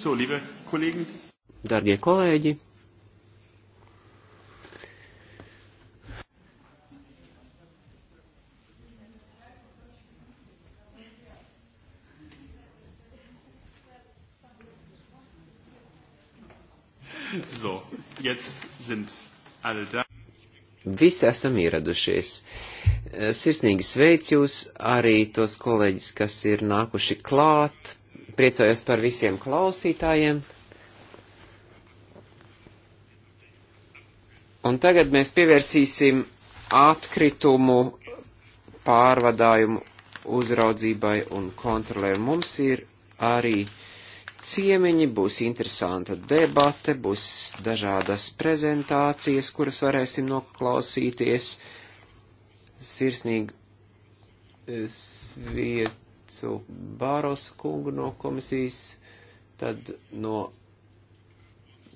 So, liebe Kollegen. Dargie kolēģi. So, jetzt sind alle da. Visi esam ieradušies. Sirsnīgi sveic jūs arī tos kolēģis, kas ir nākuši klāt Priecājos par visiem klausītājiem. Un tagad mēs pievērsīsim atkritumu pārvadājumu uzraudzībai un kontrolē. Mums ir arī ciemiņi, būs interesanta debate, būs dažādas prezentācijas, kuras varēsim noklausīties sirsnīgi eh, sviet sveicu Bāros kungu no komisijas, tad no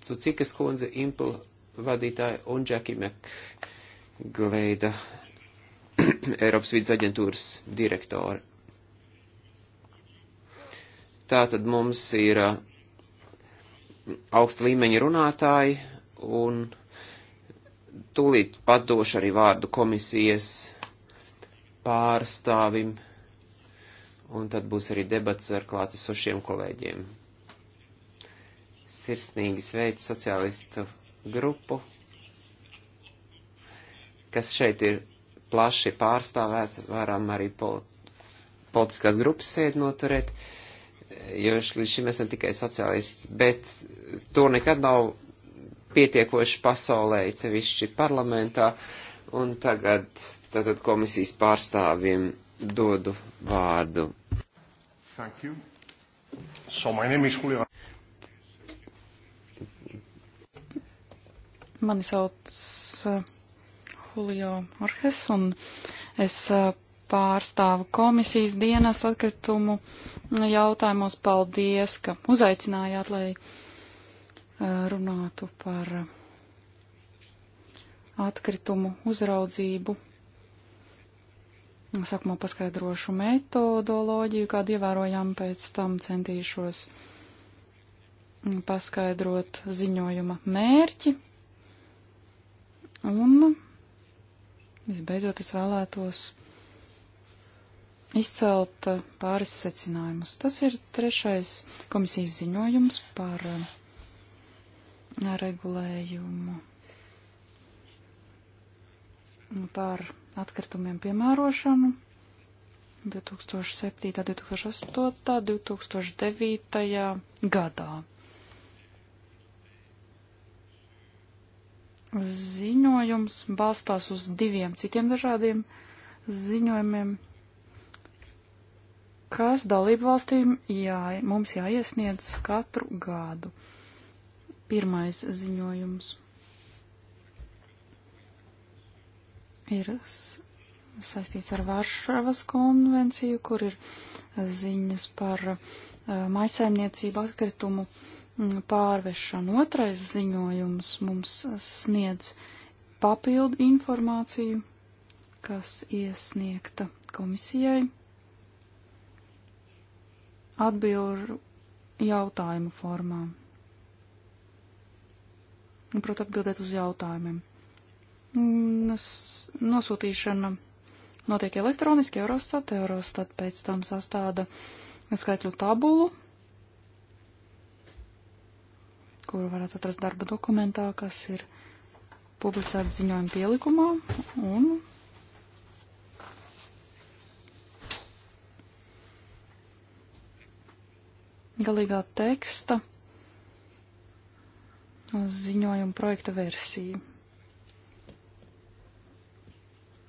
Cucikas kundze, Impul vadītāja un Džeki Mek Gleida, Eiropas vidas aģentūras direktori. Tātad mums ir uh, augsta līmeņa runātāji un tūlīt padošu arī vārdu komisijas pārstāvim un tad būs arī debats ar klātesošiem kolēģiem. Sirsnīgi sveic sociālistu grupu, kas šeit ir plaši pārstāvēts, varam arī politiskās grupas sēdi noturēt, jo līdz šim esam tikai sociālisti, bet to nekad nav pietiekoši pasaulē, cevišķi parlamentā, un tagad tātad komisijas pārstāvjiem dodu vārdu. Thank you. So my name is Julio. Mani sauc uh, Julio Orhes un es uh, pārstāvu komisijas dienas atkritumu jautājumos. Paldies, ka uzaicinājāt, lai uh, runātu par uh, atkritumu uzraudzību Sākumā paskaidrošu metodoloģiju, kādu ievērojām, pēc tam centīšos paskaidrot ziņojuma mērķi. Un visbeidzot es vēlētos izcelt pāris secinājumus. Tas ir trešais komisijas ziņojums par regulējumu par atkritumiem piemērošanu 2007. 2008. 2009. gadā. Ziņojums balstās uz diviem citiem dažādiem ziņojumiem, kas dalību valstīm jā, mums jāiesniedz katru gadu. Pirmais ziņojums. ir saistīts ar Varšavas konvenciju, kur ir ziņas par uh, maisaimniecību atkritumu mm, pārvešanu. Otrais ziņojums mums sniedz papildu informāciju, kas iesniegta komisijai atbilžu jautājumu formā. Un, nu, protams, atbildēt uz jautājumiem nosūtīšana notiek elektroniski Eurostat. Eurostat pēc tam sastāda skaitļu tabulu, kuru varat atrast darba dokumentā, kas ir publicēts ziņojuma pielikumā. Un galīgā teksta ziņojuma projekta versija.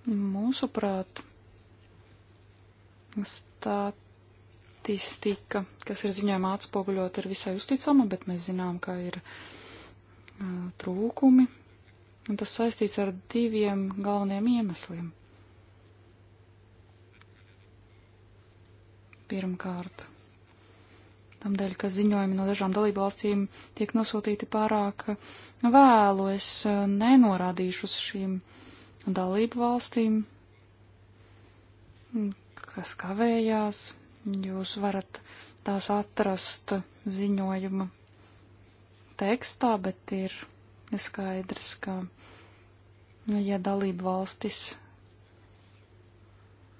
Mūsuprāt, statistika, kas ir ziņojumā atspoguļot, ir visai uzticama, bet mēs zinām, ka ir uh, trūkumi, un tas saistīts ar diviem galveniem iemesliem. Pirmkārt, tam dēļ, ka ziņojumi no dažām dalību valstīm tiek nosūtīti pārāk vēlu, es nenorādīšu uz šīm uh, dalību valstīm, kas kavējās. Jūs varat tās atrast ziņojuma tekstā, bet ir skaidrs, ka, ja dalību valstis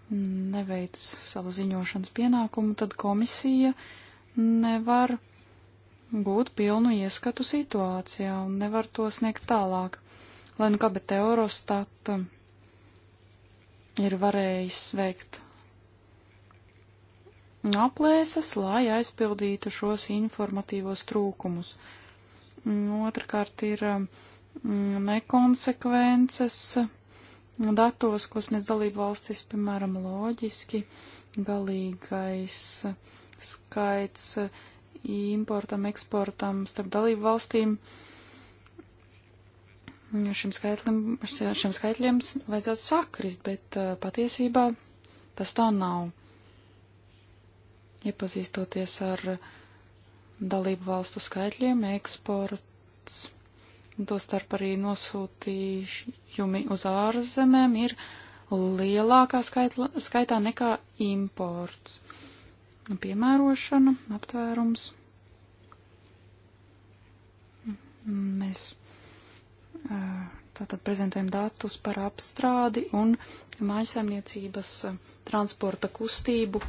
neveic savu ziņošanas pienākumu, tad komisija nevar gūt pilnu ieskatu situācijā un nevar to sniegt tālāk lai nu kā, bet Eurostat ir varējis veikt aplēses, lai aizpildītu šos informatīvos trūkumus. Mm, Otrakārt ir mm, nekonsekvences datos, ko sniedz dalību valstis, piemēram, loģiski galīgais skaits importam, eksportam starp dalību valstīm. Uh, Šim skaitlim, šiem skaitļiem vajadzētu sakrist, bet eh, patiesībā tas tā nav. Iepazīstoties ar dalību valstu skaitļiem, eksports, to starp arī nosūtījumi uz ārzemēm ir lielākā skaitla, skaitā nekā imports. Piemērošana, aptvērums. Mēs Tātad prezentējam datus par apstrādi un mājasaimniecības eh, transporta kustību.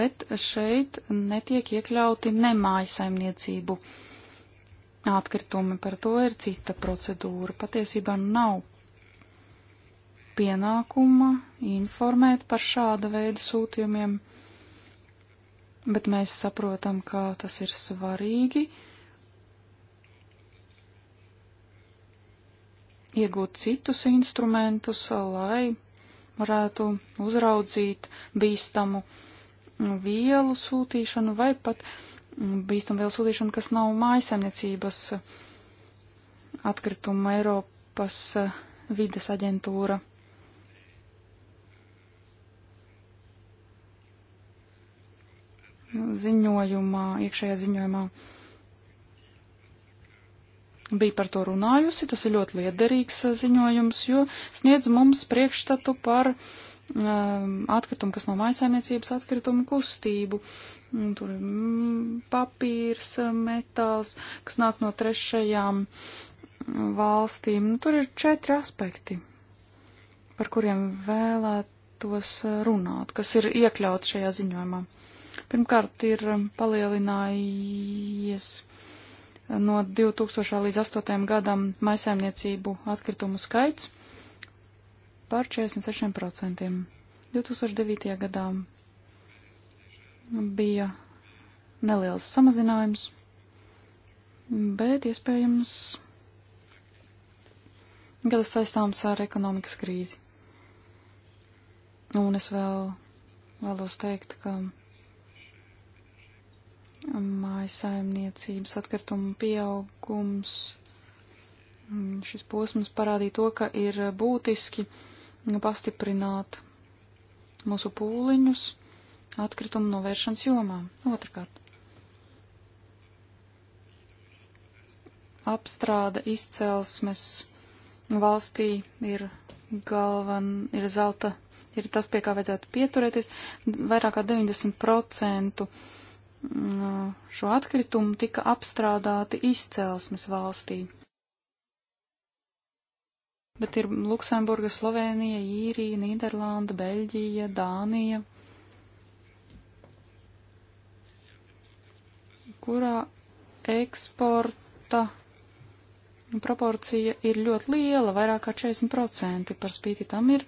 Bet šeit netiek iekļauti nemājasaimniecību atkritumi. Par to ir cita procedūra. Patiesībā nav pienākuma informēt par šāda veida sūtījumiem bet mēs saprotam, kā tas ir svarīgi iegūt citus instrumentus, lai varētu uzraudzīt bīstamu vielu sūtīšanu vai pat bīstamu vielu sūtīšanu, kas nav mājasemniecības atkrituma Eiropas vides aģentūra ziņojumā, iekšējā ziņojumā bija par to runājusi. Tas ir ļoti liederīgs eh, ziņojums, jo sniedz mums priekšstatu par um, atkritumu, kas no maisaimniecības atkritumu kustību. Un mm, tur ir mm, papīrs, eh, metāls, kas nāk no trešajām mm, valstīm. Un nu, tur ir četri aspekti, par kuriem vēlētos eh, runāt, kas ir iekļauts šajā ziņojumā. Pirmkārt, ir um, palielinājies uh, no 2000 līdz 2008 gadam maisaimniecību atkritumu skaits par 46%. 2009. gadā bija neliels samazinājums, bet iespējams, ka tas saistāms ar ekonomikas krīzi. Un es vēl vēlos teikt, ka mājasaimniecības atkritumu pieaugums. Mm, šis posms parādīja to, ka ir būtiski pastiprināt mūsu pūliņus atkritumu novēršanas jomā. Otrakārt. Apstrāde izcelsmes valstī ir galvan, ir zelta, ir tas, pie kā vajadzētu pieturēties. Vairāk kā 90% Nu, šo atkritumu tika apstrādāti izcelsmes valstī. Bet ir Luksemburga, Slovenija, Īrija, Nīderlanda, Beļģija, Dānija, kurā eksporta proporcija ir ļoti liela, vairāk kā 40%. Par spīti tam ir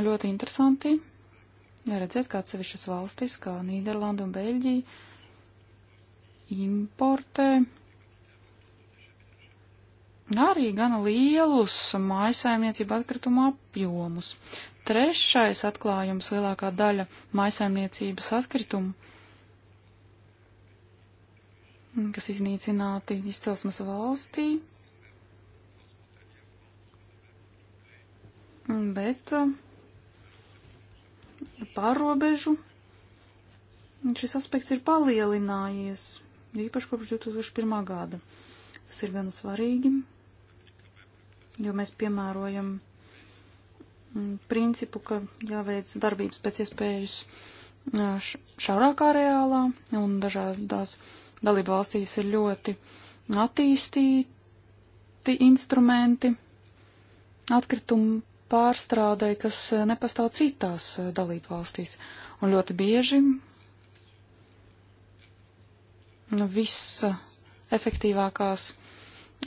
ļoti interesanti ja redzēt, kā atsevišķas valstis, kā Nīderlanda un Beļģija, importē arī gana lielus maisaimniecību atkritumu apjomus. Trešais atklājums - lielākā daļa maisaimniecības atkritumu, kas iznīcināti izcelsmes valstī, bet uh, pārobežu šis aspekts ir palielinājies īpaši kopš 2001. gada. Tas ir gan svarīgi, jo mēs piemērojam mm, principu, ka jāveic darbības pēc iespējas mm, šaurākā reālā, un dažādās dalība valstīs ir ļoti attīstīti instrumenti atkritumu pārstrādē, kas eh, nepastāv citās eh, dalība valstīs. Un ļoti bieži viss efektīvākās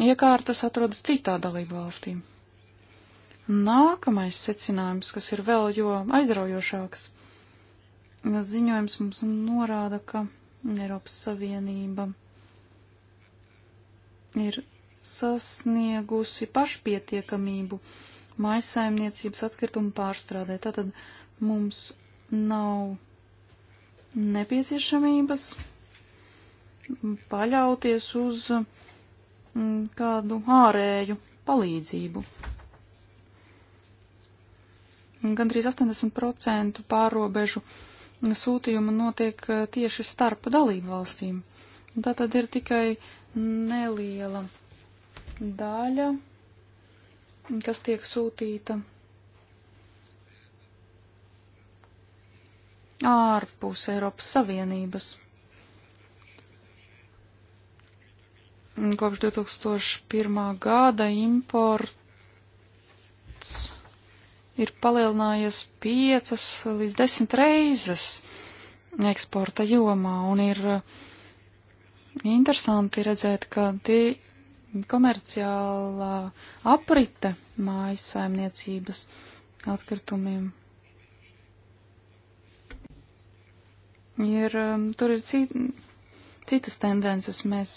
iekārtas atrodas citā dalību valstī. Nākamais secinājums, kas ir vēl jo aizraujošāks, ziņojums mums norāda, ka Eiropas Savienība ir sasniegusi pašpietiekamību maisaimniecības atkritumu pārstrādē. Tātad mums nav nepieciešamības paļauties uz mm, kādu ārēju palīdzību. Gandrīz 80% pārobežu sūtījuma notiek eh, tieši starp dalību valstīm. Tā tad ir tikai neliela daļa, kas tiek sūtīta ārpus Eiropas Savienības. Mm, kopš 2001. gada imports ir palielinājies 5 līdz 10 reizes eksporta jomā, un ir eh, interesanti redzēt, ka tie komerciālā aprite mājas saimniecības atkritumiem. Ir, eh, tur ir cit, citas tendences. Mēs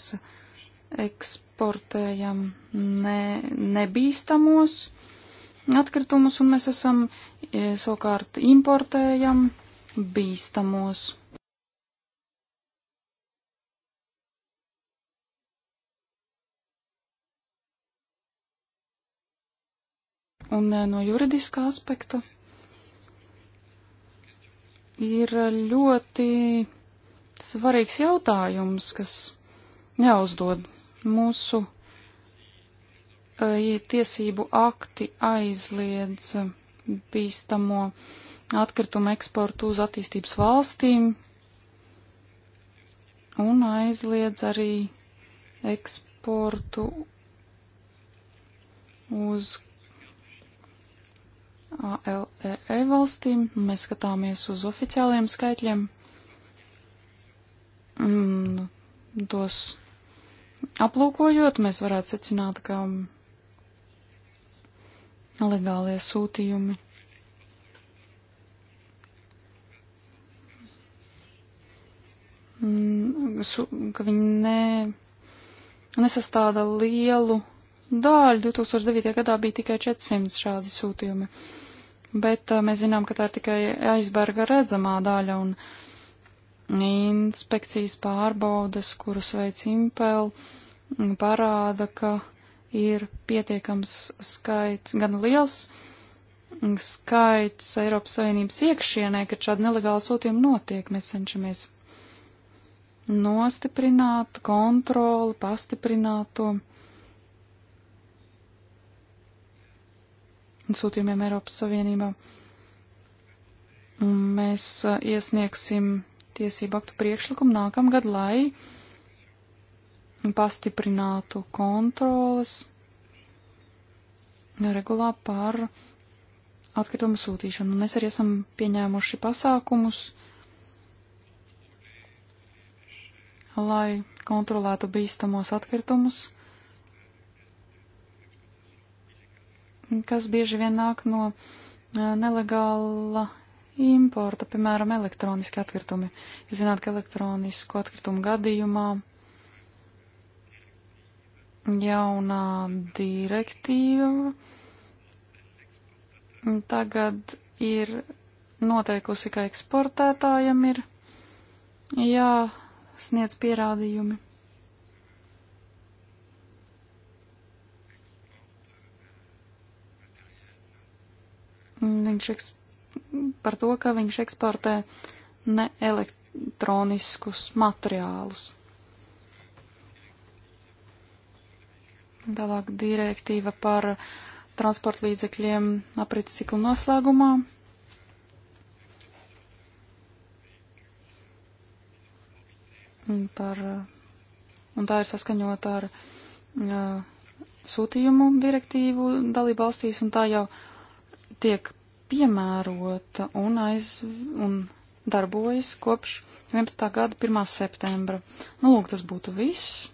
eksportējam ne, nebīstamos atkritumus, un mēs esam e, savukārt importējam bīstamos. Un e, no juridiskā aspekta ir ļoti svarīgs jautājums, kas jāuzdod mūsu eh, tiesību akti aizliedz bīstamo atkritumu eksportu uz attīstības valstīm un aizliedz arī eksportu uz ALEE e valstīm. Mēs skatāmies uz oficiāliem skaitļiem. Mm, tos nu, aplūkojot, mēs varētu secināt, ka legālie sūtījumi mm, ka viņi ne, nesastāda lielu daļu. 2009. gadā bija tikai 400 šādi sūtījumi. Bet uh, mēs zinām, ka tā ir tikai aizberga redzamā daļa, un inspekcijas pārbaudas, kurus veic Impel, parāda, ka ir pietiekams skaits, gan liels skaits Eiropas Savienības iekšienē, kad šādi nelegāli sūtījumi notiek. Mēs cenšamies nostiprināt kontroli, pastiprināt to. Sūtījumiem Eiropas Savienībā. Mēs uh, iesniegsim tiesību aktu priekšlikumu nākamgad, lai pastiprinātu kontrolas regulā par atkritumu sūtīšanu. Mēs arī esam pieņēmuši pasākumus, lai kontrolētu bīstamos atkritumus, kas bieži vien nāk no eh, nelegāla importa, piemēram, elektroniski atkritumi. Jūs zināt, ka elektronisku atkritumu gadījumā jaunā direktīva tagad ir noteikusi, ka eksportētājam ir jāsniedz pierādījumi. Viņš eksportē par to, ka viņš eksportē neelektroniskus materiālus. Tālāk direktīva par transporta līdzekļiem aprits ciklu noslēgumā. Par, un tā ir saskaņota ar uh, sūtījumu direktīvu dalību valstīs, un tā jau tiek piemērota un, aiz, un darbojas kopš 11. gada 1. septembra. Nu, lūk, tas būtu viss.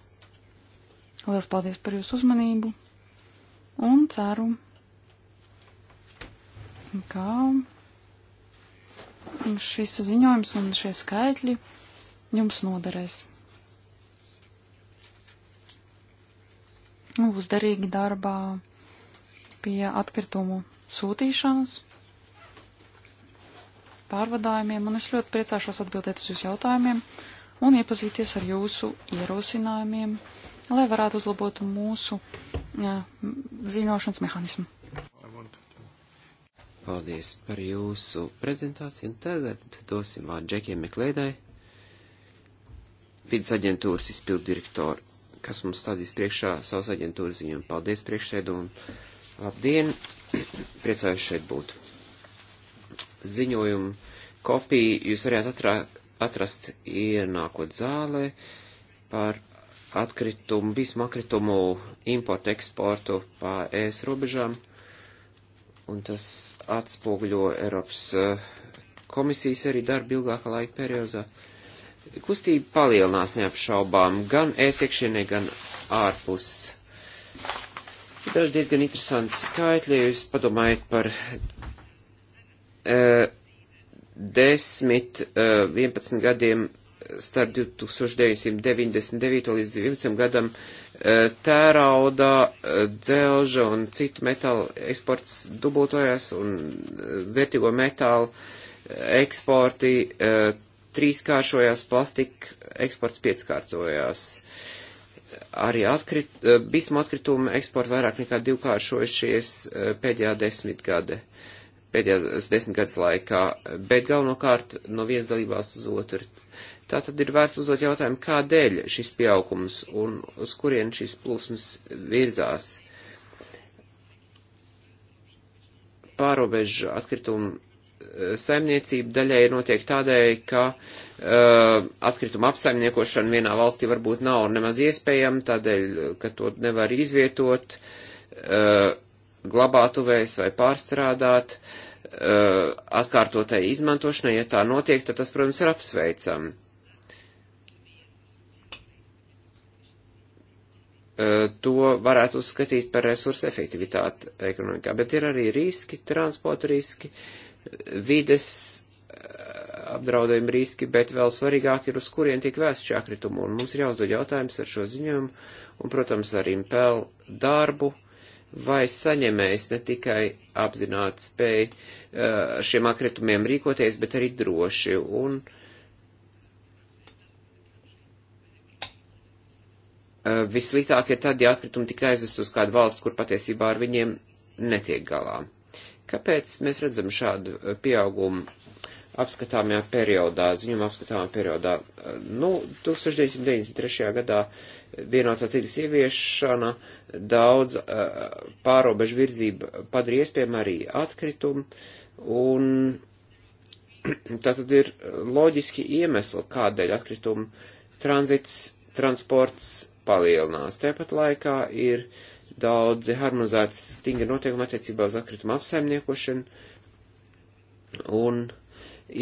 Lielas paldies par jūsu uzmanību un ceru, ka šis ziņojums un šie skaitļi jums noderēs. Uzdarīgi darbā pie atkritumu sūtīšanas pārvadājumiem, un es ļoti priecāšos atbildēt uz jūsu jautājumiem un iepazīties ar jūsu ierosinājumiem, lai varētu uzlabot mūsu jā, ziņošanas mehānismu. Paldies par jūsu prezentāciju, un tagad dosim vārdu Džekiem Meklēdai, vidas aģentūras izpildu direktoru, kas mums stādīs priekšā savas aģentūras ziņām. Paldies priekšsēdu un labdien! Priecājos šeit būt! ziņojumu kopiju jūs varētu atrā, atrast ienākot zālē par atkritumu, vismu atkritumu importu, eksportu pa ēs robežām, un tas atspūgļo Eiropas eh, komisijas arī darbu ilgākā laika periodā. Kustība palielinās neapšaubām gan ēs iekšienē, gan ārpus. Daži diezgan interesanti skaitļi, ja jūs padomājat par 10, 11 eh, gadiem starp 1999 līdz 2012 gadam eh, tērauda, eh, dzelža un citu metālu eksports dubultojās un vērtīgo metālu eksporti trīskāršojās, plastika eksports pieckārtojās. Arī atkrit, bismu atkrituma eksporta vairāk nekā divkāršojušies pēdējā desmitgade. Uh, pēdējās desmitgades laikā, bet galvenokārt no vienas dalībās uz otru. Tā tad ir vērts uzdot jautājumu, kādēļ šis pieaugums un uz kurien šis plūsmas virzās. Pārobežu atkritumu eh, saimniecība daļai notiek tādēļ, ka uh, eh, atkrituma apsaimniekošana vienā valstī varbūt nav nemaz iespējama, tādēļ, ka to nevar izvietot, uh, glabātuvēs vai pārstrādāt. Uh, Uh, atkārtotai izmantošanai, ja tā notiek, tad tas, protams, ir apsveicami. Uh, to varētu uzskatīt par resursu efektivitāti ekonomikā, bet ir arī riski, transporta riski, vides uh, apdraudējumi riski, bet vēl svarīgāk ir, uz kurien tiek vēsts šie akritumi, un mums ir jāuzdod jautājums ar šo ziņojumu, un, protams, arī impēl darbu vai saņemējs ne tikai apzināti spēj uh, šiem atkritumiem rīkoties, bet arī droši. Un uh, visliktāk ir tad, ja atkritumi tika aizvest uz kādu valstu, kur patiesībā ar viņiem netiek galā. Kāpēc mēs redzam šādu uh, pieaugumu apskatāmajā periodā, ziņuma apskatāmajā periodā? Nu, 1993. gadā uh, vienotā tirgus ieviešana daudz uh, pārobežu virzību padara iespējama arī atkritumu, un tā tad ir loģiski iemesli, kādēļ atkritumu tranzits, transports palielinās. Tāpat laikā ir daudzi harmonizēti stingri notiekumi attiecībā uz atkritumu apsaimniekošanu, un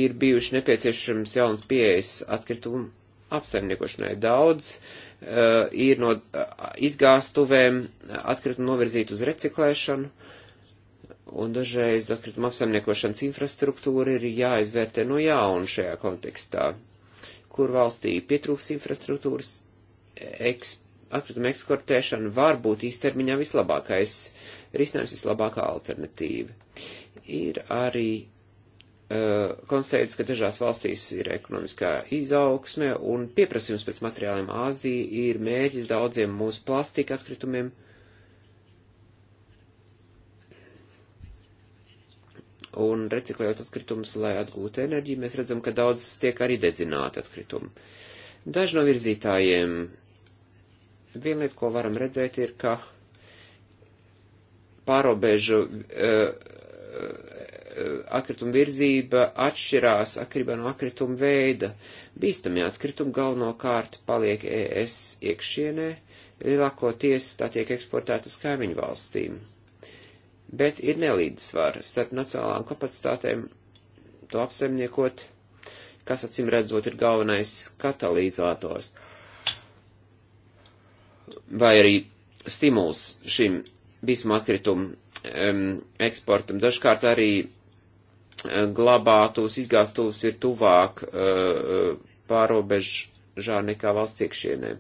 ir bijuši nepieciešams jauns pieejas atkritumu apsaimniekošanai. Daudz uh, ir no uh, izgāstuvēm atkritumu novirzīt uz reciklēšanu, un dažreiz atkritumu apsaimniekošanas infrastruktūra ir jāizvērtē no jauna šajā kontekstā, kur valstī pietrūks infrastruktūras eksporta atkrituma eksportēšana var būt īstermiņā vislabākais risinājums, vislabākā alternatīva. Ir arī Uh, konstatējis, ka dažās valstīs ir ekonomiskā izaugsme un pieprasījums pēc materiāliem Āzija ir mērķis daudziem mūsu plastika atkritumiem. Un reciklējot atkritumus, lai atgūtu enerģiju, mēs redzam, ka daudz tiek arī dedzināti atkritumi. Daži no virzītājiem viena lieta, ko varam redzēt, ir, ka pārobežu uh, atkrituma virzība atšķirās atkarībā no atkrituma veida. Bīstamie atkritumi galvenokārt paliek ES iekšienē, lielākoties tā tiek eksportēta uz kaimiņu valstīm. Bet ir nelīdzsvara starp nacionālām kapacitātēm to apsaimniekot, kas acīm redzot ir galvenais katalizators vai arī stimuls šim bīstamā atkritumu um, eksportam. Dažkārt arī glabātos, izgāstos ir tuvāk uh, pārobežā nekā valsts iekšienē.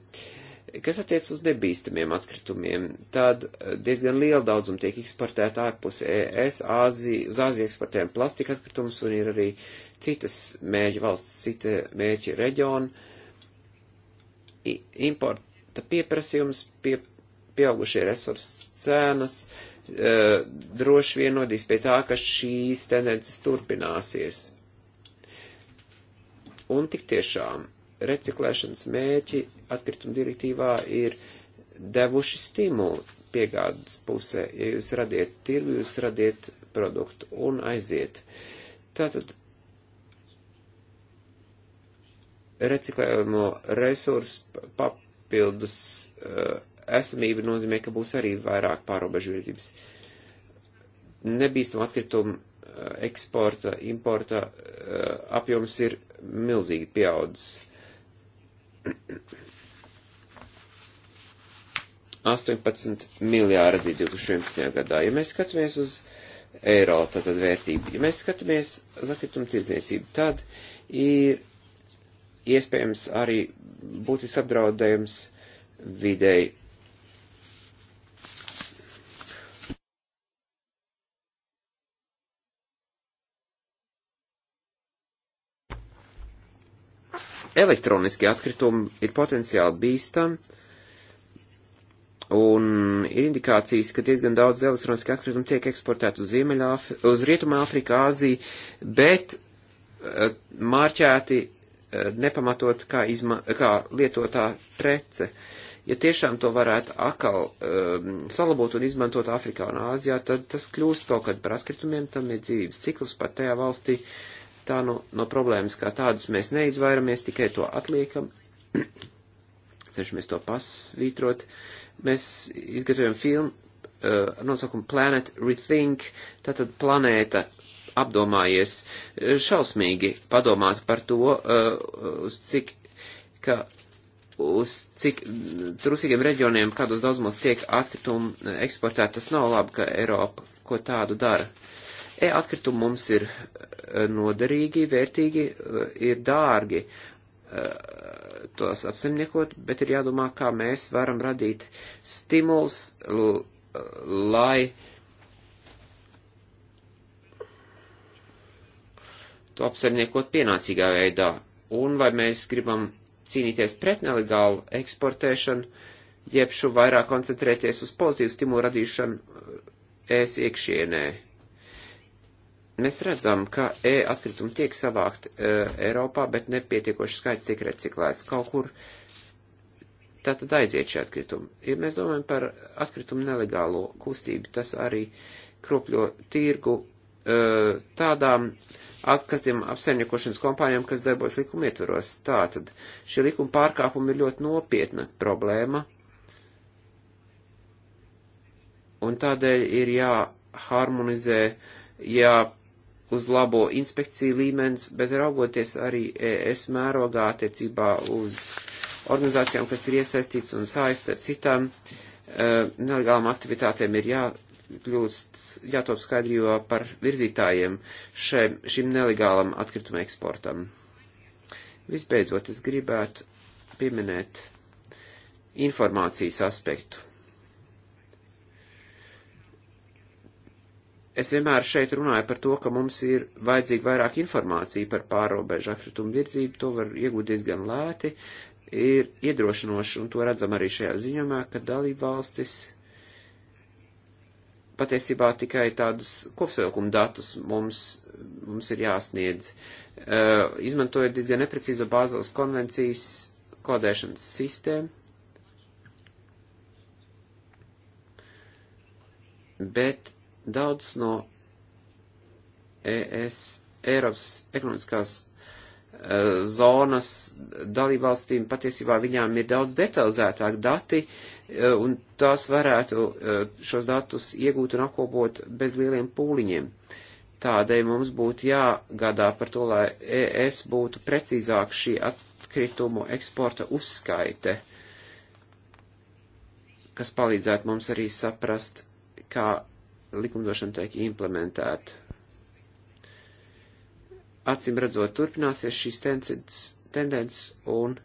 Kas attiec uz nebīstamiem atkritumiem, tad diezgan liela daudzuma tiek eksportēta ārpus ES, Āzi, uz Āziju eksportējam plastika atkritumus un ir arī citas mēģi valsts, cita mēģi reģiona. Importa pieprasījums, pie, pieaugušie resursu cenas, uh, Eh, droši vien nodīs pie tā, ka šīs tendences turpināsies. Un tik tiešām reciklēšanas mēķi atkrituma direktīvā ir devuši stimulu piegādes pusē. Ja jūs radiet tirgu, jūs radiet produktu un aiziet. Tātad reciklējamo resursu papildus uh, esamība nozīmē, ka būs arī vairāk pārobežu virzības. Nebīstam atkritumu eh, eksporta, importa eh, apjoms ir milzīgi pieaudzis. 18 miljārdi 2011. gadā. Ja mēs skatāmies uz eiro, tad vērtību, ja mēs skatāmies uz atkritumu tirdzniecību, tad ir iespējams arī būtisks apdraudējums videi elektroniskie atkritumi ir potenciāli bīstami, un ir indikācijas, ka diezgan daudz elektroniski atkritumi tiek eksportēti uz, Ziemeļāf uz Rietumā, Afrikā, Āziju, bet uh, mārķēti uh, nepamatot kā, izma, kā lietotā prece. Ja tiešām to varētu akal um, uh, salabot un izmantot Afrikā un Āzijā, tad tas kļūst kaut kad par atkritumiem, tam ir dzīves cikls pat tajā valstī, uh, tā no, nu, no problēmas kā tādas mēs neizvairamies, tikai to atliekam, cenšamies to pasvītrot. Mēs izgatavojam filmu eh, ar nosaukumu Planet Rethink, tātad planēta apdomājies eh, šausmīgi padomāt par to, eh, uz cik, ka, uz cik trusīgiem reģioniem, kādos daudzumos tiek atkritumi eksportēti, tas nav labi, ka Eiropa ko tādu dara. Uh, E-atkritumi mums ir e, noderīgi, vērtīgi, e, ir dārgi e, tos apsaimniekot, bet ir jādomā, kā mēs varam radīt stimulus, lai to apsaimniekot pienācīgā veidā. Un vai mēs gribam cīnīties pret nelegālu eksportēšanu, jeb šo vairāk koncentrēties uz pozitīvu stimulu radīšanu es iekšienē. Mēs redzam, ka e-atkritumi tiek savākt e, Eiropā, bet nepietiekoši skaits tiek reciklēts kaut kur. Tā tad aiziet šie atkritumi. Ja mēs domājam par atkritumu nelegālo kustību, tas arī kropļo tirgu e, tādām atkritumu apsaimniekošanas kompānijām, kas darbojas likuma ietvaros. Tā tad šie likuma pārkāpumi ir ļoti nopietna problēma. Un tādēļ ir jāharmonizē. Ja uzlabo inspekciju līmenis, bet raugoties arī es mērogā attiecībā uz organizācijām, kas ir iesaistīts un saist ar citām uh, nelegālām aktivitātēm, ir jākļūst, jātop skaidrība par virzītājiem še, šim nelegālam atkrituma eksportam. Visbeidzot, es gribētu pieminēt informācijas aspektu Es vienmēr šeit runāju par to, ka mums ir vajadzīga vairāk informācija par pārobežu atkritumu virdzību, to var iegūt diezgan lēti, ir iedrošinoši, un to redzam arī šajā ziņumā, ka dalība valstis patiesībā tikai tādus kopsavilkuma datus mums, mums ir jāsniedz, uh, izmantojot diezgan neprecīzo Bāzeles konvencijas kodēšanas sistēmu. Bet Daudz no ES, Eiropas ekonomiskās e, zonas dalībvalstīm patiesībā viņām ir daudz detalizētāk dati, e, un tās varētu e, šos datus iegūt un apkopot bez lieliem pūliņiem. Tādēļ mums būtu jāgādā par to, lai ES būtu precīzāk šī atkritumu eksporta uzskaite, kas palīdzētu mums arī saprast, kā likumdošana tiek implementēta. Acīm redzot, turpināsies šīs tendences un,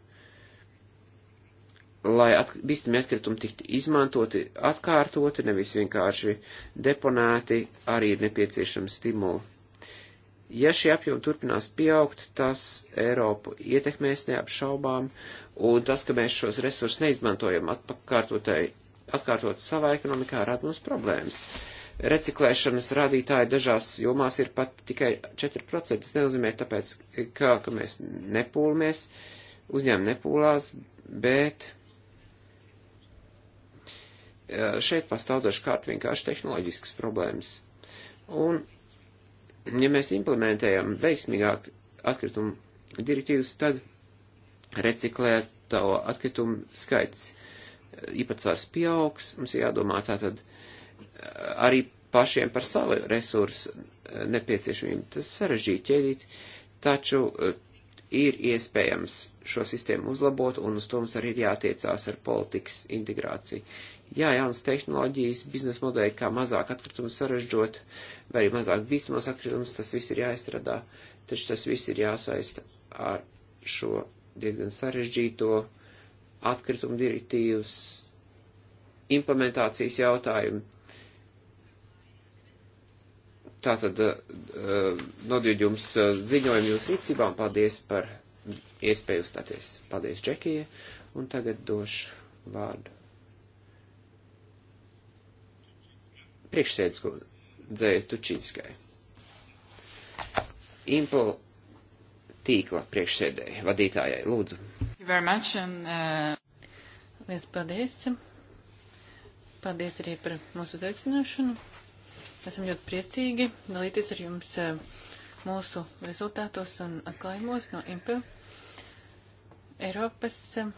lai at, bīstami atkritumi tiktu izmantoti, atkārtoti, nevis vienkārši deponēti, arī ir nepieciešama stimula. Ja šie apjomi turpinās pieaugt, tas Eiropu ietekmēs neapšaubām, un tas, ka mēs šos resursus neizmantojam atkārtotai, atkārtot savā ekonomikā, rada mums problēmas. Uh, reciklēšanas rādītāji dažās jomās ir pat tikai 4%. Tas nenozīmē tāpēc, ka, ka mēs nepūlamies, uzņēmumi nepūlās, bet šeit pastāv dažkārt vienkārši tehnoloģiskas problēmas. Un, ja mēs implementējam veiksmīgāk atkritumu direktīvas, tad reciklēto atkritumu skaits īpatsvars pieaugs, mums jādomā tātad arī pašiem par savu resursu eh, nepieciešamību. Tas sarežģīti ķēdīt, taču eh, ir iespējams šo sistēmu uzlabot, un uz to mums arī ir jātiecās ar politikas integrāciju. Jā, jaunas tehnoloģijas, biznesa modeļi, kā mazāk atkritumus sarežģot, vai arī mazāk bīstamos atkritumus, tas viss ir jāizstrādā, taču tas viss ir jāsaista ar šo diezgan sarežģīto atkritumu direktīvas implementācijas jautājumu Tātad eh, nodod jums eh, ziņojumu jūsu rīcībā un paldies par iespēju uzstāties. Paldies, Džekija, un tagad došu vārdu. Priekšsēdus dzēju Tučīnskai. Impul tīkla priekšsēdēji, vadītājai, lūdzu. Much, and, uh... Lies, paldies. Paldies arī par mūsu uzaicināšanu. Esam ļoti priecīgi dalīties ar jums eh, mūsu rezultātos un atklājumos no IMPE Eiropas eh,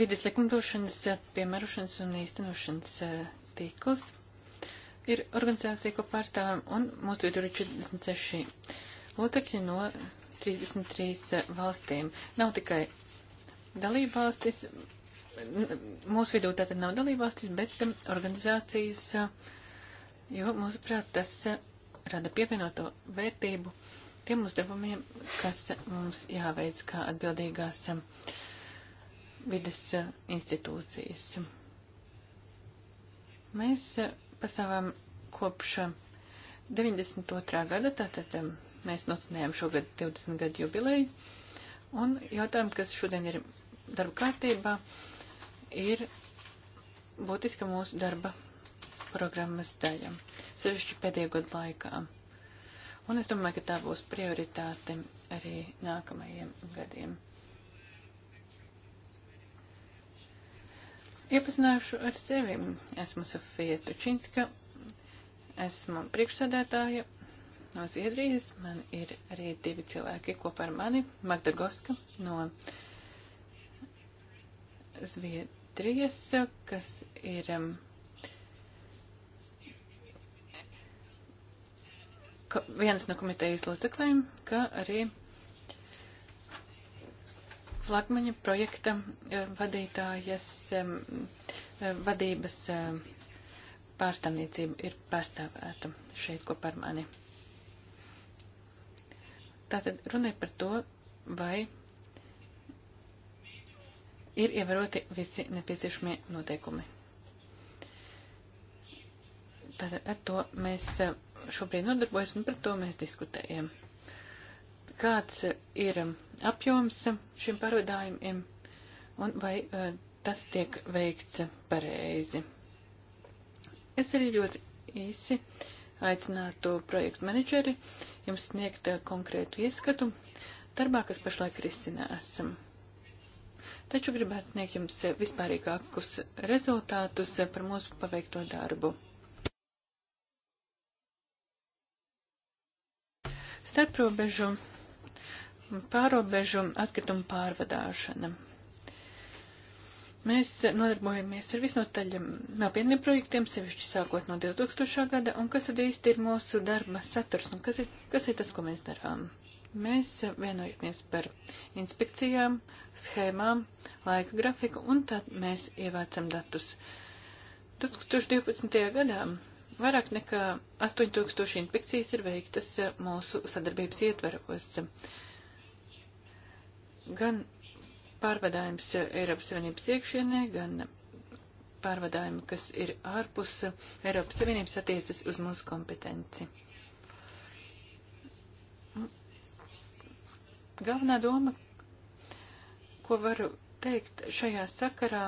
vides likumdošanas eh, piemērošanas un īstenošanas tīkls. Ir organizācija, ko pārstāvam, un mūsu vidū ir 46 locekļi no 33 valstīm. Nav tikai dalībvalstis, mūsu vidū tātad nav dalībvalstis, bet um, organizācijas, uh, jo, mūsuprāt, tas uh, rada pievienoto vērtību tiem uzdevumiem, kas uh, mums jāveic kā atbildīgās um, vidas institūcijas. Mēs pastāvām kopš 92. gada, tātad um, mēs nocinējām šogad 20 gadu jubileju, un jautājumu, kas šodien ir darba kārtībā, uh, ir būtiska mūsu darba programmas daļa, sevišķi pēdējo gadu laikā. Un es domāju, ka tā būs prioritāte arī nākamajiem gadiem. Iepazināšu ar sevi. Esmu Sofija Tučinska, esmu priekšsādātāja no Ziedrijas. Man ir arī divi cilvēki kopā ar mani. Magda Goska no Zviedrijas tiesa, kas ir um, ka viens no komitejas locekļiem, ka arī flagmaņa projekta uh, vadītājas um, uh, vadības um, pārstāvniecība ir pārstāvēta šeit kopā ar mani. Tātad runai par to, vai ir ievēroti visi nepieciešamie noteikumi. Tātad ar to mēs e, šobrīd nodarbojas un par to mēs diskutējam. Kāds e, ir apjoms e, šiem pārvadājumiem un vai tas tiek veikts pareizi? Es arī ļoti īsi aicinātu projektu menedžeri jums sniegt konkrētu ieskatu darbā, kas pašlaik risinās. Ir taču gribētu sniegt jums vispārīgākus rezultātus par mūsu paveikto darbu. Starprobežu pārobežu atkritumu pārvadāšana. Mēs nodarbojamies ar visnotaļ nopietniem projektiem, sevišķi sākot no 2000. gada, un kas tad īsti ir mūsu darba saturs, un kas ir, kas ir tas, ko mēs darām? Mēs vienojamies par inspekcijām, schēmām, laika grafiku, un tad mēs ievācam datus. 2012. gadā vairāk nekā 8000 inspekcijas ir veiktas mūsu sadarbības ietveros. Gan pārvadājums Eiropas Savienības iekšienē, gan pārvadājumi, kas ir ārpus Eiropas Savienības, attiecas uz mūsu kompetenci. Galvenā doma, ko varu teikt šajā sakarā,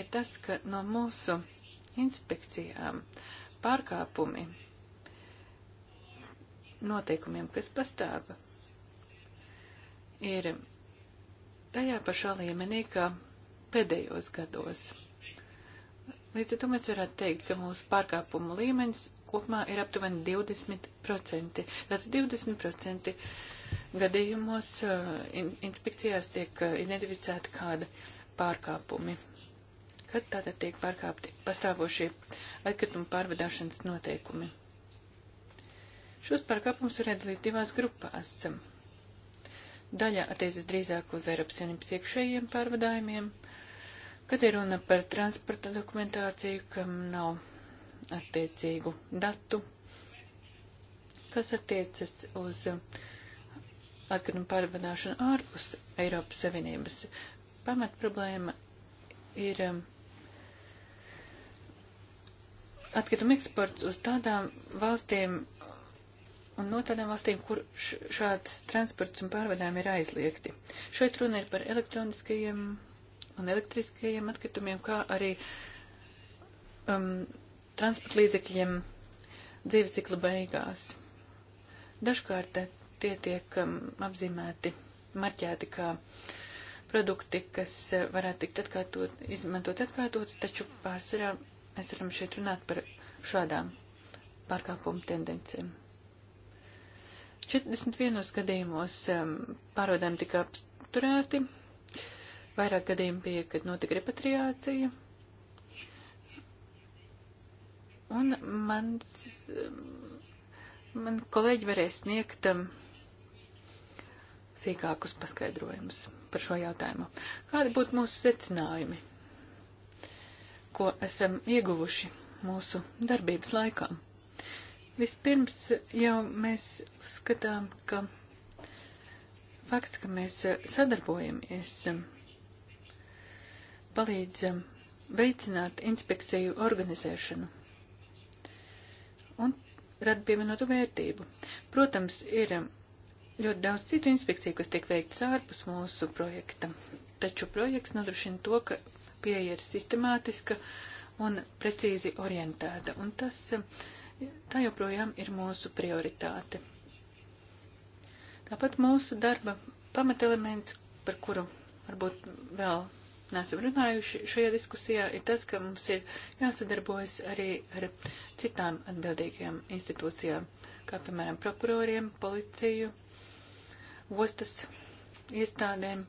ir tas, ka no mūsu inspekcijām pārkāpumi noteikumiem, kas pastāv, ir tajā pašā līmenī, kā pēdējos gados. Līdz ar to mēs varētu teikt, ka mūsu pārkāpumu līmenis kopumā ir aptuveni 20%. Tātad 20% gadījumos eh, in inspekcijās tiek eh, identificēta kāda pārkāpumi, kad tātad tiek pārkāpti pastāvošie atkritumu pārvadāšanas noteikumi. Šos pārkāpumus var iedalīt divās grupās. Daļa attiecas drīzāk uz Eiropas Savienības iekšējiem pārvadājumiem, kad ir runa par transporta dokumentāciju, kam nav attiecīgu datu, kas attiecas uz uh, atkritumu pārvadāšanu ārpus Eiropas Savienības. Pamat problēma ir um, atkritumu eksports uz tādām valstīm un no tādām valstīm, kur šāds transports un pārvadājumi ir aizliegti. Šeit runa ir par elektroniskajiem un elektriskajiem atkritumiem, kā arī um, transporta līdzekļiem dzīves cikla beigās. Dažkārt tie tiek um, apzīmēti, marķēti kā produkti, kas uh, varētu tikt atkārtot, izmantot atkārtot, taču pārsvarā mēs varam šeit runāt par šādām pārkāpumu tendencēm. 41 gadījumos um, pārodēm tika apturēti, vairāk gadījumu bija, kad notika repatriācija. Un mans, um, man kolēģi varēs sniegt um, sīkākus paskaidrojumus par šo jautājumu. Kādi būtu mūsu secinājumi, ko esam ieguvuši mūsu darbības laikā? Vispirms jau mēs uzskatām, ka fakts, ka mēs sadarbojamies, palīdzam veicināt inspekciju organizēšanu un rada pievienotu vērtību. Protams, ir ļoti daudz citu inspekciju, kas tiek veikts ārpus mūsu projekta. Taču projekts nodrošina to, ka pieeja ir sistemātiska un precīzi orientēta, un tas, tā joprojām ir mūsu prioritāte. Tāpat mūsu darba pamatelements, par kuru varbūt vēl neesam runājuši šajā diskusijā, ir tas, ka mums ir jāsadarbojas arī ar citām atbildīgajām institūcijām, kā piemēram prokuroriem, policiju, uh, ostas iestādēm.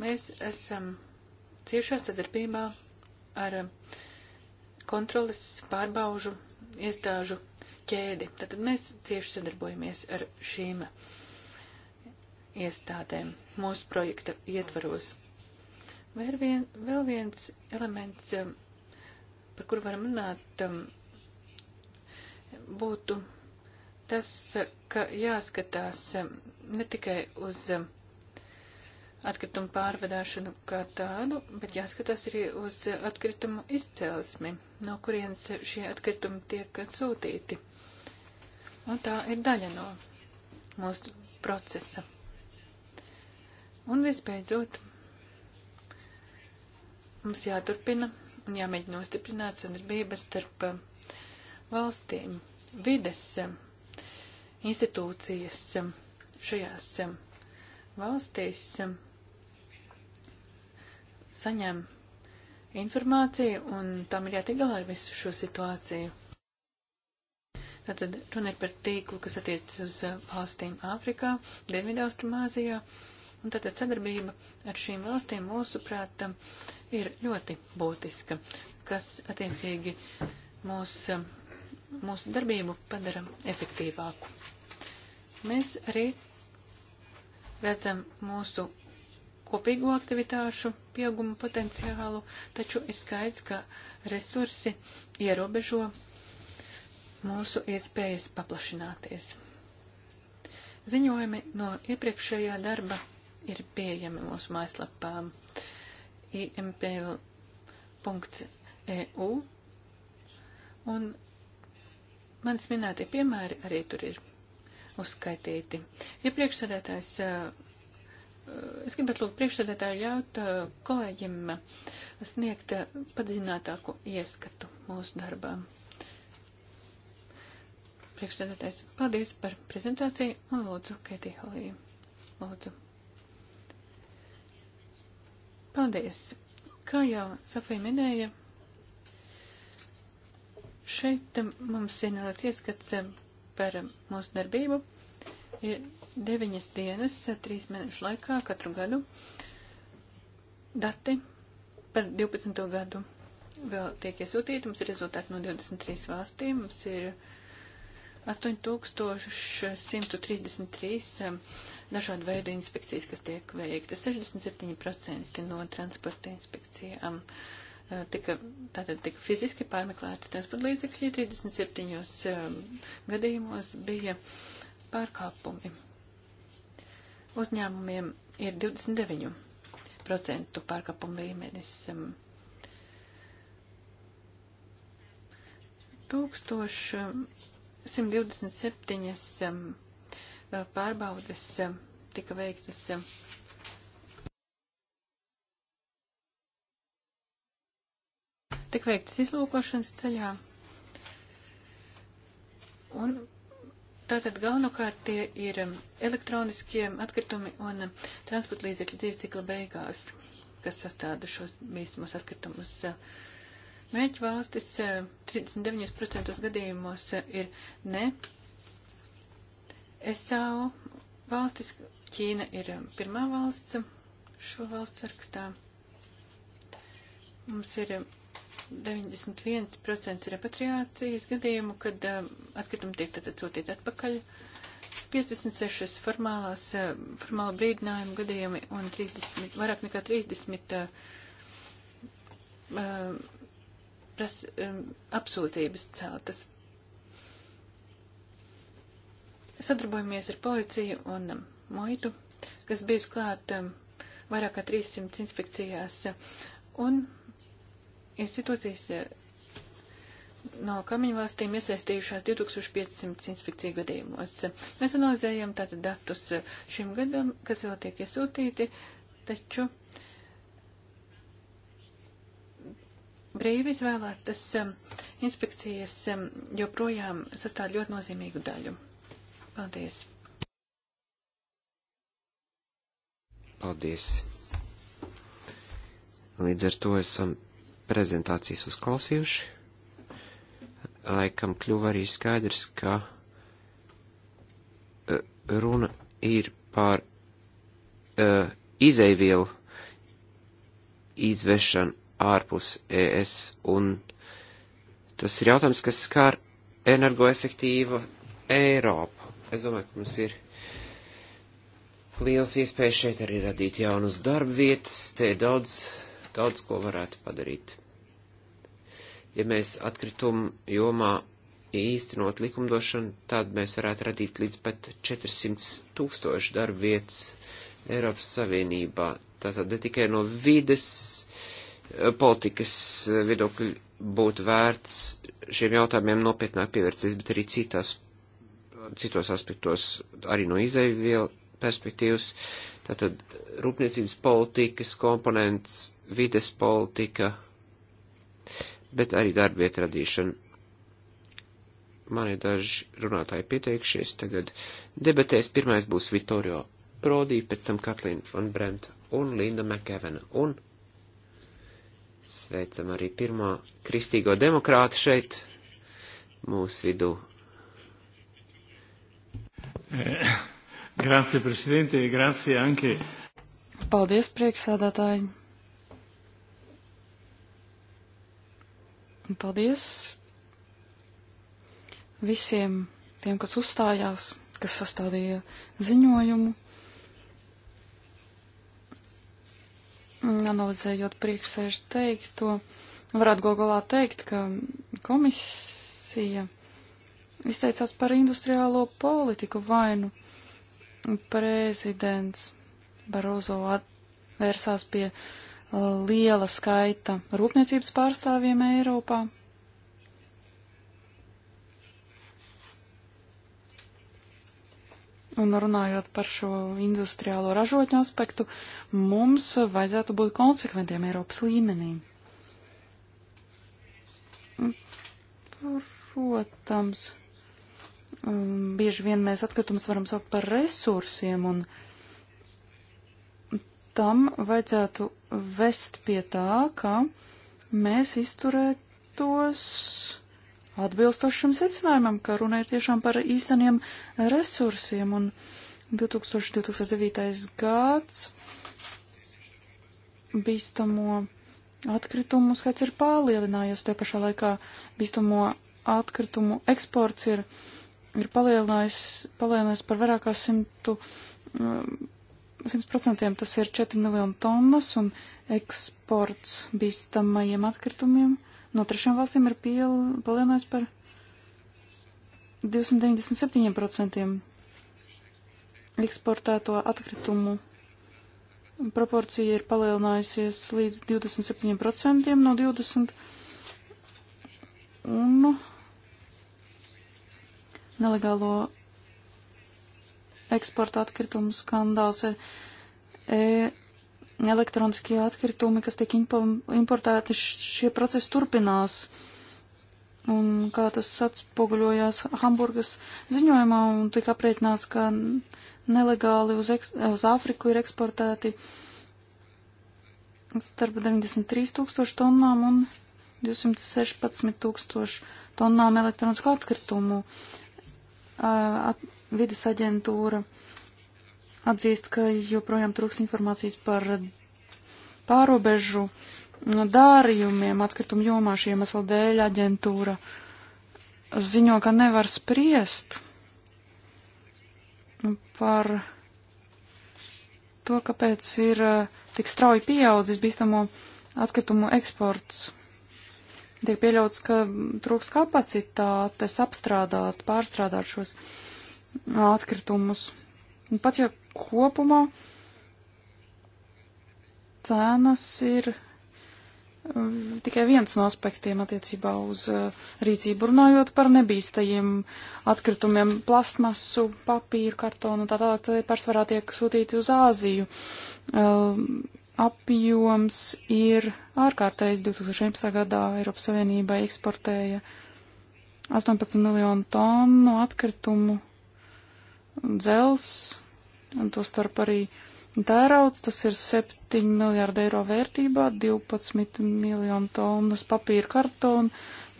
Mēs esam ciešā sadarbībā ar kontrolas pārbaužu iestāžu ķēdi. Tātad mēs cieši sadarbojamies ar šīm iestādēm mūsu projekta ietvaros. Vēl, vien, vēl viens elements, par kuru varam runāt, būtu tas, ka jāskatās um, ne tikai uz um, atkritumu pārvedāšanu kā tādu, bet jāskatās arī uz atkritumu izcelsmi, no kurienes šie atkritumi tiek sūtīti. Un tā ir daļa no mūsu procesa. Un visbeidzot, mums jāturpina un jāmēģina nostiprināt sadarbības starp um, valstīm. Vides institūcijas um, šajās um, valstīs um, saņem informāciju un tam ir jātiek galā ar visu šo situāciju. Tātad runa ir par tīklu, kas attiecas uz uh, valstīm Āfrikā, Dienvidaustrumāzijā, un tātad sadarbība ar šīm valstīm mūsuprāt ir ļoti būtiska, kas attiecīgi mūs mūsu darbību padara efektīvāku. Mēs arī redzam mūsu kopīgo aktivitāšu pieaugumu potenciālu, taču ir skaidrs, ka resursi ierobežo mūsu iespējas paplašināties. Ziņojumi no iepriekšējā darba ir pieejami mūsu mājaslapām impl.eu un Mans minētie piemēri arī tur ir uzskaitīti. Ja priekšsēdētājs, eh, es gribētu lūgt priekšsēdētāju ļaut eh, kolēģim sniegt padziļinātāku ieskatu mūsu darbā. Priekšsēdētājs, paldies par prezentāciju un lūdzu, Ketī Halī. Lūdzu. Paldies. Kā jau Safija minēja, Šeit mums ir neliels ieskats eh, par mūsu darbību. Ir deviņas dienas, eh, trīs mēnešu laikā katru gadu. Dati par 12. gadu vēl tiek iesūtīti. Mums ir rezultāti no 23 valstīm. Mums ir 8133 eh, dažādu veidu inspekcijas, kas tiek veikta. 67% no transporta inspekcijām. Uh, tika, tātad tika fiziski pārmeklēti transporta līdzekļi, 37 gadījumos bija pārkāpumi. Uzņēmumiem ir 29% pārkāpumu līmenis. 1127 pārbaudes tika veiktas tik veiktas izlūkošanas ceļā. Un tātad galvenokārt tie ir um, elektroniskie atkritumi un um, transporta līdzekļu dzīves cikla beigās, kas sastāda šos bīstamos atkritumus. Mērķu valstis 39% um, gadījumos ir ne SAO valstis, Ķīna ir pirmā valsts šo valstu sarakstā. Mums ir 91% repatriācijas gadījumu, kad uh, atkritumi tiek tātad sūtīti atpakaļ, 56 formālās, uh, formāla brīdinājuma gadījumi un 30, vairāk nekā 30 uh, eh, pras, um, apsūdzības celtas. Sadarbojamies ar policiju un um, muitu, kas bijis klāt um, vairāk kā 300 inspekcijās, un institūcijas eh, no kamiņu valstīm iesaistījušās 2500 inspekciju gadījumos. Mēs analizējam tātad datus eh, šim gadam, kas vēl tiek iesūtīti, taču brīvi izvēlētas eh, inspekcijas joprojām sastāv ļoti nozīmīgu daļu. Paldies! Paldies! Līdz ar to esam prezentācijas uzklausījuši. Laikam kļuva arī skaidrs, ka e, runa ir par uh, e, izeivielu izvešanu ārpus ES, un tas ir jautājums, kas skār energoefektīvu Eiropu. Es domāju, ka mums ir liels iespējas šeit arī radīt jaunas darba vietas, te daudz daudz ko varētu padarīt. Ja mēs atkritumu jomā īstenot likumdošanu, tad mēs varētu radīt līdz pat 400 tūkstošu darba vietas Eiropas Savienībā. Tātad ne tikai no vides eh, politikas eh, viedokļa būtu vērts šiem jautājumiem nopietnāk pievērsties, bet arī citās, citos aspektos, arī no izaivielu perspektīvas. Tātad rūpniecības politikas komponents vides politika, bet arī darbieta radīšana. Man ir daži runātāji pieteikšies tagad. Debatēs pirmais būs Vittorio Prodi, pēc tam Katlīna von Brenta un Linda Mekevena. Un sveicam arī pirmā kristīgo demokrātu šeit mūsu vidū. Eh, grazie, prezidente, e grazie anche. Paldies, priekšsādātāji. Un paldies visiem tiem, kas uzstājās, kas sastādīja ziņojumu, analizējot priekšsēžu teikto. Varētu gogolā teikt, ka komisija izteicās par industriālo politiku vainu. Prezidents Barozo atvērsās pie uh, Uh, liela skaita rūpniecības pārstāvjiem Eiropā. Un runājot par šo industriālo ražotņu aspektu, mums vajadzētu būt konsekventiem Eiropas līmenī. Protams, um, bieži vien mēs atkritumus varam saukt par resursiem un uh, tam vajadzētu vest pie tā, ka mēs izturētos atbilstošam secinājumam, ka runa ir tiešām par īsteniem resursiem, un 2009. gads bīstamo atkritumu skaits ir palielinājies, te pašā laikā bīstamo atkritumu eksports ir, ir palielinājies, palielinājies par vairāk kā simtu um, 100% tas ir 4 miljonu tonnas un eksports bīstamajiem atkritumiem no trešām valstīm ir palielinājies par 297% eksportēto atkritumu proporcija ir palielinājusies līdz 27% no 20. Un nelegālo eksporta atkritumu skandāls, e, e, elektroniskie atkritumi, kas tiek importēti, šie procesi turpinās. Un kā tas atspoguļojās Hamburgas ziņojumā un tika aprēķināts, ka nelegāli uz, eks, uz Āfriku ir eksportēti starp 93 tūkstoši tonnām un 216 tūkstoši tonnām elektronisko atkritumu. At, Vides aģentūra atzīst, ka joprojām trūks informācijas par pārobežu dārījumiem atkritumu jomā šī iemesla dēļ aģentūra ziņo, ka nevar spriest par to, kāpēc ir uh, tik strauji pieaudzis bīstamo atkritumu eksports. Tiek pieļauts, ka trūks kapacitātes apstrādāt, pārstrādāt šos atkritumus. Un pat ja kopumā cenas ir eh, tikai viens no aspektiem attiecībā uz eh, rīcību runājot par nebīstajiem atkritumiem - plastmasu, papīru, kartonu, tā tālāk tā pārsvarā tiek sūtīti uz Āziju. Eh, apjoms ir ārkārtējs 2011. gadā Eiropas Savienībai eksportēja 18 miljonu tonu atkritumu dzels, un to starp arī tērauds, tas ir 7 miljārdi eiro vērtībā, 12 miljonu tonnas papīra kartona,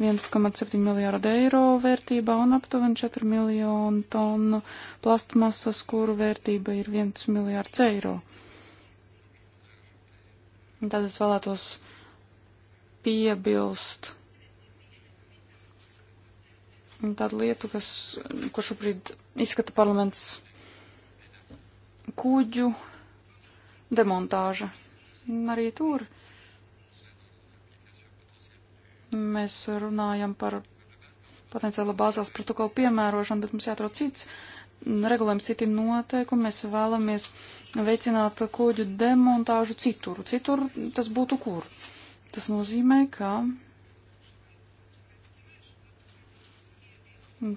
1,7 miljārdi eiro vērtībā un aptuveni 4 miljonu tonu plastmasas, kuru vērtība ir 1 miljārds eiro. Tad es vēlētos piebilst tādu lietu, kas, ko šobrīd izskata parlaments kuģu demontāža. Un arī tur mēs runājam par potenciāla bāzās protokola piemērošanu, bet mums jāatrod cits regulējums, citi noteikumi. Mēs vēlamies veicināt kuģu demontāžu citur. Citur tas būtu kur? Tas nozīmē, ka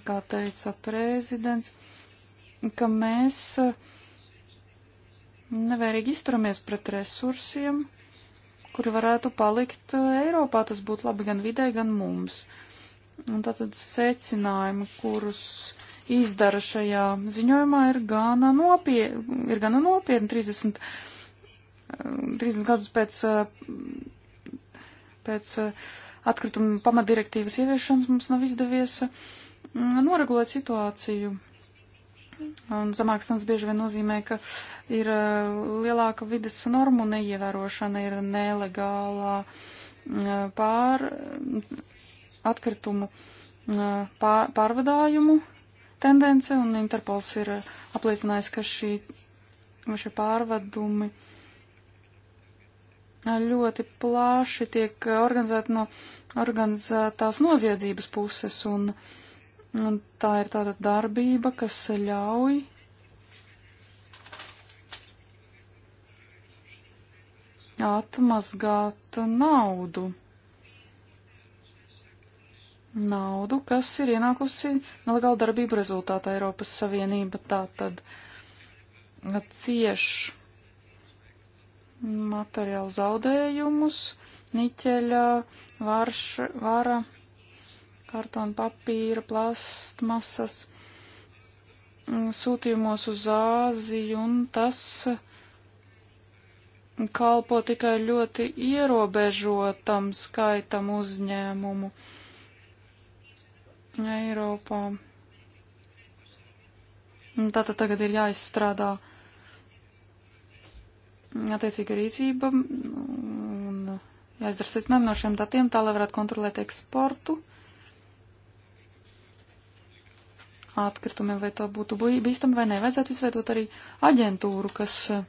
kā teica prezidents, ka mēs eh, nevērīgi izturamies pret resursiem, kuri varētu palikt eh, Eiropā. Tas būtu labi gan vidē, gan mums. Un tātad secinājumi, kurus izdara šajā ziņojumā, ir gana, nopie, ir gana nopietni 30, 30 eh, gadus pēc, pēc atkrituma pamatdirektīvas ieviešanas mums nav izdevies uh, noregulēt situāciju. Un zemāks cenas bieži vien nozīmē, ka ir uh, lielāka vidas normu neievērošana, ir nelegālā uh, pār atkritumu uh, pār, pārvadājumu tendence, un Interpols ir apliecinājis, ka šī, šie pārvadumi ļoti plaši tiek organizēti no organizētās noziedzības puses, un uh, Un tā ir tāda darbība, kas ļauj atmazgāt naudu. Naudu, kas ir ienākusi nelegāla darbība rezultātā Eiropas Savienība, tā tad cieš materiālu zaudējumus, niķeļa, varš, vara. Vārš, kartona, papīra, plastmasas mm, sūtījumos uz Āziju, un tas kalpo tikai ļoti ierobežotam skaitam uzņēmumu Eiropā. Tātad tagad ir jāizstrādā attiecīga rīcība un jāizdara secinājumi no šiem datiem, tā lai varētu kontrolēt eksportu. atkritumiem, vai tā būtu bīstami vai nē. Vajadzētu izveidot arī aģentūru, kas eh,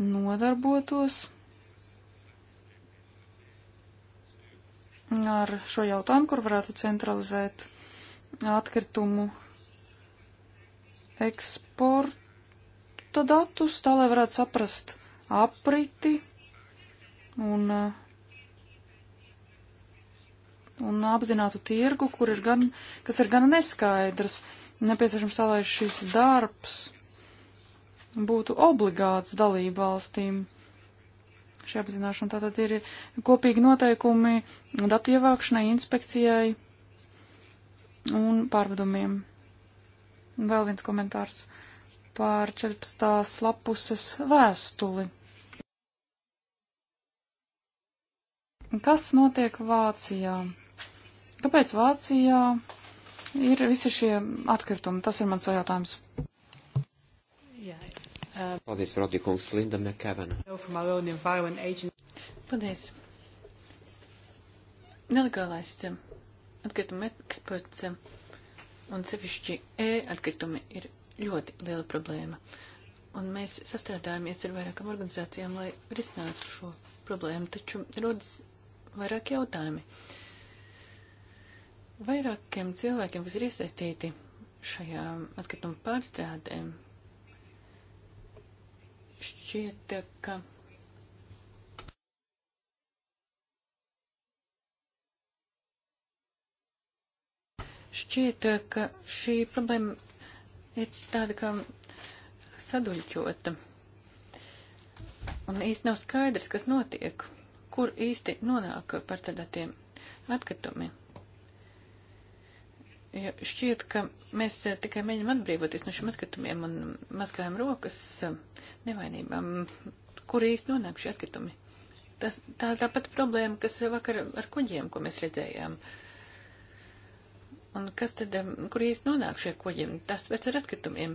nodarbotos ar šo jautājumu, kur varētu centralizēt atkritumu eksporta datus, tā lai varētu saprast apriti un uh, un apzinātu tirgu, kur ir gan, kas ir gan neskaidrs. Nepieciešams tā, lai šis darbs būtu obligāts dalību valstīm. Šī apzināšana tātad ir kopīgi noteikumi datu ievākšanai, inspekcijai un pārvedumiem. Vēl viens komentārs par 14. lapuses vēstuli. Kas notiek Vācijā? Kāpēc Vācijā ir visi šie atkritumi? Tas ir mans jautājums. Paldies, Rodi kungs, Linda Mekevena. Paldies. Nelegālais atkrituma eksports un sevišķi E atkritumi ir ļoti liela problēma. Un mēs sastrādājāmies ar vairākām organizācijām, lai risinātu šo problēmu, taču rodas vairāk jautājumi. Uh, Vairākiem cilvēkiem, kas ir iesaistīti šajā atkrituma pārstrādē, šķiet, ka. Šķiet, ka šī problēma ir tāda kā saduļķota. Un īsti nav skaidrs, kas notiek, kur īsti nonāk pārstrādātiem atkritumiem. Jo šķiet, ka mēs eh, tikai mēģinam atbrīvoties no šiem atkritumiem un mazgājam rokas eh, nevainībām, kur īsti nonāk šie atkritumi. Tas, tā ir tā pati problēma, kas eh, vakar ar kuģiem, ko mēs redzējām. Un kas tad, kur īsti nonāk šie kuģiem? Tas vec ar atkritumiem.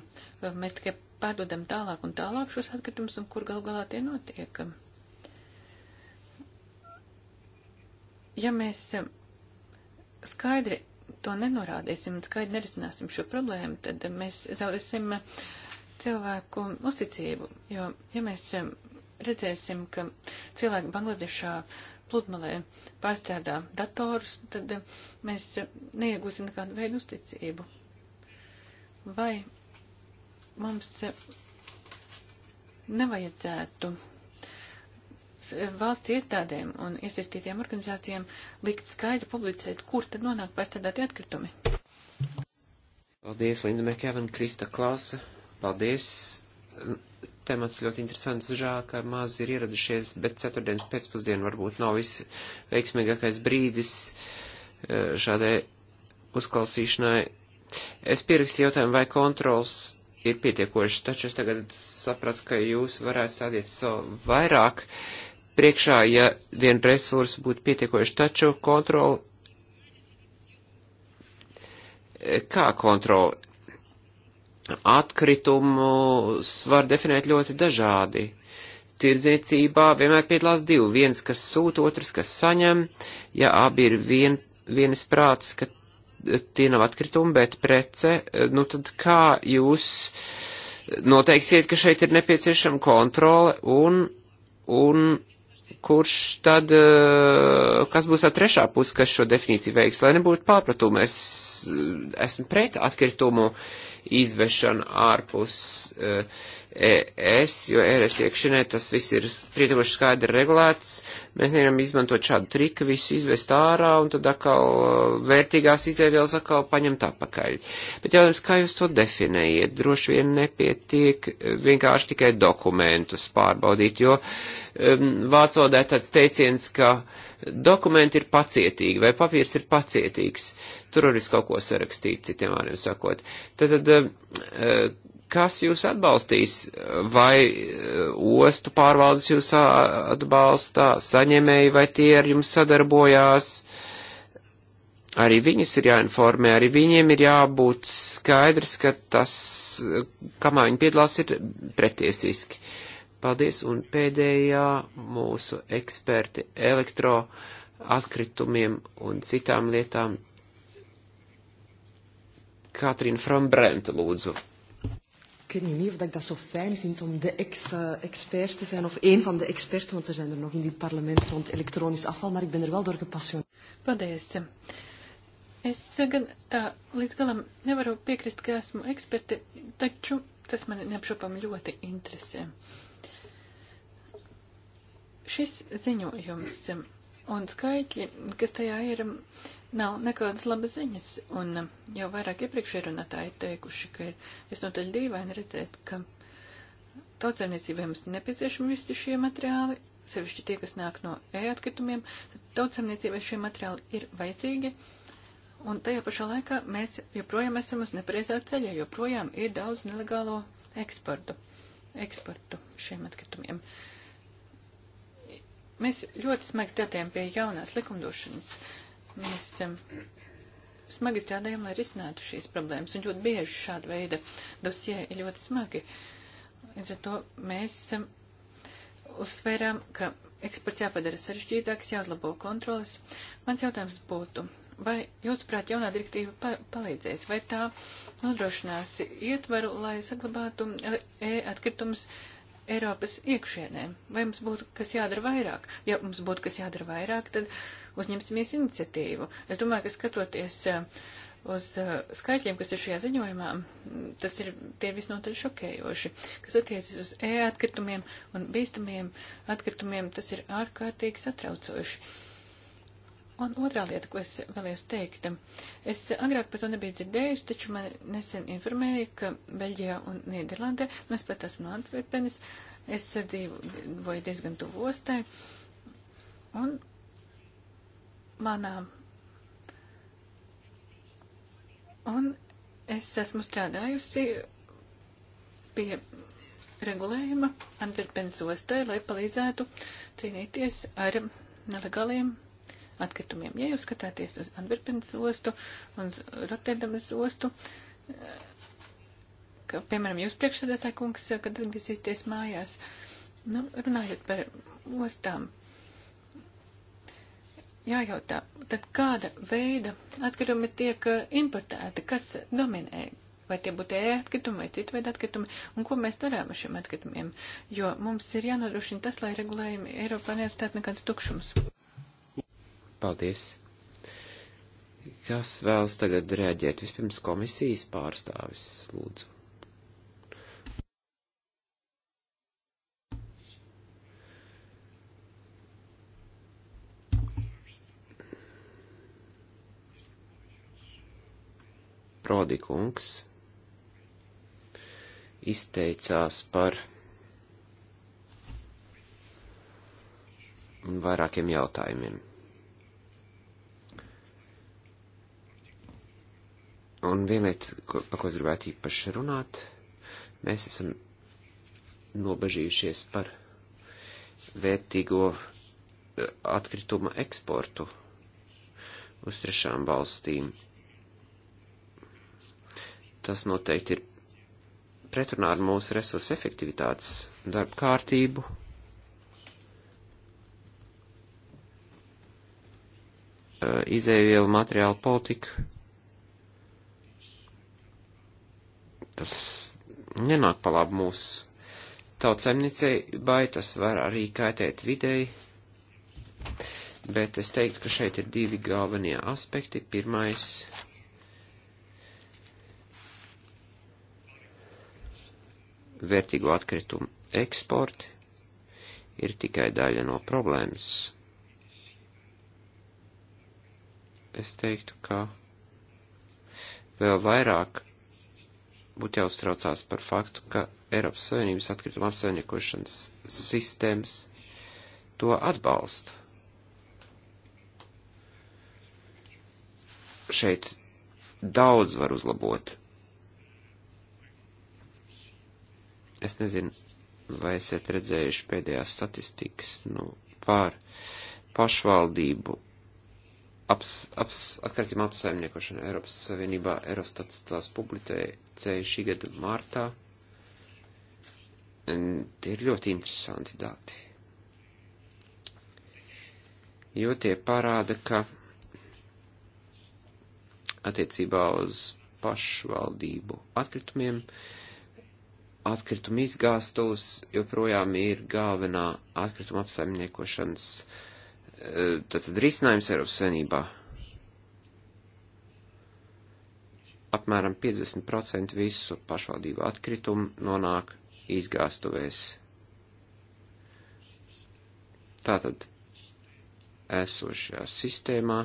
Mēs tikai pārdodam tālāk un tālāk šos atkritumus, un kur gal galā tie notiek. Ja mēs skaidri to nenorādīsim un skaidri nerisināsim šo problēmu, tad mēs zaudēsim cilvēku uzticību. Jo, ja mēs um, redzēsim, ka cilvēki Bangladešā pludmalē pārstrādā datorus, tad um, mēs um, neiegūsim nekādu veidu uzticību. Vai mums nevajadzētu valsts iestādēm un iesaistītiem organizācijām likt skaidri publicēt, kur tad nonāk pārstādāti atkritumi. Paldies, Linda Mekēvan, Krista Klāsa. Paldies. Temats ļoti interesants. Žēl, ka maz ir ieradušies, bet ceturtdienas pēcpusdiena varbūt nav visveiksmīgākais brīdis eh, šādai uzklausīšanai. Es pierakstīju jautājumu, vai kontrols ir pietiekoši, taču es tagad sapratu, ka jūs varētu stādīt savu vairāk. Uh, priekšā, ja vien resursi būtu pietiekoši, taču kontroli. Kā kontroli? Atkritumus var definēt ļoti dažādi. Tirdzniecībā vienmēr piedalās divi, viens, kas sūta, otrs, kas saņem, ja abi ir vien, vienas prātas, ka tie nav atkritumi, bet prece, nu tad kā jūs noteiksiet, ka šeit ir nepieciešama kontrole un un kurš tad, eh, kas būs tā trešā puse, kas šo definīciju veiks, lai nebūtu pārpratumu. Es eh, esmu pret atkritumu izvešanu ārpus ES, eh, e jo ES iekšienē tas viss ir pietiekuši skaidri regulēts. Mēs nevaram izmantot šādu triku, visu izvest ārā un tad atkal eh, vērtīgās izēvielas atkal paņemt apakaļ. Bet jautājums, kā jūs to definējat? Droši vien nepietiek eh, vienkārši tikai dokumentus pārbaudīt, jo um, vācodē tāds teiciens, ka uh, dokumenti ir pacietīgi, vai papīrs ir pacietīgs, tur arī kaut ko sarakstīt, citiem vārdiem sakot. Tad, tad eh, kas jūs atbalstīs, vai eh, ostu pārvaldes jūs atbalstā, saņemēji, vai tie ar jums sadarbojās? arī viņus ir jāinformē, arī viņiem ir jābūt skaidrs, ka tas, eh, kamā viņi piedalās, ir pretiesiski. Uh, Paldies, un pēdējā mūsu eksperti elektro atkritumiem un citām lietām. Katrīna Frambrent, lūdzu. Ik weet niet meer of ik dat zo fijn vind om de ex-expert eh, uh, te zijn of één van de experten, want er zijn er nog in dit parlement rond elektronisch afval, maar ik ben er wel door gepassioneerd. Paldies. Es gan tā līdz galam nevaru piekrist, ka esmu eksperte, taču tas mani neapšaupami ļoti interesē. Uh, Šis ziņojums un skaitļi, kas tajā ir, nav nekādas labas ziņas, un jau vairāk iepriekšēji runātāji teikuši, ka ir visnotaļ dīvaini redzēt, ka tautsēmniecībai mums nepieciešami visi šie materiāli, sevišķi tie, kas nāk no e-atkritumiem, tad tautsēmniecībai šie materiāli ir vajadzīgi, un tajā pašā laikā mēs joprojām esam uz nepareizā ceļa, joprojām ir daudz nelegālo eksportu, eksportu šiem atkritumiem. Uh, Mēs ļoti smagi strādājam pie jaunās likumdošanas. Mēs um, smagi strādājam, lai risinātu šīs problēmas, un ļoti bieži šāda veida dosie ir ļoti smagi. Līdz ar to mēs um, uzsvērām, ka eksports jāpadara sarežģītāks, jāuzlabo kontrolas. Mans jautājums būtu, vai jūsuprāt jaunā direktīva pa palīdzēs, vai tā nodrošinās ietvaru, lai saglabātu e atkritumus? E Eiropas iekšienē. Vai mums būtu kas jādara vairāk? Ja mums būtu kas jādara vairāk, tad uzņemsimies iniciatīvu. Es domāju, ka skatoties eh, uz eh, skaitļiem, kas ir šajā ziņojumā, tas ir tie visnotaļ šokējoši. Kas attiecas uz e-atkritumiem un bīstamiem atkritumiem, tas ir ārkārtīgi satraucoši. Un otrā lieta, ko es vēlējos teikt, es agrāk par to nebiju dzirdējusi, taču man nesen informēja, ka Beļģijā un Nīderlandē, nu es pat esmu no Antverpenes, es dzīvoju diezgan tuvu ostai, un manā, un es esmu strādājusi pie regulējuma Antverpenes ostai, lai palīdzētu cīnīties ar nelegāliem atkritumiem. Ja jūs skatāties uz Antverpenes ostu un uz Rotterdamas ostu, ka, piemēram, jūs priekšsēdētāji kungs, kad atgriezīsieties mājās, nu, runājot par ostām, jājautā, tad kāda veida atkritumi tiek eh, importēti, kas dominē vai tie būtu e-atkritumi vai citu veidu atkritumi, un ko mēs darām ar šiem atkritumiem, jo mums ir jānodrošina tas, lai regulējumi Eiropā neatstātu nekādus tukšumus. Paldies. Kas vēlas tagad reaģēt? Vispirms komisijas pārstāvis, lūdzu. Prodikungs izteicās par vairākiem jautājumiem. Un viena lieta, ko, par ko es gribētu īpaši runāt, mēs esam nobežījušies par vērtīgo eh, atkrituma eksportu uz trešām valstīm. Tas noteikti ir pretrunā ar mūsu resursu efektivitātes darba kārtību. Eh, izēvielu materiālu politiku Tas nenāk pa labu mūsu tautsaimniecībai, tas var arī kaitēt videi, bet es teiktu, ka šeit ir divi galvenie aspekti. Pirmais - vērtīgo atkritumu eksporti ir tikai daļa no problēmas. Es teiktu, ka vēl vairāk būtu jāuztraucās par faktu, ka Eiropas Savienības atkrituma apsaimniekošanas sistēmas to atbalsta. Šeit daudz var uzlabot. Es nezinu, vai esat redzējuši pēdējās statistikas nu, pār pašvaldību aps, aps, atkritumu apsaimniekošana Eiropas Savienībā. Eurostats tās publicēja šī gada martā. Un tie ir ļoti interesanti dati. Jo tie parāda, ka attiecībā uz pašvaldību atkritumiem atkrituma izgāstos joprojām ir galvenā atkrituma apsaimniekošanas uh, tātad risinājums Eiropas Savienībā. Apmēram 50% visu pašvaldību atkritumu nonāk izgāstuvēs. Tātad esošajā sistēmā,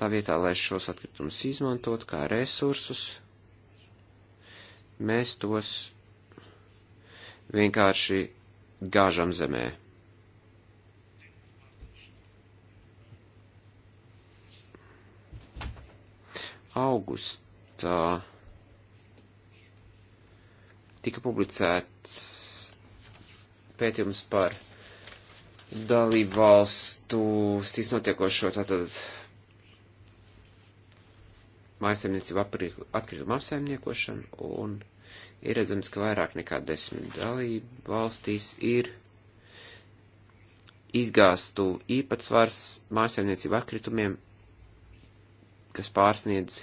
tā vietā, lai šos atkritumus izmantot kā resursus, mēs tos vienkārši gāžam zemē. augustā tika publicēts pētījums par dalību valstu stīs notiekošo tātad mājasemniecību atkritumu apsaimniekošanu un ir redzams, ka vairāk nekā desmit dalību valstīs ir izgāstu īpatsvars mājasemniecību atkritumiem kas pārsniedz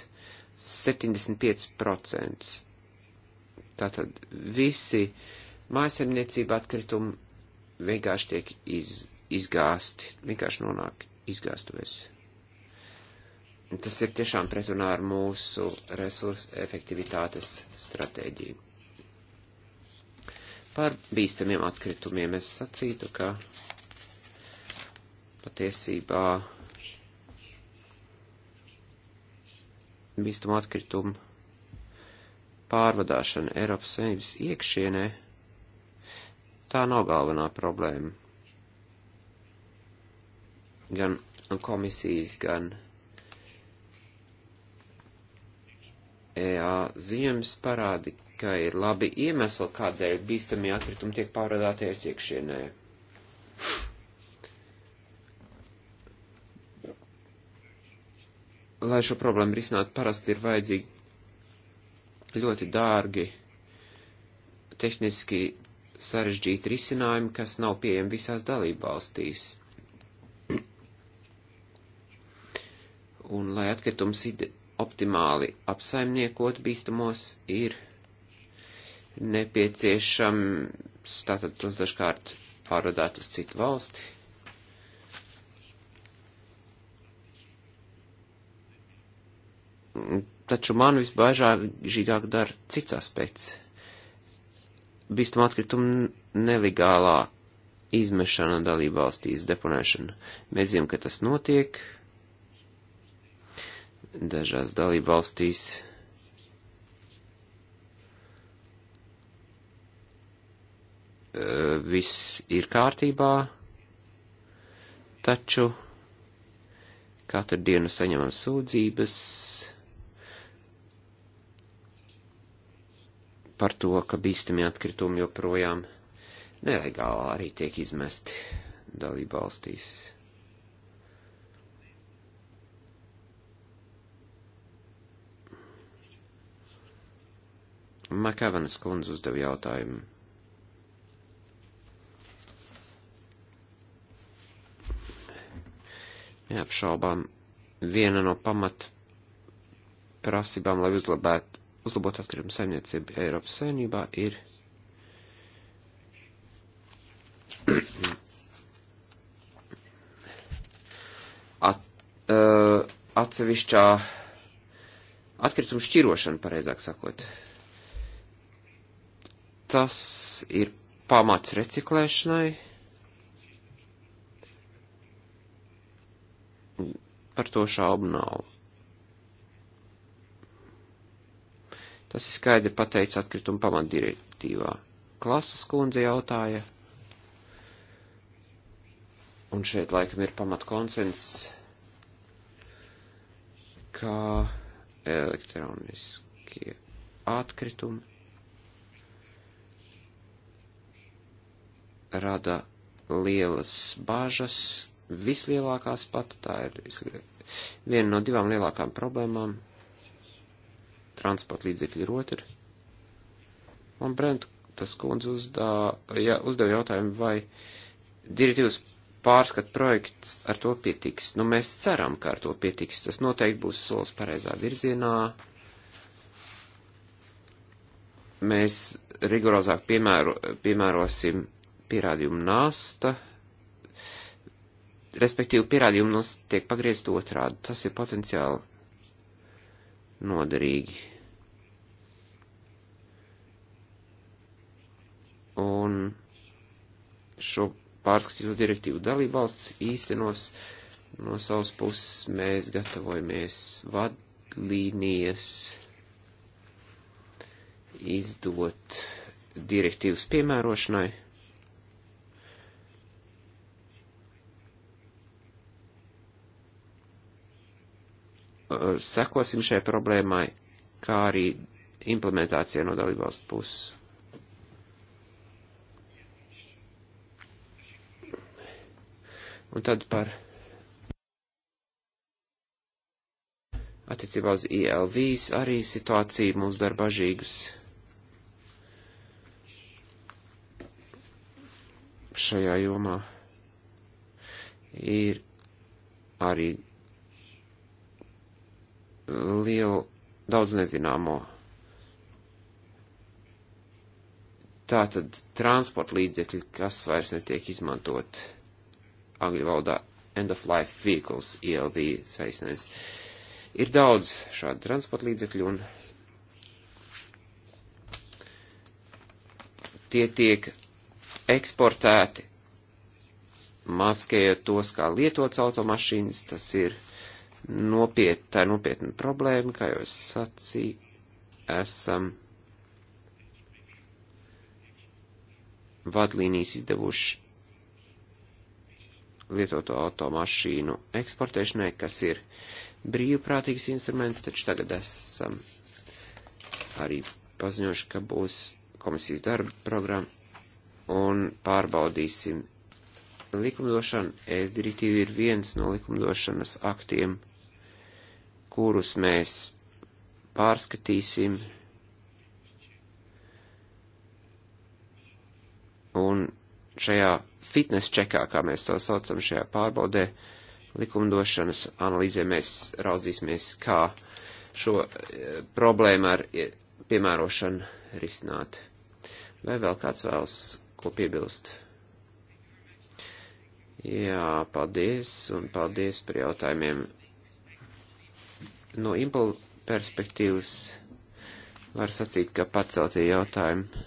75%. Tātad visi mājasemniecība atkritumi vienkārši tiek iz, izgāsti, vienkārši nonāk izgāstuvies. Tas ir tiešām pretrunā ar mūsu resursu efektivitātes stratēģiju. Par bīstamiem atkritumiem es sacītu, ka patiesībā bīstamu atkritumu pārvadāšana Eiropas Savienības iekšienē, tā nav galvenā problēma. Gan komisijas, gan EA ziņojums parādi, ka ir labi iemesli, kādēļ bīstamie atkritumi tiek pārvadāties iekšienē. lai šo problēmu risinātu, parasti ir vajadzīgi ļoti dārgi, tehniski sarežģīti risinājumi, kas nav pieejami visās dalībvalstīs. Un, lai atkritums optimāli apsaimniekot bīstamos, ir nepieciešams, tātad tos dažkārt pārvadāt uz citu valsti, taču man visbažīgāk dara cits aspekts. Bīstam atkritumu nelegālā izmešana dalība valstīs, deponēšana. Mēs zinām, ka tas notiek. Dažās dalība valstīs. Eh, viss ir kārtībā, taču katru dienu saņemam sūdzības par to, ka bīstami atkritumi joprojām nelegāli arī tiek izmesti dalību valstīs. Makavanas kundze uzdev jautājumu. Neapšaubām, viena no pamat prasībām, lai uzlabētu uzlabot atkritumu saimniecību Eiropas saimnībā ir at, uh, atsevišķā atkritumu šķirošana, pareizāk sakot. Tas ir pamats reciklēšanai. Par to šaubu nav. Tas ir skaidri pateicis atkrituma pamatdirektīvā. Klases kundze jautāja, un šeit laikam ir pamat konsens, kā elektroniskie atkritumi rada lielas bažas, vislielākās pat, tā ir viena no divām lielākām problēmām transporta līdzekļi ir otri. Un Brent, tas kundze uzdā, ja, uzdev jautājumu, vai direktīvas pārskat projekts ar to pietiks. Nu, mēs ceram, ka ar to pietiks. Tas noteikti būs solis pareizā virzienā. Mēs rigorozāk piemēro, piemērosim pierādījumu nasta, respektīvi pierādījumu nasta tiek pagriezt otrādi. Tas ir potenciāli noderīgi. un šo pārskatīto direktīvu dalību valsts īstenos no savas puses mēs gatavojamies vadlīnijas izdot direktīvas piemērošanai. Sekosim šai problēmai, kā arī implementācijai no dalībvalstu puses. Un tad par attiecībā uz ILVs arī situācija mums dar bažīgus. Šajā jomā ir arī liela daudz nezināmo. Tātad transporta līdzekļi, kas vairs netiek izmantot angļu valodā end of life vehicles, ELV saistnēs. Ir daudz šādu transporta līdzekļu un tie tiek eksportēti, maskējot tos kā lietots automašīnas, tas ir nopietna, tā ir nopietna problēma, kā jau es sacīju, esam vadlīnijas izdevuši lietoto automašīnu eksportēšanai, kas ir brīvprātīgs instruments, taču tagad esam arī paziņojuši, ka būs komisijas darba programma un pārbaudīsim likumdošanu. ES direktīva ir viens no likumdošanas aktiem, kurus mēs pārskatīsim un šajā fitness čekā, kā mēs to saucam, šajā pārbaudē likumdošanas analīzē mēs raudzīsimies, kā šo eh, problēmu ar eh, piemērošanu risināt. Vai vēl kāds vēlas ko piebilst? Jā, paldies un paldies par jautājumiem. No impulsa perspektīvas var sacīt, ka paceltie jautājumi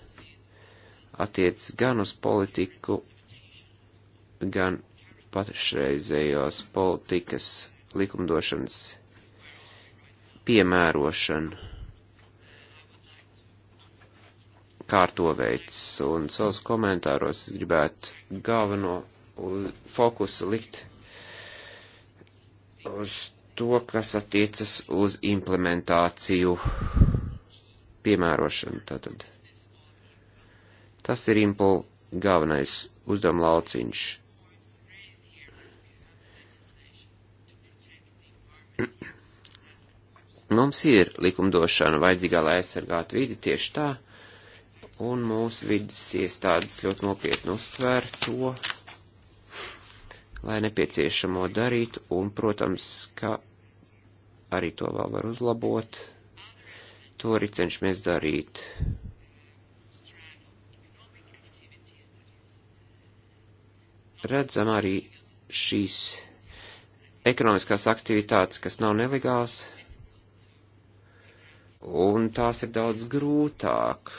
attiec gan uz politiku, gan pašreizējos politikas likumdošanas piemērošanu, kā to veids. Un savus komentāros es gribētu galveno fokusu likt uz to, kas attiecas uz implementāciju piemērošanu. Tātad. Tas ir impul galvenais uzdevuma lauciņš. Mums ir likumdošana vajadzīgā, lai aizsargātu vidi tieši tā, un mūsu vidas iestādes ļoti nopietni uztvēr to, lai nepieciešamo darītu, un, protams, ka arī to vēl var uzlabot. To arī cenšamies darīt. redzam arī šīs ekonomiskās aktivitātes, kas nav nelegāls, un tās ir daudz grūtāk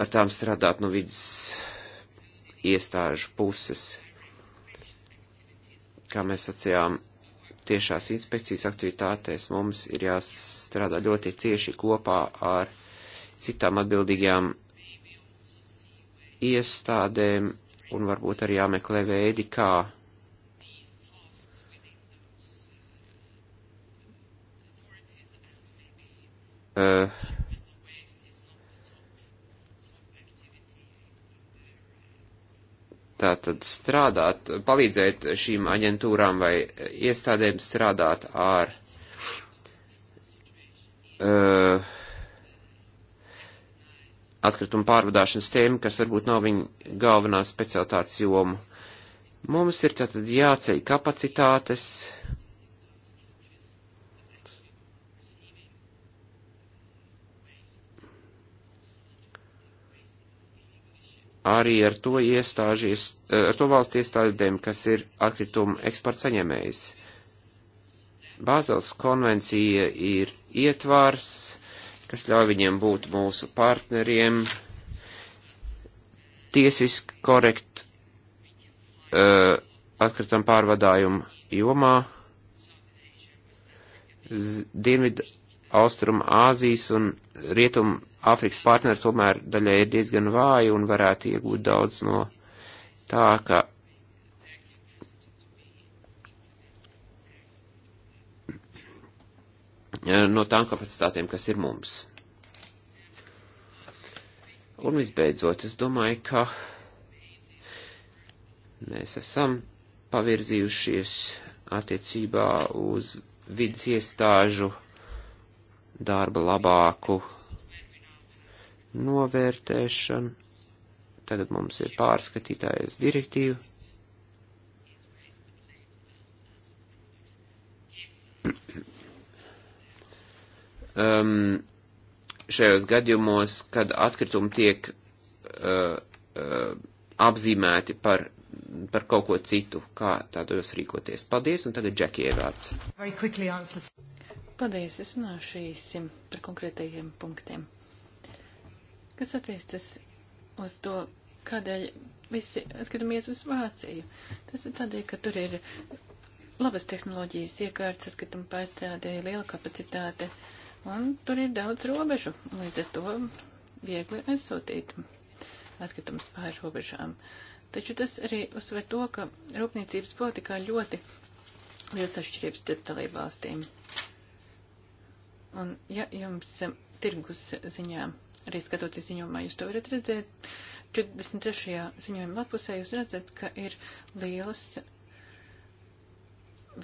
ar tām strādāt no vidas iestāžu puses. Kā mēs sacījām, tiešās inspekcijas aktivitātēs mums ir jāstrādā ļoti cieši kopā ar citām atbildīgajām iestādēm un varbūt arī jāmeklē veidi, kā uh, tātad strādāt, palīdzēt šīm aģentūrām vai iestādēm strādāt ar uh, atkritumu pārvadāšanas tēmu, kas varbūt nav viņa galvenā specialitātes joma. Mums ir tātad jāceļ kapacitātes. Arī ar to iestāžies, eh, ar to valstu iestādēm, kas ir atkritumu eksporta saņēmējs. Bāzels konvencija ir ietvars kas ļauj viņiem būt mūsu partneriem, tiesiski korekt uh, atkritam pārvadājumu jomā, Dienvidu Austrum Āzijas un Rietum Āfrikas partneri tomēr daļai ir diezgan vāji un varētu iegūt daudz no tā, ka no tām kapacitātēm, kas ir mums. Un visbeidzot, es domāju, ka mēs esam pavirzījušies attiecībā uz vidas iestāžu darba labāku novērtēšanu. Tagad mums ir pārskatītājas direktīva um, šajos gadījumos, kad atkritumi tiek uh, uh, apzīmēti par, par kaut ko citu, kā tādos rīkoties. Paldies, un tagad Džekija vārds. Paldies, es runāšu īsim par konkrētajiem punktiem. Kas attiecas uz to, kādēļ visi atkritumi iet uz Vāciju? Tas ir tādēļ, ka tur ir labas tehnoloģijas iekārtas, atkrituma pārstrādē, liela kapacitāte. Uh, Un tur ir daudz robežu, līdz ar to viegli aizsūtīt atkritumus pāri robežām. Taču tas arī uzsver to, ka rūpniecības politikā ļoti liels atšķirības starp dalību valstīm. Un ja jums eh, tirgus ziņā, arī skatoties ziņojumā, jūs to varat redzēt, 43. ziņojuma lapusē jūs redzat, ka ir lielas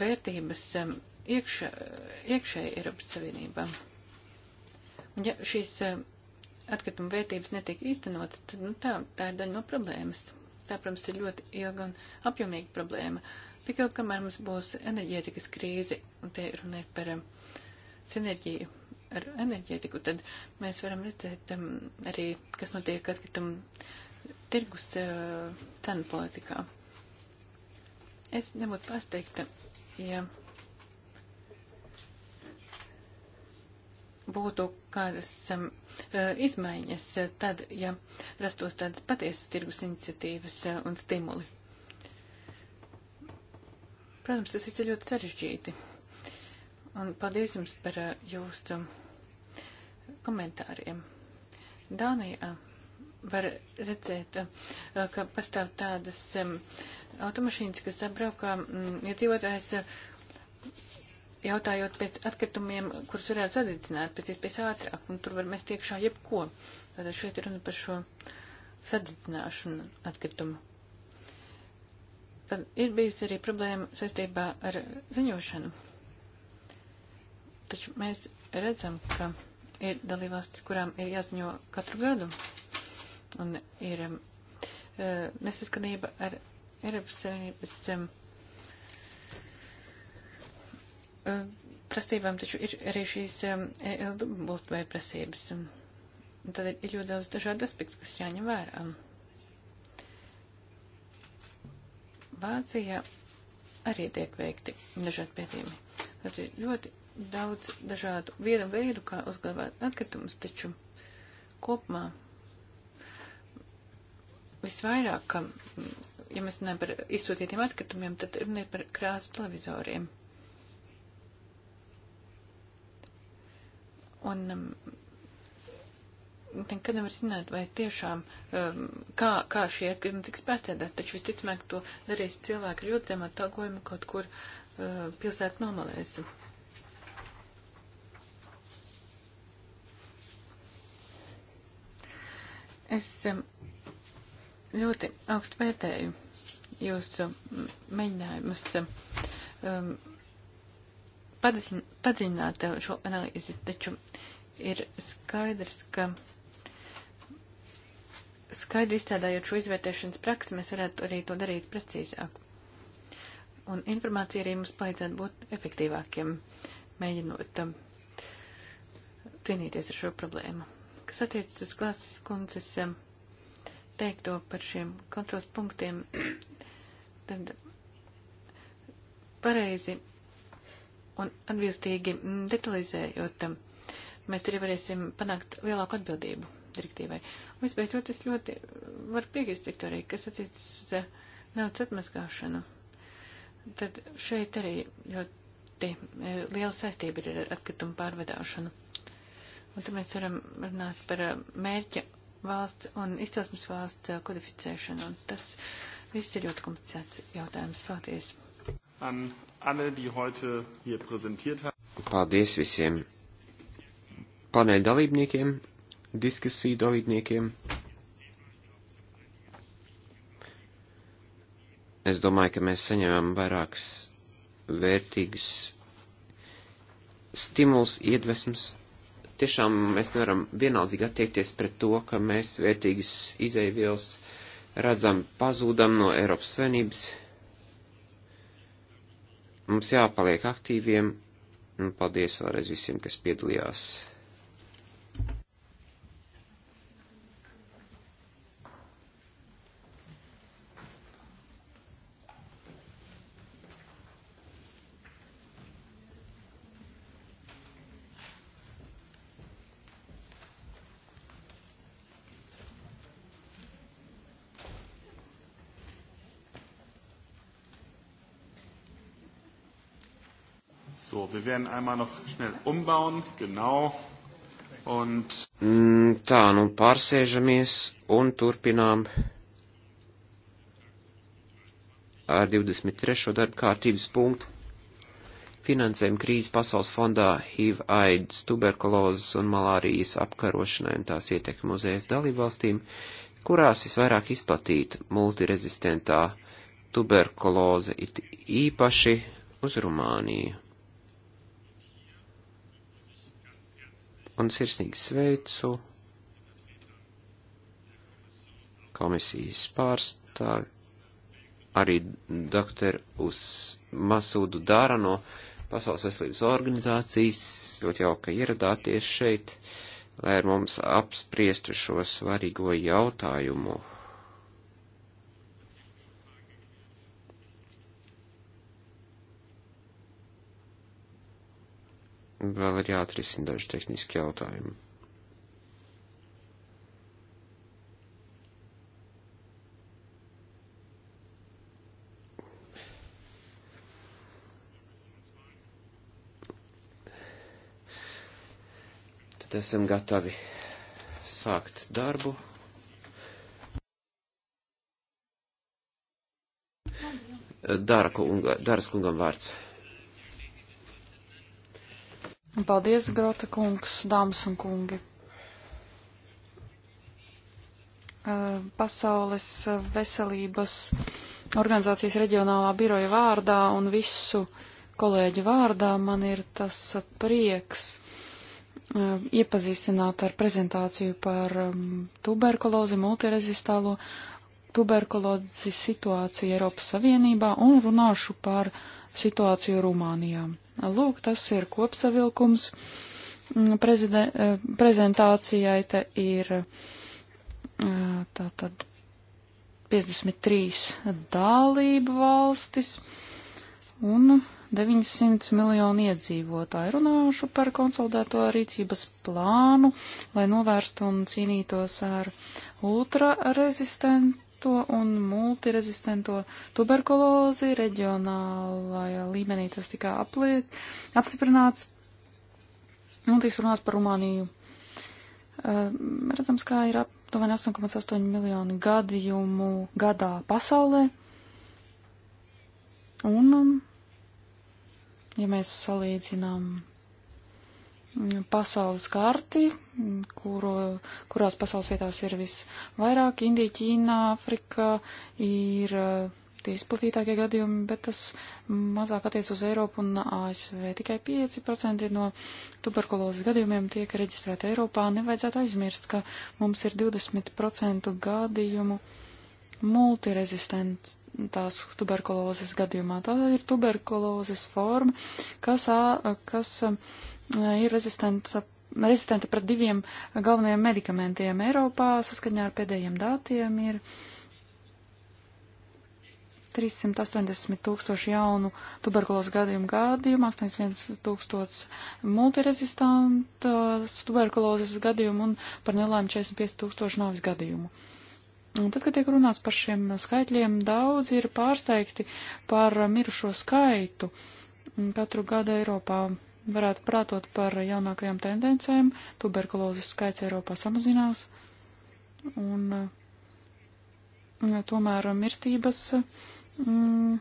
vērtības eh, iekšē, iekšēji Eiropas Savienībā. Un ja šīs eh, atkrituma vērtības netiek īstenotas, tad nu, tā, tā ir daļa no problēmas. Tā, protams, ir ļoti ilga un apjomīga problēma. Tik ilgi, kamēr mums būs enerģētikas krīze, un te runa ir par um, sinerģiju ar enerģētiku, tad mēs varam redzēt um, arī, kas notiek atkrituma tirgus uh, cenu politikā. Es nebūtu pasteikta, ja. Yeah būtu kādas um, e, izmaiņas e, tad, ja rastos tādas patiesas tirgus iniciatīvas uh, un stimuli. Protams, tas ir ļoti sarežģīti. Un paldies jums par uh, jūsu um, komentāriem. Dānijā var redzēt, uh, ka pastāv tādas um, automašīnas, kas apbraukā um, mm, iedzīvotājs. Ja jautājot pēc atkritumiem, kurus varētu sadedzināt pēc iespējas ātrāk, un tur var mest iekšā jebko. Tātad šeit ir runa par šo sadedzināšanu atkritumu. Tad ir bijusi arī problēma saistībā ar ziņošanu. Taču mēs redzam, ka ir dalībvalstis, kurām ir jāziņo katru gadu, un ir uh, nesaskanība ar Eiropas Savienības. Um, prasībām taču ir arī šīs ildu um, e, būtvēja prasības. Un um, tad ir ļoti daudz dažādu aspektu, kas jāņem vērā. Vācijā arī tiek veikti dažādi pētījumi. Tad ir ļoti daudz dažādu vienu veidu, kā uzglabāt atkritumus, taču kopumā visvairāk, mm, ja mēs runājam par izsūtītiem atkritumiem, tad runājam par krāsu televizoriem. Un um, nekad nevar zināt, vai tiešām, um, kā, kā šie atkarība tiks pētēdēt, taču visticamāk to darīs cilvēki ar ļoti zemu atalgojumu kaut kur uh, pilsētu nomalēs. Es um, ļoti augstu vērtēju jūsu mēģinājumus um, padziļināt šo analīzi, taču ir skaidrs, ka skaidri izstrādājot šo izvērtēšanas praksi, mēs varētu arī to darīt precīzāk. Un informācija arī mums palīdzētu būt efektīvākiem, mēģinot um, cīnīties ar šo problēmu. Kas attiecas uz klases kundzes um, teikto par šiem kontrols punktiem, tad pareizi un atbilstīgi mm, detalizējot um, mēs arī varēsim panākt lielāku atbildību direktīvai. Visbeidzot, es ļoti eh, varu piekrist Viktorijai, kas attiecas uz eh, naudas atmazgāšanu. Tad šeit arī ļoti eh, liela saistība ir ar atkritumu pārvedāšanu. Un tad mēs varam runāt par mērķa valsts un izcelsmes valsts kodificēšanu. Un tas viss ir ļoti komplicēts jautājums. Paldies! An alle, die heute hier präsentiert haben. Paldies visiem! paneļa dalībniekiem, diskusiju dalībniekiem. Es domāju, ka mēs saņemam vairākas vērtīgas stimulus, iedvesmas. Tiešām mēs nevaram vienaldzīgi attiekties pret to, ka mēs vērtīgas izēvielas redzam pazūdam no Eiropas Savienības. Mums jāpaliek aktīviem, un nu, paldies vēlreiz visiem, kas piedalījās. werden einmal noch schnell umbauen, genau. Und mm, Tā, nu pārsēžamies un turpinām ar 23. darba kārtības punktu finansējumu krīzes pasaules fondā HIV, AIDS, tuberkulozes un malārijas apkarošanai un tās ietekmi uz ES dalībvalstīm, kurās visvairāk izplatīta multirezistentā tuberkuloze, it īpaši uz Rumāniju. un sirsnīgi sveicu komisijas pārstāvi, arī doktoru uz Masūdu Dāra no Pasaules veselības organizācijas. Ļoti jauka ieradāties šeit, lai ar mums apspriestu šo svarīgo jautājumu. vēl ir jāatrisina daži tehniski jautājumi. Tad esam gatavi sākt darbu. Dāra kunga, Dāras kungam vārds. Paldies, Grota kungs, dāmas un kungi. Pasaules veselības organizācijas reģionālā biroja vārdā un visu kolēģu vārdā man ir tas prieks iepazīstināt ar prezentāciju par um, tuberkulozi, multirezistālo tuberkulozi situāciju Eiropas Savienībā un runāšu par uh, situāciju Rumānijā. Lūk, tas ir kopsavilkums mm, eh, prezentācijai. Te ir eh, tātad 53 dalību valstis un 900 miljonu iedzīvotāju. Runāšu par konsolidēto rīcības plānu, lai novērstu un cīnītos ar ultrarezistentu un multirezistento tuberkulozi. Reģionālajā līmenī tas tika apliet, apstiprināts. Un tiks runāts par Rumāniju. Uh, redzams, kā ir aptuveni 8,8 miljoni gadījumu gadā pasaulē. Un, um, ja mēs salīdzinām pasaules karti, kuru, kurās pasaules vietās ir visvairāk. Indija, Ķīna, Afrika ir uh, tie izplatītākie gadījumi, bet tas mazāk attiec uz Eiropu un ASV. Tikai 5% no tuberkulozes gadījumiem tiek reģistrēti Eiropā. Nevajadzētu aizmirst, ka mums ir 20% gadījumu multirezistentās tuberkulozes gadījumā. Tā ir tuberkulozes forma, kas, kas ir rezistents rezistenta pret diviem galvenajiem medikamentiem Eiropā. Saskaņā ar pēdējiem datiem ir 380 tūkstoši jaunu tuberkulos gadījumu gadījumu, 81 tūkstots multirezistantas tuberkulozes gadījumu un par nelēmu 45 tūkstoši nāvis gadījumu. Uh, Un tad, kad tiek runāts par šiem skaitļiem, daudz ir pārsteigti par mirušo skaitu. Katru gadu Eiropā varētu prātot par jaunākajām tendencēm, tuberkulozes skaits Eiropā samazinās, un, un mm, tomēr mirstības mm,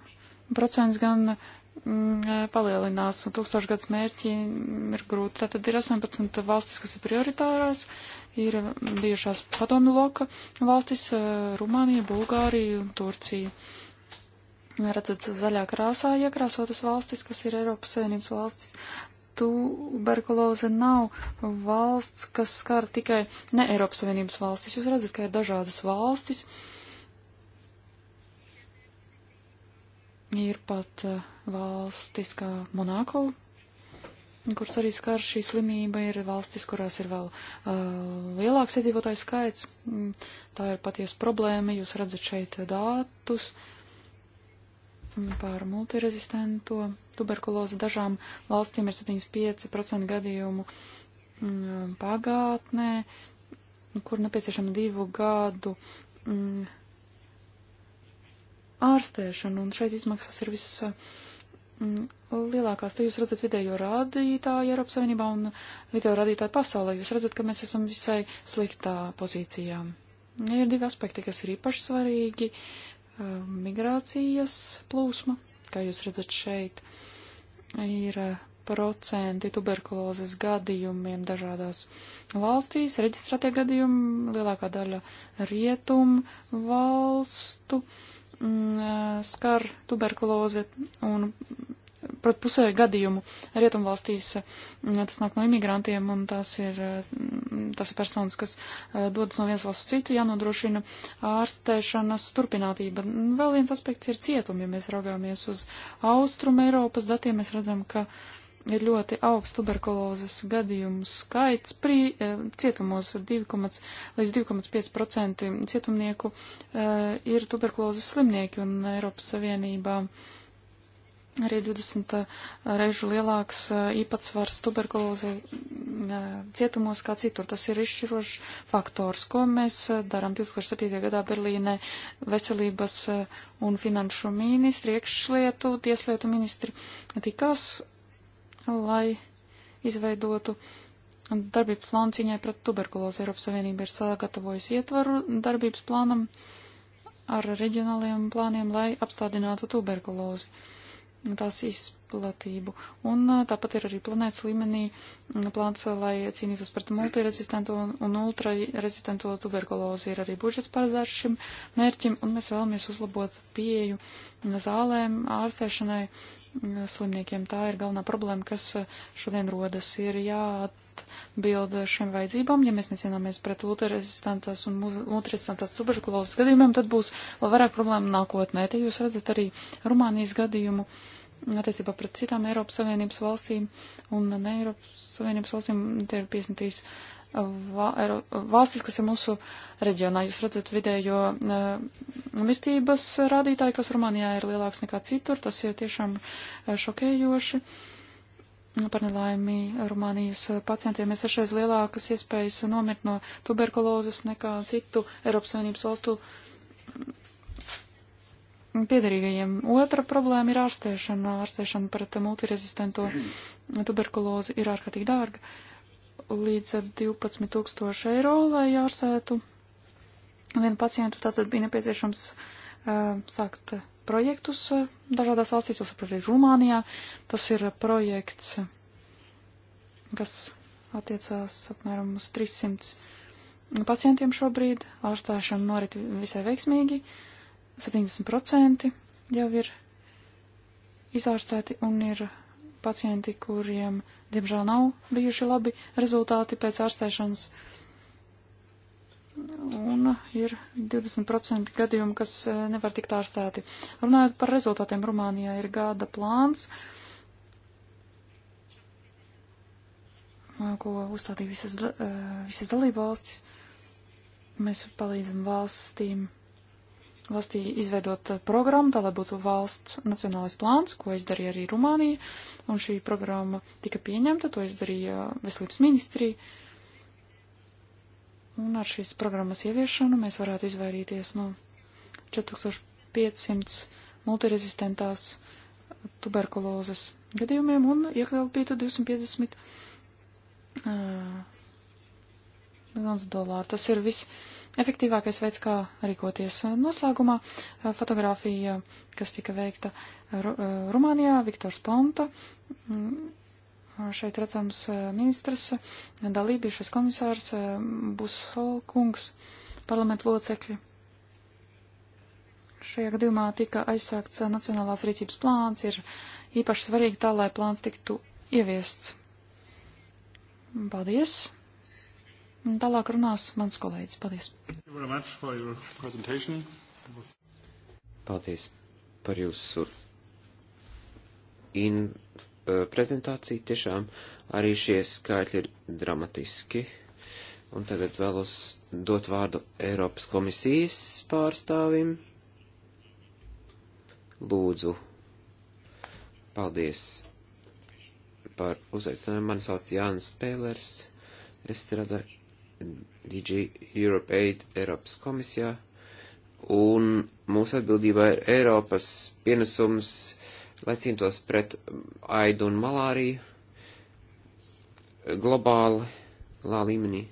procents gan mm, palielinās, un tūkstošgads mērķi ir grūti. Tātad ir 18 valstis, kas ir prioritārās, ir bijušās padomju loka valstis eh, - Rumānija, Bulgārija un Turcija. Redzat, zaļā krāsā iekrāsotas valstis, kas ir Eiropas Savienības valstis. Tuberkuloze nav valsts, kas skar tikai ne Eiropas Savienības valstis. Jūs redzat, ka ir dažādas valstis. Ir pat eh, valstis kā Monako, kurus arī skar šī slimība, ir valstis, kurās ir vēl uh, lielāks iedzīvotājs skaits. Mm, tā ir patiesa problēma. Jūs redzat šeit datus mm, par multirezistento tuberkulozi. Dažām valstīm ir 75% gadījumu um, pagātnē, kur nepieciešama divu gadu um, ārstēšana, un šeit izmaksas ir viss. Uh, Mm, lielākās, te jūs redzat vidējo rādītāju Eiropas Savienībā un vidējo rādītāju pasaulē. Jūs redzat, ka mēs esam visai sliktā pozīcijā. Ir divi aspekti, kas ir īpaši svarīgi. Uh, migrācijas plūsma, kā jūs redzat šeit, ir uh, procenti tuberkulozes gadījumiem dažādās valstīs, reģistrētie gadījumi, lielākā daļa rietumu valstu Mm, skar tuberkuloze un pret pusē gadījumu rietumvalstīs mm, tas nāk no imigrantiem un tas ir, mm, tas ir personas, kas dodas no vienas valsts citu, jānodrošina ārstēšanas turpinātība. Vēl viens aspekts ir cietumi, ja mēs raugāmies uz Austrum Eiropas datiem, mēs redzam, ka uh, ir ļoti augsts tuberkulozes gadījumu skaits. Prī, eh, cietumos 2, līdz 2,5% cietumnieku eh, ir tuberkulozes slimnieki un Eiropas Savienībā arī 20 eh, reižu lielāks īpatsvars tuberkulozi cietumos kā citur. Tas ir izšķirošs faktors, ko mēs darām 2007. gadā Berlīnē veselības un finanšu ministri, iekšlietu, tieslietu ministri tikās lai izveidotu darbības plānu cīņai pret tuberkulozi. Eiropas Savienība ir sagatavojusi ietvaru darbības plānam ar reģionāliem plāniem, lai apstādinātu tuberkulozi tās izplatību. Un tāpat ir arī planētas līmenī plāns, lai cīnītos pret multirezistento un ultrarezistento tuberkulozi. Ir arī budžets paredzēts šim mērķim, un mēs vēlamies uzlabot pieeju zālēm, ārstēšanai slimniekiem. Tā ir galvenā problēma, kas šodien rodas. Ir jāatbild šiem vajadzībām. Ja mēs necīnāmies pret ultrarezistantās un ultrarezistantās tuberkulozes gadījumiem, tad būs vēl vairāk problēmu nākotnē. Te jūs redzat arī Rumānijas gadījumu attiecībā pret citām Eiropas Savienības valstīm un ne Eiropas Savienības valstīm. Te ir 53 Er, valstis, kas ir mūsu reģionā. Jūs redzat vidējo e, mirstības rādītāju, kas Rumānijā ir lielāks nekā citur. Tas ir tiešām e, šokējoši. Par nelaimī Rumānijas pacientiem ir sešreiz lielākas iespējas nomirt no tuberkulozes nekā citu Eiropas Savienības valstu piederīgajiem. Otra problēma ir ārstēšana. Ārstēšana pret multirezistento tuberkulozi ir ārkārtīgi dārga. Uh, līdz 12 tūkstoši eiro, lai ārsētu vienu pacientu. Tātad bija nepieciešams uh, sākt projektus uh, dažādās valstīs, jūs saprotat, arī Rumānijā. Tas ir projekts, kas attiecās apmēram uz 300 pacientiem šobrīd. Ārstāšana norit visai veiksmīgi. 70% jau ir izārstēti un ir pacienti, kuriem uh, Diemžēl nav bijuši labi rezultāti pēc ārstēšanas. Un ir 20% gadījumu, kas e, nevar tikt ārstēti. Runājot par rezultātiem, Rumānijā ir gada plāns, e, ko uzstādīja visas, e, visas dalībvalstis. Mēs palīdzam valstīm valstī izveidot eh, programmu, tā lai būtu valsts nacionālais plāns, ko izdarīja arī Rumānija, un šī programma tika pieņemta, to izdarīja eh, veselības ministrija. Un ar šīs programmas ieviešanu mēs varētu izvairīties no 4500 multirezistentās eh, tuberkulozes gadījumiem un iekļaupītu 250 uh, miljonus dolāru. Tas ir viss efektīvākais veids, kā rīkoties. Noslēgumā eh, fotografija, kas tika veikta eh, Ru eh, Rumānijā, Viktors Ponta. Mm, šeit redzams ministrs, dalībiešas komisārs, Busolkungs, parlamentu locekļi. Šajā gadījumā tika aizsākts nacionālās rīcības plāns, ir īpaši svarīgi tā, lai plāns tiktu ieviests. Paldies! Un tālāk runās mans kolēģis. Paldies. Paldies par jūsu in, eh, prezentāciju. Tiešām arī šie skaitļi ir dramatiski. Un tagad vēlos dot vārdu Eiropas komisijas pārstāvim. Lūdzu. Paldies par uzaicinājumu. Mani sauc Jānis Pēlers. Es strādāju DG Europe Aid Eiropas komisijā, un mūsu atbildībā ir Eiropas pienesums, lai cīnītos pret aidu un malāriju globāli, lā līmenī.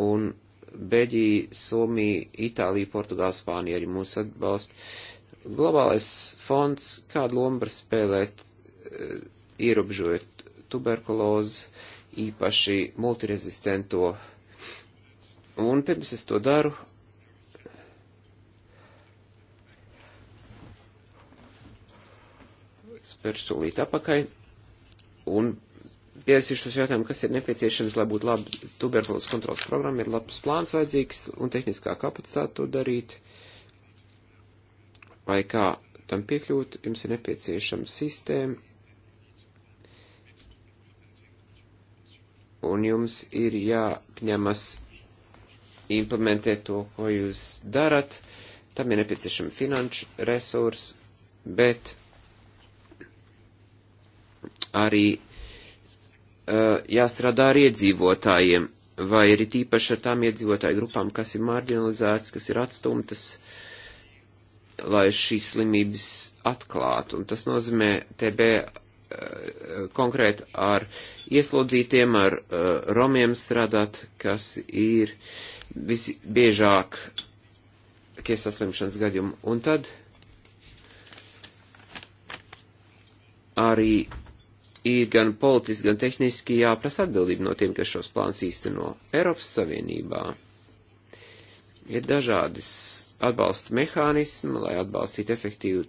Un Beļģija, Somija, Itālija, Portugāla, Spānija arī mūs atbalsta. Globālais fonds kādu lomu var spēlēt, eh, ierobežojot tuberkulozi, īpaši multirezistento. Un pirms es to daru, spēršu solīt apakai un piesīšos jautājumu, kas ir nepieciešams, lai būtu labi tuberkulozes kontrols programma, ir labs plāns vajadzīgs un tehniskā kapacitāte to darīt. Vai kā tam piekļūt, jums ir nepieciešama sistēma, un jums ir jāpņemas implementēt to, ko jūs darat. Tam ir nepieciešama finanšu resursi, bet arī uh, jāstrādā ar iedzīvotājiem, vai ir tīpaši ar tām iedzīvotāju grupām, kas ir marginalizētas, kas ir atstumtas, lai šīs slimības atklātu. Un tas nozīmē TB Eh, konkrēti ar ieslodzītiem, ar eh, romiem strādāt, kas ir visbiežāk kiesaslimšanas gadījumu. Un tad arī ir gan politiski, gan tehniski jāprasa atbildība no tiem, kas šos plāns īsteno. Eiropas Savienībā ir dažādas atbalsta mehānismi, lai atbalstītu efektīvu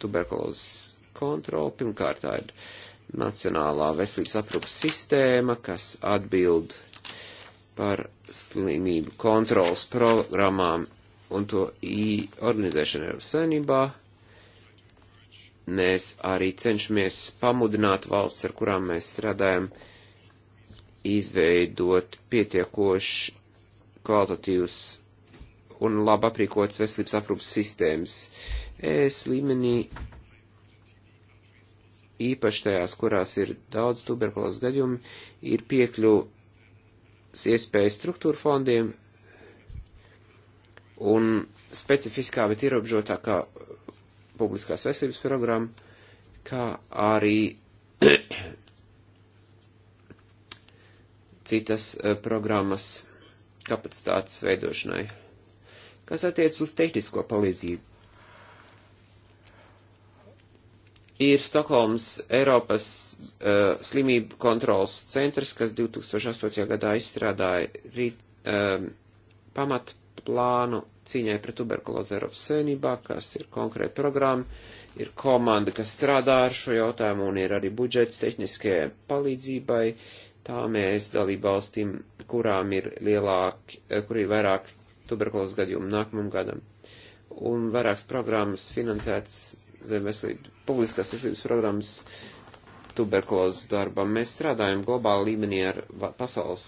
tuberkulozes kontroli. Pirmkārt, tā ir Nacionālā veselības aprūpas sistēma, kas atbild par slimību kontrolas programmām un to organizēšanu Eiropas saimnībā. Mēs arī cenšamies pamudināt valsts, ar kurām mēs strādājam, izveidot pietiekoši kvalitatīvs un labi aprīkots veselības aprūpas sistēmas. ES līmenī īpaši tajās, kurās ir daudz tuberkulozes gadījumi, ir piekļuvs iespējas struktūra fondiem un specifiskā, bet ierobežotākā publiskās veselības programma, kā arī citas eh, programmas kapacitātes veidošanai. Kas attiec uz tehnisko palīdzību? ir Stokholmas Eiropas uh, slimību kontrolas centrs, kas 2008. gadā izstrādāja rīt, um, pamatplānu cīņai pret tuberkulozi Eiropas savienībā, kas ir konkrēta programma, ir komanda, kas strādā ar šo jautājumu un ir arī budžets tehniskajai palīdzībai. Tā mēs dalību valstīm, kurām ir lielāki, eh, kur ir vairāk tuberkulozes gadījumu nākamam gadam. Un vairākas programmas finansētas veselības, publiskās veselības programmas tuberkulozes darbam. Mēs strādājam globāli līmenī ar Pasaules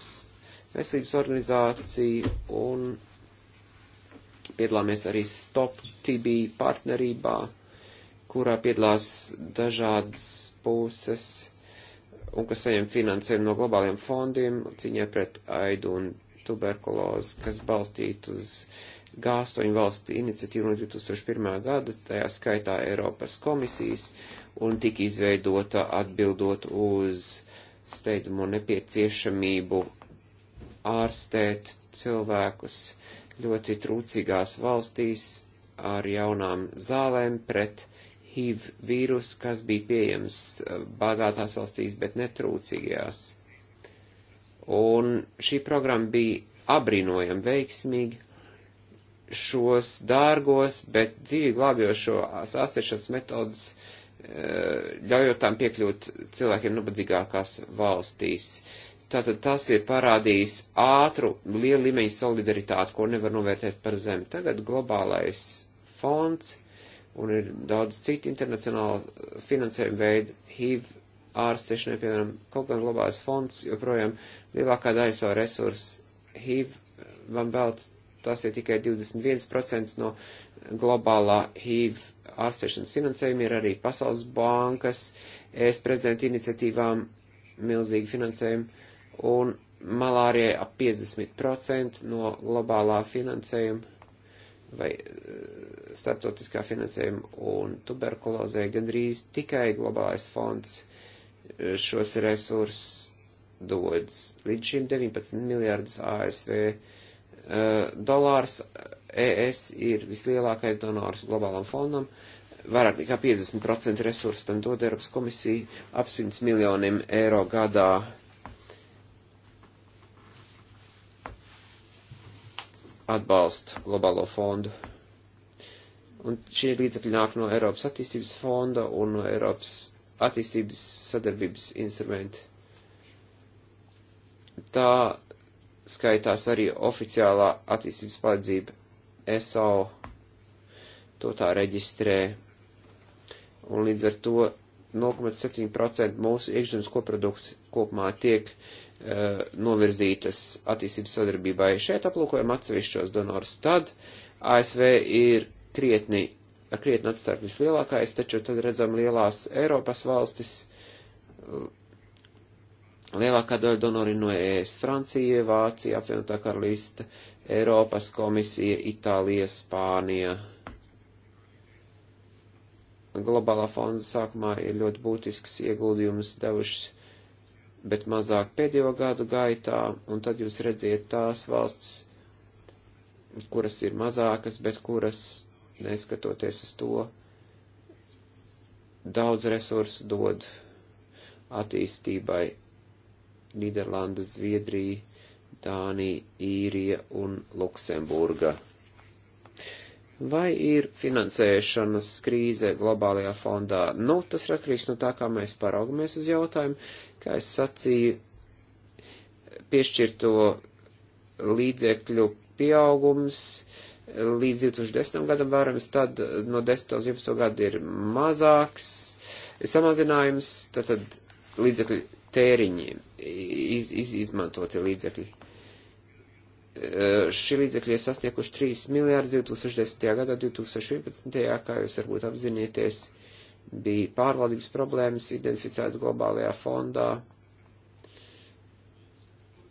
veselības organizāciju un piedalāmies arī Stop TB partnerībā, kurā piedalās dažādas puses un kas saņem finansējumu no globāliem fondiem cīņai pret aidu un tuberkulozi, kas balstīt uz uh, G8 valstu iniciatīva no 2001. gada, tajā skaitā Eiropas komisijas, un tika izveidota atbildot uz steidzamo nepieciešamību ārstēt cilvēkus ļoti trūcīgās valstīs ar jaunām zālēm pret HIV vīrusu, kas bija pieejams eh, bagātās valstīs, bet netrūcīgajās. Un šī programma bija abrīnojami veiksmīga, šos dārgos, bet dzīvi glābjošos ārstēšanas metodas, e, ļaujot tām piekļūt cilvēkiem nabadzīgākās valstīs. Tātad tas ir parādījis ātru, lielu līmeņu solidaritāti, ko nevar novērtēt par zemi. Tagad globālais fonds un ir daudz citu internacionālu finansējumu veidu HIV ārstešanai, piemēram, kaut gan globālais fonds joprojām lielākā daļa savu resursu HIV e, vam veltīt tas ir tikai 21% no globālā HIV ārstēšanas finansējuma, ir arī Pasaules bankas, ES prezidenta iniciatīvām milzīgi finansējumi un malārijai ap 50% no globālā finansējuma vai eh, starptautiskā finansējuma un tuberkulozē gandrīz tikai globālais fonds eh, šos resursus dodas. Līdz šim 19 miljārdus ASV Eh, dolārs. ES eh, e ir vislielākais donors globālam fondam. Vairāk nekā 50% resursu tam dod Eiropas komisija ap 100 miljoniem eiro gadā. atbalsta globālo fondu. Un šie līdzekļi nāk no Eiropas attīstības fonda un no Eiropas attīstības sadarbības instrumenta. Tā skaitās arī oficiālā attīstības palīdzība. SAO to tā reģistrē. Un līdz ar to 0,7% mūsu iekšzemes koprodukts kopumā tiek uh, novirzītas attīstības sadarbībai. Šeit aplūkojam atsevišķos donorus. Tad ASV ir krietni, ar krietni atstarpnis lielākais, taču tad redzam lielās Eiropas valstis, Lielākā daļa donori no ES - Francija, Vācija, apvienotā karalista, Eiropas komisija, Itālija, Spānija. Globālā fonda sākumā ir ļoti būtisks ieguldījums devušas, bet mazāk pēdējo gadu gaitā, un tad jūs redziet tās valsts, kuras ir mazākas, bet kuras, neskatoties uz to, daudz resursu dod attīstībai Nīderlanda, Zviedrija, Dānija, Īrija un Luksemburga. Vai ir finansēšanas krīze globālajā fondā? Nu, tas ir atkarīgs no tā, kā mēs paraugamies uz jautājumu. Kā es sacīju, piešķirto līdzekļu pieaugums līdz 2010. gadam vērams, tad no 10. uz 11. gadu ir mazāks samazinājums, tad, tad līdzekļu tēriņi, iz, iz, izmantoti līdzekļi. E, šie līdzekļi ir sasnieguši 3 miljārdi 2010. gadā, 2011. kā jūs varbūt apzināties, bija pārvaldības problēmas identificētas globālajā fondā,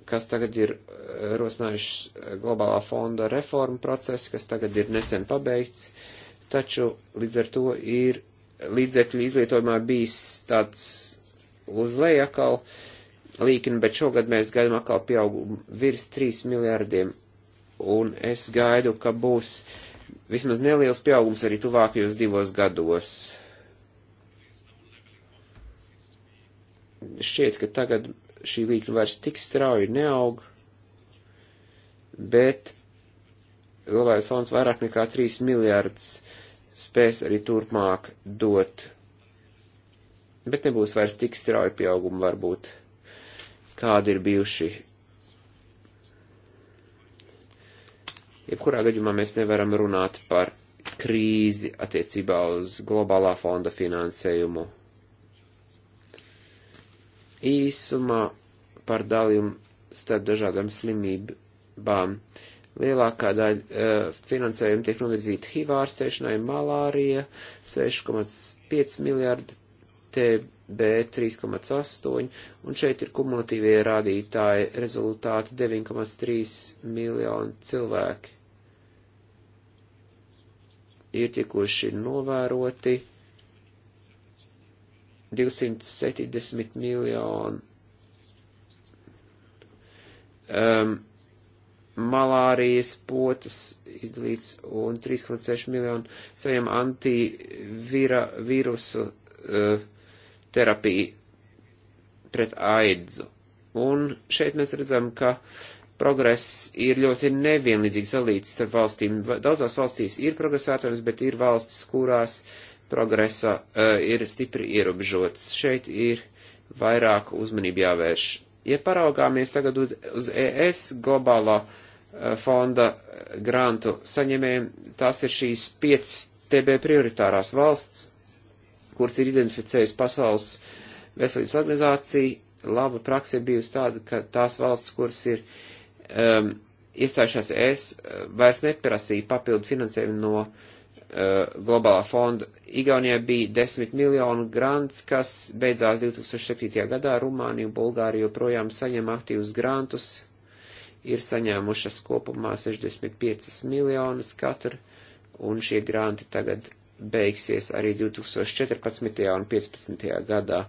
kas tagad ir e, rosinājuši e, globālā fonda reformu procesu, kas tagad ir nesen pabeigts, taču līdz ar to ir līdzekļu izlietojumā bijis tāds uz leju atkal līkni, bet šogad mēs gaidām atkal pieaugumu virs 3 miljārdiem, un es gaidu, ka būs vismaz neliels pieaugums arī tuvākajos divos gados. Šķiet, ka tagad šī līkne vairs tik strauji neaug, bet Globālais fonds vairāk nekā 3 miljārdus spēs arī turpmāk dot bet nebūs vairs tik strauji pieaugumi varbūt, kādi ir bijuši. Jebkurā gadījumā mēs nevaram runāt par krīzi attiecībā uz globālā fonda finansējumu. Īsumā par dalījumu starp dažādām slimībām. Lielākā daļa uh, finansējuma tiek novirzīta HIV ārstēšanai, malārija 6,5 miljārdi ETB 3,8, un šeit ir kumulatīvie rādītāji rezultāti 9,3 miljoni cilvēki ir tikuši novēroti 270 miljoni. Um, malārijas potas izdalīts un 3,6 miljonu saviem antivīrusu uh, terapiju pret aidzu. Un šeit mēs redzam, ka progress ir ļoti nevienlīdzīgs salīdz starp valstīm. Daudzās valstīs ir progresētājums, bet ir valstis, kurās progresa uh, ir stipri ierobežots. Šeit ir vairāk uzmanību jāvērš. Ja paraugāmies tagad uz ES globālā uh, fonda eh, grantu saņemējiem, tās ir šīs 5 TB prioritārās valsts kuras ir identificējusi Pasaules veselības organizācija, laba praksa ir bijusi tāda, ka tās valsts, kuras ir um, iestājušās ES, uh, vairs neprasīja papildu finansējumu no uh, globālā fonda. Igaunijai bija 10 miljonu grants, kas beidzās 2007. gadā. Rumānija un Bulgārija joprojām saņem aktīvus grantus, ir saņēmušas kopumā 65 miljonus katru, un šie granti tagad beigsies arī 2014. un 2015. gadā.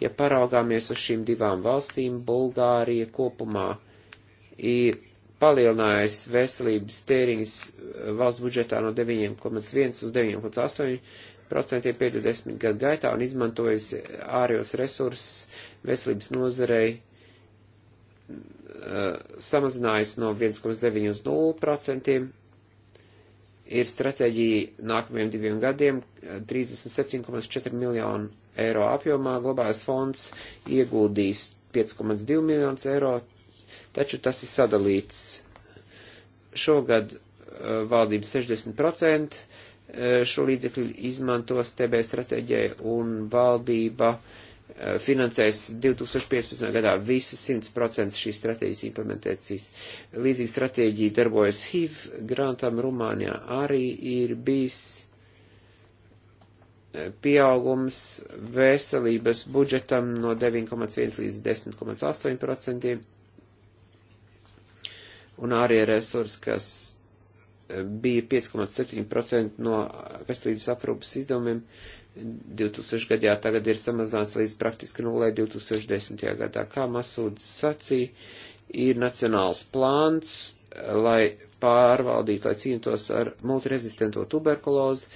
Ja paraugāmies uz šīm divām valstīm, Bulgārija kopumā ir palielinājusi veselības tēriņas eh, valsts budžetā no 9,1 uz 9,8 procentiem pēdējo desmit gadu gaitā un izmantojusi ārējos resursus veselības nozarei eh, samazinājusi no 1,9 uz 0 procentiem ir stratēģija nākamajiem diviem gadiem 37,4 eh, miljonu eiro apjomā. Globālais fonds ieguldīs 5,2 miljonus eiro, taču tas ir sadalīts šogad eh, valdība 60% eh, šo līdzekļu izmantos TB stratēģijai un valdība uh, Eh, finansēs 2015. gadā visu 100% šīs stratēģijas implementēcijas. Līdzīga stratēģija darbojas HIV grantam Rumānijā arī ir bijis eh, pieaugums veselības budžetam no 9,1 līdz 10,8%, un arī resursi, kas eh, bija 5,7% no veselības aprūpas izdevumiem, uh, 2000 gadā tagad ir samazināts līdz praktiski nulē 2010. gadā. Kā Masūds sacīja, ir nacionāls plāns, lai pārvaldītu, lai cīnītos ar multirezistento tuberkulozi,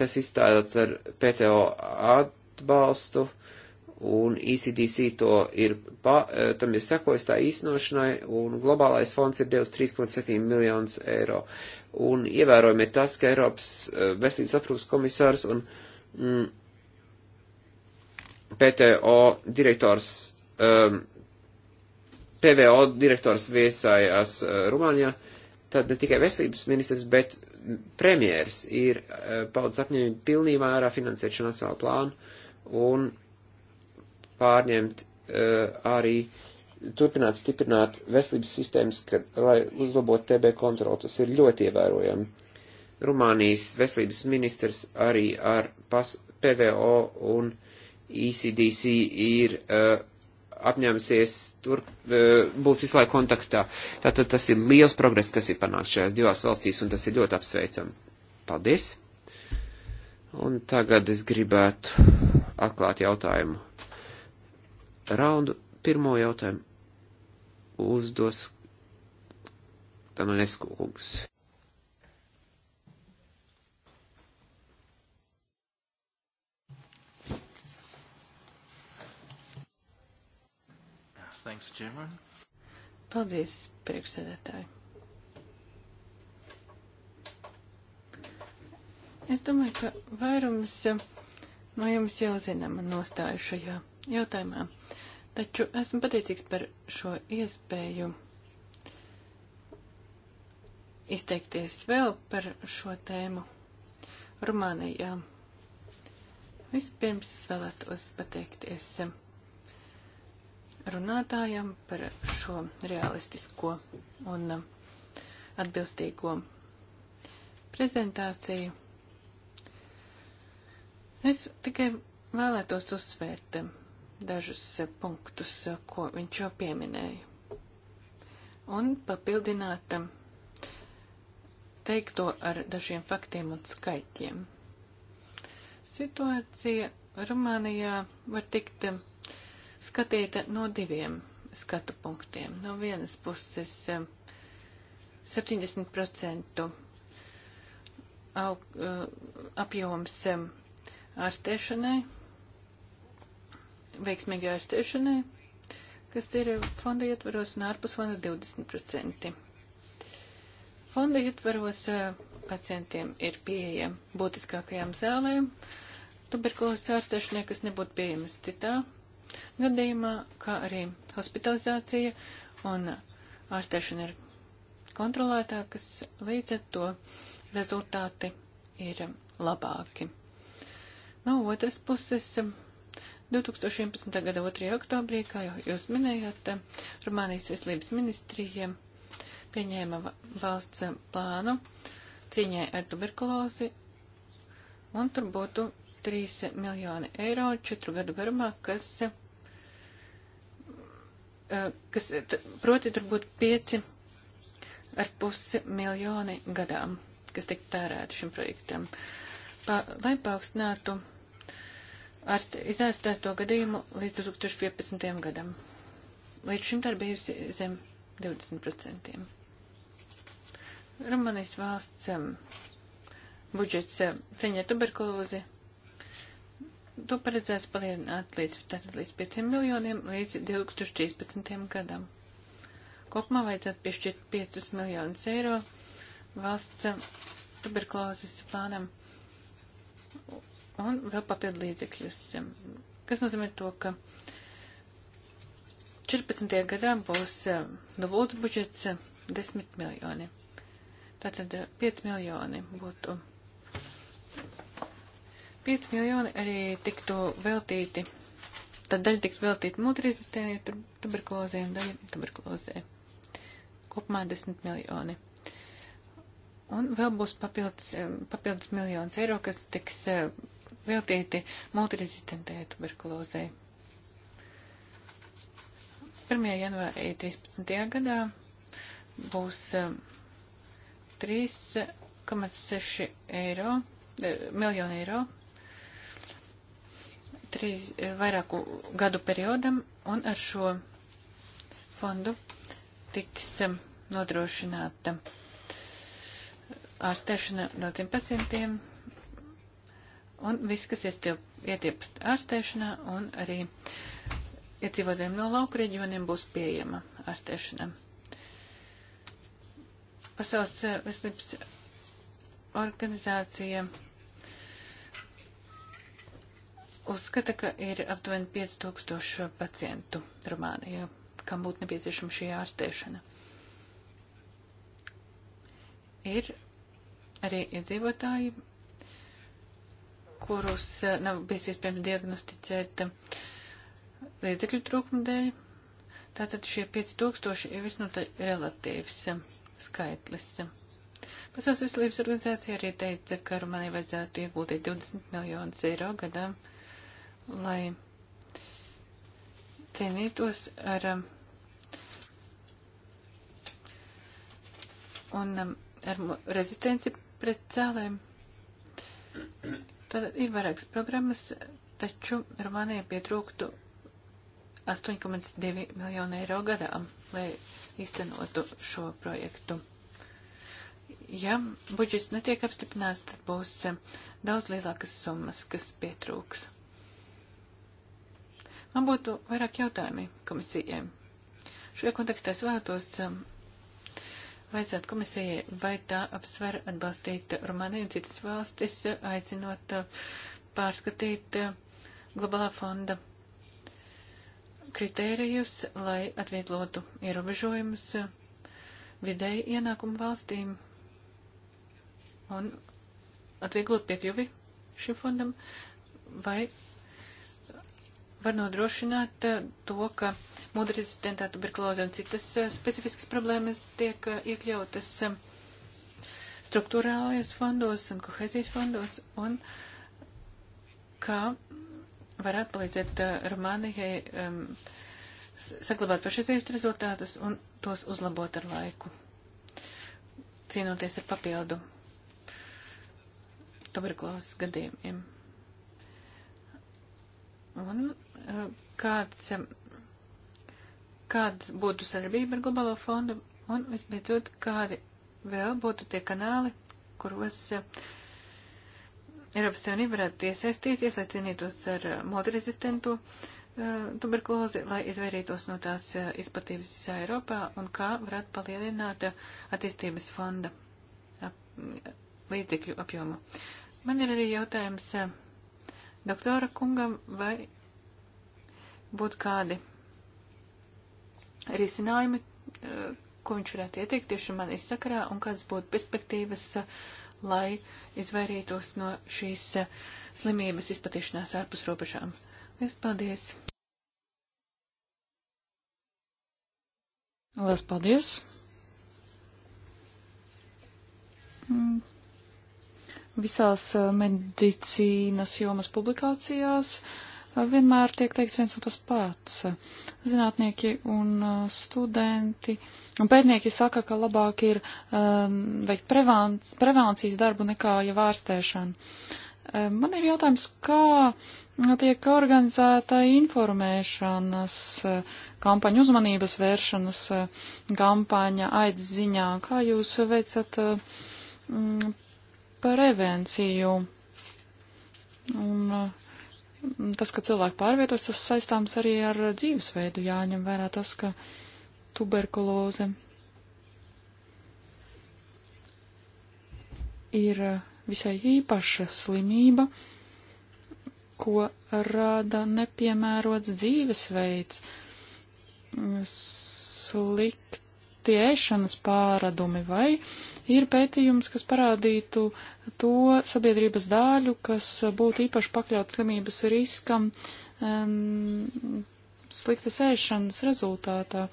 kas izstādāts ar PTO atbalstu, un ECDC to ir, pa, tam ir sekojis tā īstenošanai, un globālais fonds ir devis 3,7 miljonus eiro. Un ievērojami ir tas, ka Eiropas eh, veselības aprūpas komisārs un uh, Mm, PTO direktors, um, PVO direktors viesājās uh, Rumānijā, tad ne tikai veselības ministrs, bet premjērs ir uh, paudz apņēmību pilnībā ārā finansēt šo nacionālo plānu un pārņemt uh, arī turpināt stiprināt veselības sistēmas, kad, lai uzlabotu TB kontroli. Tas ir ļoti ievērojami. Rumānijas veselības ministrs arī ar pas, PVO un ECDC ir uh, apņēmusies tur uh, būt visu laiku kontaktā. Tātad tas ir liels progress, kas ir panākts šajās divās valstīs, un tas ir ļoti apsveicam. Paldies! Un tagad es gribētu atklāt jautājumu. Raundu pirmo jautājumu uzdos Tananeskungs. Vispirms ķēmēm. Paldies, priekšsēdētāji. Es domāju, ka vairums no jums jau zina man nostāju šajā jautājumā, taču esmu pateicīgs par šo iespēju izteikties vēl par šo tēmu Rumānijā. Vispirms es vēlētos pateikties runātājam par šo realistisko un atbilstīgo prezentāciju. Es tikai vēlētos uzsvērt dažus punktus, ko viņš jau pieminēja, un papildināt teikto ar dažiem faktiem un skaitļiem. Situācija Rumānijā var tikt skatīta no diviem skatu punktiem. No vienas puses 70% eh, aug, eh, apjoms eh, ārstēšanai, veiksmīgi ārstēšanai, kas ir fonda ietvaros un ārpus fonda 20%. Fonda ietvaros pacientiem ir pieejama būtiskākajām zālēm, tuberkulozes ārstēšanai, kas nebūtu pieejamas citā gadījumā, kā arī hospitalizācija un ārstēšana ir kontrolētākas, līdz ar to rezultāti ir labāki. No otras puses, 2011. gada 2. oktobrī, kā jau jūs minējāt, Rumānijas veselības ministrija pieņēma valsts plānu cīņai ar tuberkulozi, un tur būtu 3 miljoni eiro četru gadu garumā, kas Eh, kas, proti tur būtu pieci ar pusi miljoni gadām, kas tiktu tērēti šim projektam. Pa, lai paaugstinātu izārstēs to gadījumu līdz 2015. gadam. Līdz šim tā ir bijusi zem 20%. Rumānijas valsts um, budžets um, ceņē tuberkulozi to paredzēts palielināt līdz, tātad līdz 5 miljoniem līdz 2013. gadam. Kopumā vajadzētu piešķirt 5 miljonus eiro valsts tuberkulozes plānam un vēl papildu līdzekļus. Kas nozīmē to, ka 14. gadā būs novūtu budžets 10 miljoni. Tātad 5 miljoni būtu 5 miljoni arī tiktu veltīti, tad daļa tiktu veltīta multirezistēnai tuberkulozē un daļa tuberkulozē. Kopumā 10 miljoni. Un vēl būs papildus, eh, papildus miljons eiro, kas tiks eh, veltīti multirezistentajai tuberkulozē. 1. janvārī 13. gadā būs 3,6 eh, eiro, miljonu eiro trīs, vairāku gadu periodam, un ar šo fondu tiks um, nodrošināta ārstēšana daudziem pacientiem, un viss, kas ietilpst ārstēšanā, un arī iedzīvotājiem no lauku reģioniem būs pieejama ārstēšana. Pasaules uh, veselības organizācija uzskata, ka ir aptuveni 5000 pacientu Rumānijā, kam būtu nepieciešama šī ārstēšana. Ir arī iedzīvotāji, kurus eh, nav bijis iespējams diagnosticēt eh, līdzekļu trūkuma dēļ. Tātad šie 5000 ir visnotaļ relatīvs eh, skaitlis. Pasaules veselības organizācija arī teica, ka Rumānijai vajadzētu ieguldīt 20 miljonus eiro gadam lai cīnītos ar um, un um, ar rezistenci pret zālēm. Tad ir vairākas programmas, taču Rumānijai pietrūktu 8,2 miljonu eiro gadā, lai īstenotu šo projektu. Ja budžets netiek apstiprināts, tad būs um, daudz lielākas summas, kas pietrūks. Man būtu vairāk jautājumi komisijai. Šajā kontekstā es vēlētos um, vajadzētu komisijai vai tā apsver atbalstīt Rumāniju un citas valstis, aicinot uh, pārskatīt uh, globālā fonda kritērijus, lai atvieglotu ierobežojumus uh, vidēji ienākumu valstīm un atvieglot piekļuvi šim fondam, vai var nodrošināt eh, to, ka mūda rezistentā tuberkuloze un citas eh, specifiskas problēmas tiek eh, iekļautas struktūrālajos fondos un kohezijas fondos un kā varētu palīdzēt Rumānijai um, saglabāt pašreizējus rezultātus un tos uzlabot ar laiku, cīnoties ar papildu tuberkulozes gadījumiem. Un kāds, kāds būtu sadarbība ar globālo fondu un, visbeidzot, kādi vēl būtu tie kanāli, kuros Eiropas Savienība varētu iesaistīties, lai cīnītos ar multirezistento eh, tuberkulozi, lai izvairītos no tās eh, izplatības visā Eiropā un kā varētu palielināt eh, attīstības fonda ap, līdzekļu apjomu. Man ir arī jautājums doktora kungam, vai būtu kādi risinājumi, eh, ko viņš varētu ieteikt tieši man izsakarā, un kādas būtu perspektīvas, eh, lai izvairītos no šīs eh, slimības izplatīšanās ārpus robežām. Liels paldies! Liels paldies! Mm. Visās medicīnas jomas publikācijās uh, vienmēr tiek teiks viens un tas pats. Zinātnieki un uh, studenti un pētnieki saka, ka labāk ir um, veikt prevāns, prevencijas darbu nekā jau ārstēšanu. Um, man ir jautājums, kā tiek organizēta informēšanas uh, kampaņa, uzmanības vēršanas uh, kampaņa aids ziņā, kā jūs veicat um, prevenciju un uh, tas, ka cilvēki pārvietojas, tas saistāms arī ar dzīvesveidu. Jāņem vērā tas, ka tuberkuloze ir visai īpaša slimība, ko rada nepiemērots dzīvesveids, slikti ēšanas pāradumi vai uh, Ir pētījums, kas parādītu to sabiedrības daļu, kas būtu īpaši pakļauts slimības riskam um, sliktas ēšanas rezultātā.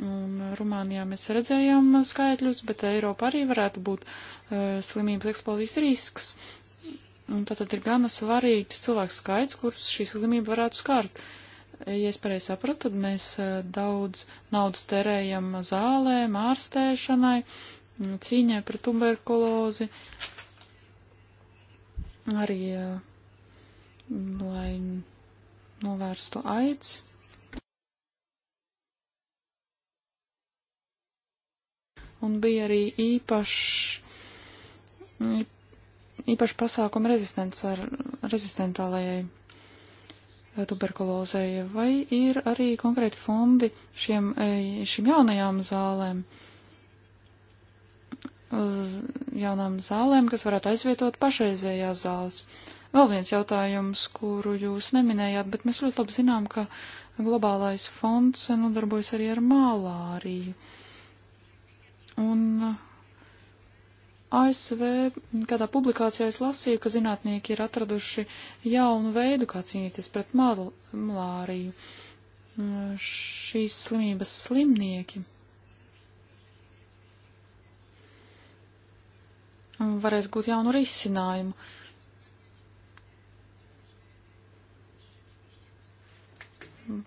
Un Rumānijā mēs redzējām skaitļus, bet Eiropā arī varētu būt uh, slimības eksplozijas risks. Un tātad ir gana svarīgs cilvēku skaits, kurus šī slimība varētu skart. Ja es pareizi sapratu, tad mēs e, daudz naudas terējam zālēm, ārstēšanai, cīņai par tuberkulozi, arī eh, lai novērstu aids. Un bija arī īpašs, īpašs pasākuma rezistents ar rezistentālajai eh, tuberkulozei, vai ir arī konkrēti fondi šiem, eh, šiem jaunajām zālēm? jaunām zālēm, kas varētu aizvietot pašreizējās zāles. Vēl viens jautājums, kuru jūs neminējāt, bet mēs ļoti labi zinām, ka globālais fonds nodarbojas nu, arī ar malāriju. Un eh, ASV kādā publikācijā es lasīju, ka zinātnieki ir atraduši jaunu veidu, kā cīnīties pret malāriju. Šīs slimības slimnieki varēs gūt jaunu risinājumu.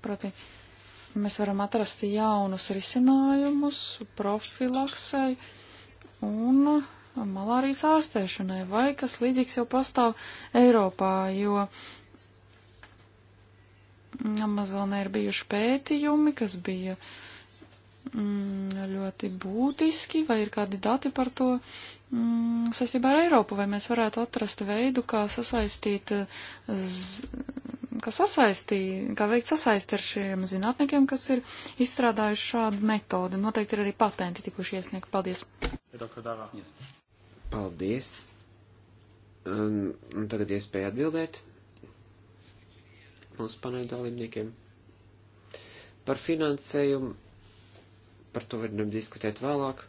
Proti, mēs varam atrast jaunus risinājumus profilaksei un malārijas ārstēšanai, vai kas līdzīgs jau pastāv Eiropā, jo Amazonē ir bijuši pētījumi, kas bija uh, Mm, ļoti būtiski, vai ir kādi dati par to mm, saistībā ar Eiropu, vai mēs varētu atrast veidu, kā sasaistīt, eh, kā sasaistīt, kā veikt sasaisti ar šiem zinātniekiem, kas ir izstrādājuši šādu metodi. Noteikti ir arī patenti tikuši iesniegti. Paldies! Paldies! Un, un tagad iespēja atbildēt mūsu paneļa dalībniekiem par finansējumu par to varam diskutēt vēlāk.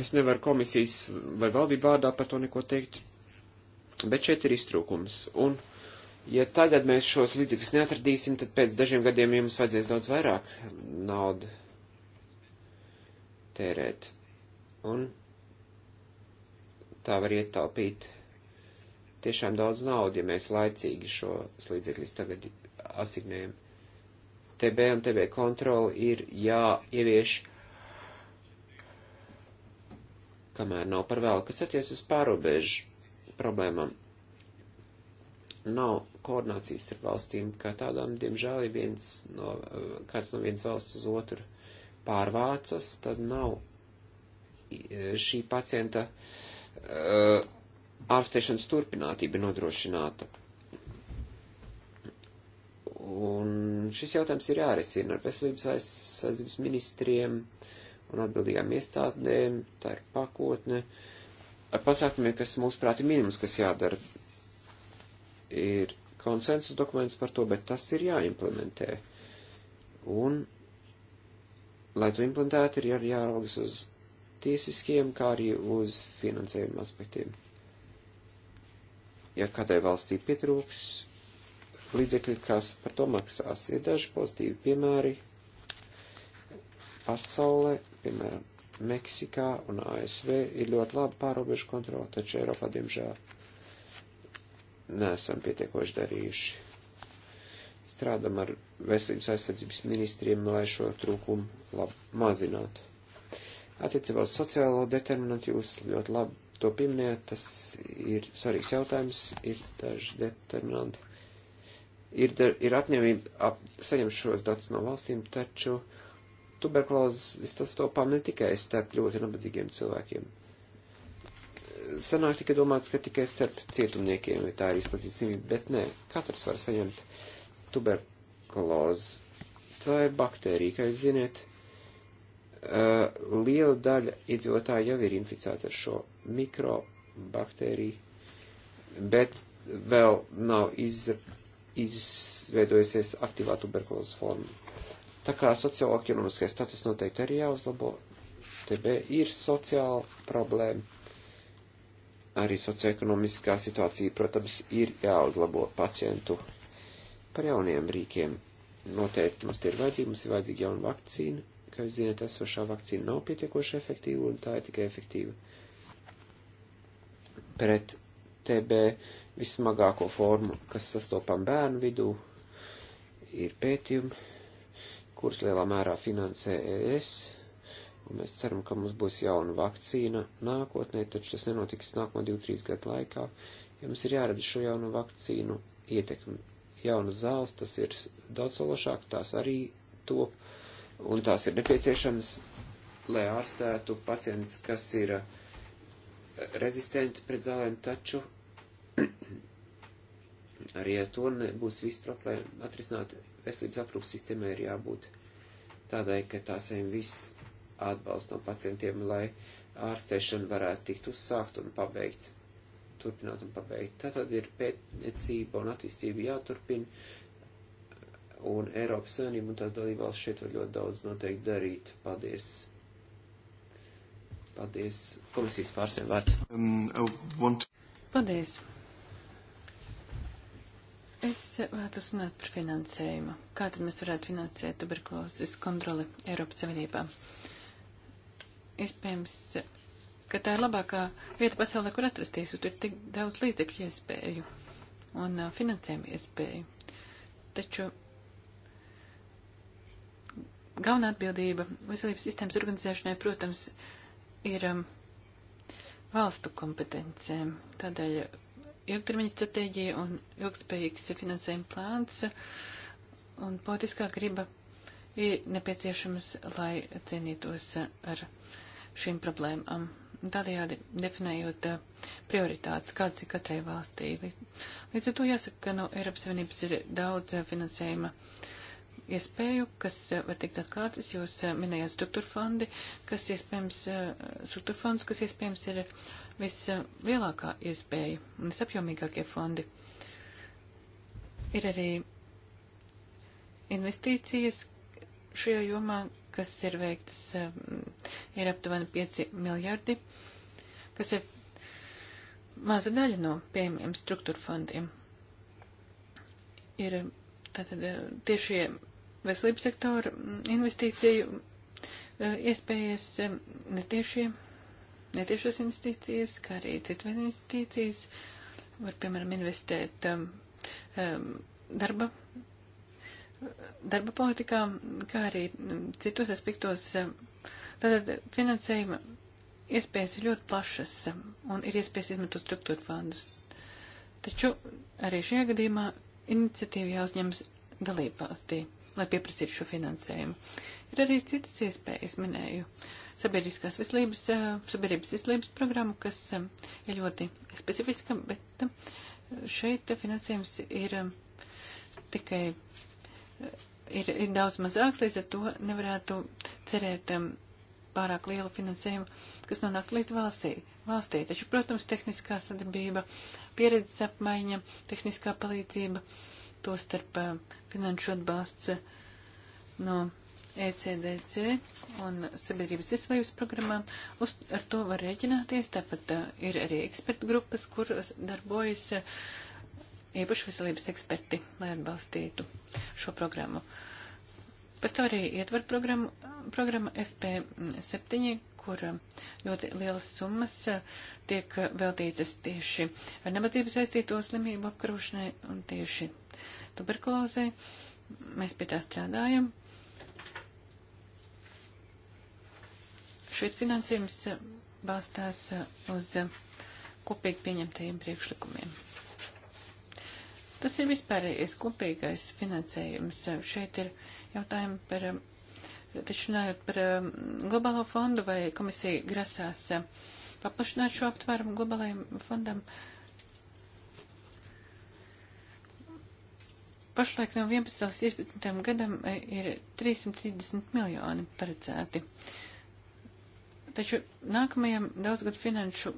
Es nevaru komisijas vai valdību vārdā par to neko teikt, bet šeit ir iztrūkums. Un, ja tagad mēs šos līdzekļus neatradīsim, tad pēc dažiem gadiem jums vajadzēs daudz vairāk naudu tērēt. Un tā var ietaupīt tiešām daudz naudu, ja mēs laicīgi šos līdzekļus tagad asignējam. TB un TB kontroli ir jāievieš, kamēr nav par vēl, kas attiecas uz pārobežu problēmām. Nav koordinācijas starp valstīm, kā tādām, diemžēl, ja viens no, kāds no vienas valsts uz otru pārvācas, tad nav šī pacienta uh, ārstēšanas turpinātība nodrošināta. Un šis jautājums ir jārisina ar veselības aizsardzības ministriem un atbildīgām iestādēm. Tā ir pakotne ar pasākumiem, kas mūsuprāt ir minimums, kas jādara. Ir konsensus dokuments par to, bet tas ir jāimplementē. Un, lai to implementētu, ir jāraugas uz tiesiskiem, kā arī uz finansējuma aspektiem. Ja kādai valstī pietrūks līdzekļi, kas par to maksās. Ir daži pozitīvi piemēri pasaulē, piemēram, Meksikā un ASV ir ļoti laba pārobežu kontrola, taču Eiropā, diemžēl, neesam pietiekoši darījuši. Strādam ar veselības aizsardzības ministriem, lai šo trūkumu labi mazinātu. Attiecībā uz sociālo determinantu jūs ļoti labi to pieminējāt, tas ir svarīgs jautājums, ir daži determinanti ir, ir atņemība ap, saņemt šos datus no valstīm, taču tuberkulozes tas topām ne tikai starp ļoti nabadzīgiem cilvēkiem. Sanāk tika domāts, ka tikai starp cietumniekiem tā ir izplatīta slimība, bet nē, katrs var saņemt tuberkulozi. Tā ir baktērija, kā jūs ziniet. Uh, liela daļa iedzīvotāji jau ir inficēta ar šo mikrobaktēriju, bet vēl nav izpētīta izveidojusies aktīvā tuberkulozes forma. Tā kā sociālo-ekonomiskais status noteikti arī jāuzlabo, TB ir sociāla problēma. Arī socioekonomiskā situācija, protams, ir jāuzlabo pacientu par jauniem rīkiem. Noteikti mums tie ir vajadzīgi, mums ir vajadzīga jauna vakcīna. Kā jūs zināt, esošā vakcīna nav pietiekoši efektīva un tā ir tikai efektīva. Pret TB Vismagāko formu, kas sastopam bērnu vidū, ir pētījumi, kurus lielā mērā finansē ES, un mēs ceram, ka mums būs jauna vakcīna nākotnē, taču tas nenotiks nākamo 2-3 gadu laikā, ja mums ir jāredz šo jaunu vakcīnu ietekmi. Jaunas zāles, tas ir daudz sološāk, tās arī top, un tās ir nepieciešamas, lai ārstētu pacients, kas ir eh, rezistenti pret zālēm, taču Arī ar to nebūs viss problēma atrisināt. Veselības aprūpas sistēmai ir jābūt tādai, ka tā saņem viss atbalsts no pacientiem, lai ārstēšana varētu tikt uzsākt un pabeigt, turpināt un pabeigt. Tātad ir pētniecība un attīstība jāturpina, un Eiropas Savienība un tās dalībvalsts šeit var ļoti daudz noteikti darīt. Paldies! Paldies komisijas pārstāvjiem vārds. Um, Paldies! Es vēlētos runāt par finansējumu. Kā tad mēs varētu finansēt tuberkulozes kontroli Eiropas Savienībā? Iespējams, ka tā ir labākā vieta pasaulē, kur atrasties, jo tur ir tik daudz līdzekļu iespēju un uh, finansējumu iespēju. Taču galvenā atbildība veselības sistēmas organizēšanai, protams, ir um, valstu kompetencēm. Tādēļ ilgtermiņa stratēģija un ilgspējīgs finansējuma plāns un politiskā griba ir nepieciešamas, lai cienītos ar šīm problēmām. Tādējādi definējot uh, prioritātes, kādas ir katrai valstī. Līdz ar to jāsaka, ka no Eiropas Savienības ir daudz uh, finansējuma iespēju, kas uh, var tikt atklātas. Jūs minējāt struktūrfondi, kas iespējams, struktūrfondus, kas iespējams ir uh, vislielākā iespēja un visapjomīgākie fondi. Ir arī investīcijas šajā jomā, kas ir veiktas, um, ir aptuveni 5 miljardi, kas ir maza daļa no pieejamiem struktūra fondiem. Ir tātad tieši veselības sektora investīciju uh, iespējas um, netiešie netiešos investīcijas, kā arī citu veidu investīcijas. Var, piemēram, investēt um, um darba, darba politikā, kā arī um, citos aspektos. Um, tātad finansējuma iespējas ir ļoti plašas un ir iespējas izmantot struktūra fondus. Taču arī šajā gadījumā iniciatīva jāuzņemas dalībvalstī, lai pieprasītu šo finansējumu. Ir arī citas iespējas, minēju. Uh, sabiedriskās veselības, sabiedrības veselības programmu, kas ir ļoti specifiska, bet šeit finansējums ir tikai, ir, ir daudz mazāks, līdz ar to nevarētu cerēt pārāk lielu finansējumu, kas nonāk līdz valstī. valstī. Taču, protams, tehniskā sadarbība, pieredzes apmaiņa, tehniskā palīdzība, to starp finanšu atbalsts no ECDC un sabiedrības izslības programmām. Uz, ar to var rēķināties. Tāpat uh, ir arī ekspertu grupas, kuras darbojas uh, īpaši veselības eksperti, lai atbalstītu šo programmu. Pastāv arī ietver programma, programma FP7, kur uh, ļoti lielas summas uh, tiek uh, veltītas tieši ar nabadzības saistīto slimību apkarošanai un tieši tuberkulozei. Mēs pie tā strādājam Šeit finansējums balstās uz kopīgi pieņemtajiem priekšlikumiem. Tas ir vispārējais kopīgais finansējums. Šeit ir jautājumi par, taču runājot par um, globālo fondu, vai komisija grasās um, paplašināt šo aptvērumu globālajiem fondam. Pašlaik no 11. līdz 15. gadam eh, ir 330 miljoni paredzēti. Uh, Taču nākamajam daudzgad finanšu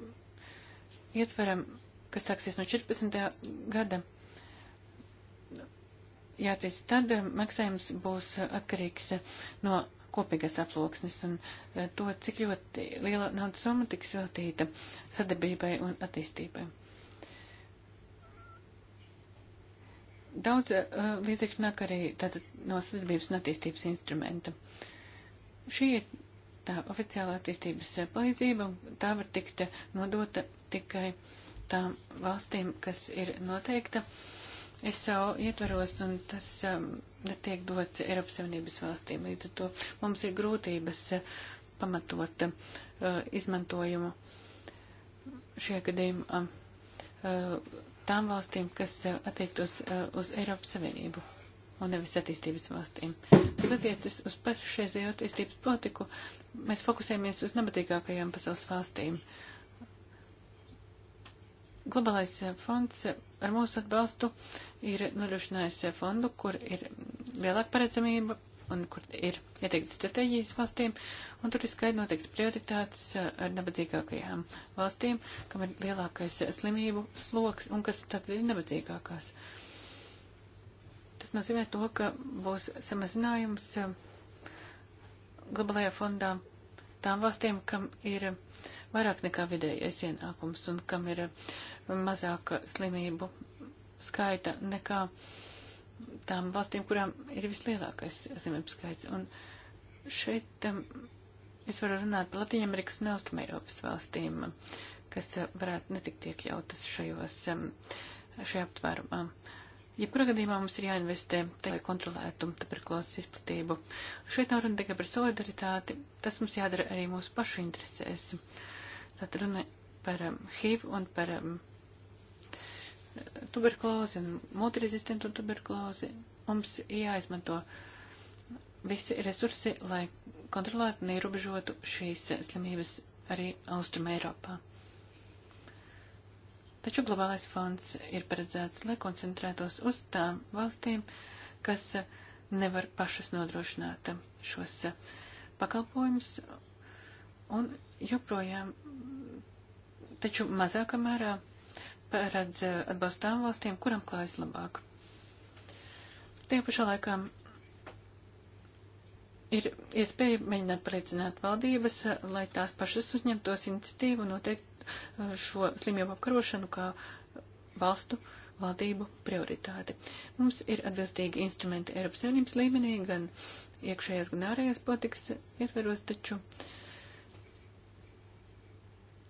ietveram, kas sāksies no 14. gada, jāteic, tad eh, maksājums būs eh, atkarīgs eh, no kopīgās aploksnes un to, cik ļoti liela naudas summa tiks veltīta sadarbībai un attīstībai. Daudz uh, līdzekļu nāk arī tātad no sadarbības un attīstības instrumenta. Šī ir tā oficiāla attīstības palīdzība, un tā var tikt nodota tikai tām valstīm, kas ir noteikta. Es jau ietveros, un tas um, netiek dots Eiropas Savienības valstīm. Līdz ar to mums ir grūtības uh, pamatot uh, izmantojumu šajā gadījumā uh, tām valstīm, kas uh, attiektos uh, uz Eiropas Savienību un nevis attīstības valstīm. Kas attiecas uz pašreizējo attīstības politiku, mēs fokusējamies uz nabadzīgākajām pasaules valstīm. Globālais fonds ar mūsu atbalstu ir nodrošinājis fondu, kur ir lielāka paredzamība un kur ir ieteikts stratēģijas valstīm, un tur ir skaidri noteikts prioritātes ar nabadzīgākajām valstīm, kam ir lielākais slimību sloks un kas tad ir nabadzīgākās. Uh, tas nozīmē to, ka būs samazinājums eh, globālajā fondā tām valstīm, kam ir vairāk nekā vidējais ienākums un kam ir eh, mazāk slimību skaita nekā tām valstīm, kurām ir vislielākais slimību skaits. Un šeit eh, es varu runāt par Latviju-Amerikas un Austrum Eiropas valstīm, kas varētu netikt iekļautas šajos, šajā aptvērumā. Um, Jebkurā gadījumā mums ir jāinvestē, te, lai kontrolētu tuberkulozes izplatību. Šeit nav runa tikai par solidaritāti, tas mums jādara arī mūsu pašu interesēs. Tātad runa par um, HIV un par um, tuberkulozi un multirezistentu tuberkulozi. Mums jāizmanto visi resursi, lai kontrolētu un ierobežotu šīs slimības arī Austrum Eiropā. Taču globālais fonds ir paredzēts, lai koncentrētos uz tām valstīm, kas eh, nevar pašas nodrošināt eh, šos eh, pakalpojumus un joprojām, taču mazākā mērā paredz atbalstu tām valstīm, kuram klājas labāk. Tie pašā laikā ir iespēja mēģināt pareicināt valdības, lai tās pašas uzņemtos iniciatīvu un noteikti Uh, šo slimību apkarošanu kā valstu valdību prioritāti. Mums ir atbilstīgi instrumenti Eiropas Savienības līmenī, gan iekšējās, gan ārējās politikas ietveros, taču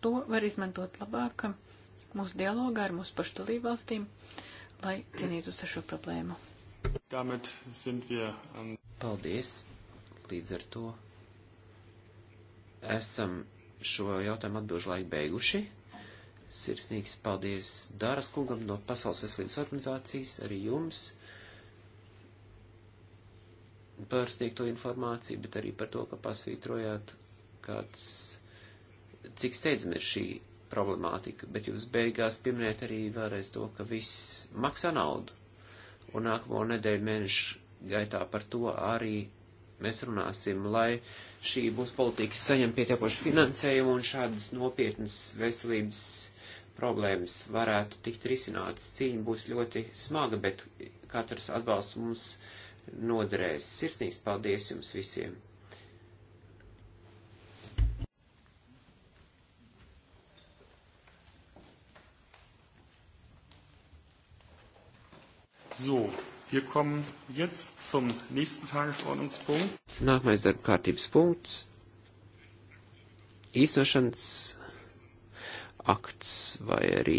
to var izmantot labāk mūsu dialogā ar mūsu pašu dalību valstīm, lai cīnītos ar šo problēmu. Damit sind wir an... Paldies! Līdz ar to esam šo jautājumu atbilžu laiku beiguši. Sirsnīgs paldies Dāras kungam no Pasaules veselības organizācijas, arī jums par sniegto informāciju, bet arī par to, ka pasvītrojāt, kāds, cik steidzam ir šī problemātika, bet jūs beigās pieminējat arī vēlreiz to, ka viss maksā naudu, un nākamo nedēļu mēnešu gaitā par to arī mēs runāsim, lai šī mūsu politika saņem pietiekošu finansējumu un šādas nopietnas veselības problēmas varētu tikt risinātas. Cīņa būs ļoti smaga, bet katrs atbalsts mums noderēs. Sirsnīgs paldies jums visiem! So. Wir kommen jetzt zum nächsten Tagesordnungspunkt. Nākamais darba kārtības punkts - īstenošanas akts vai arī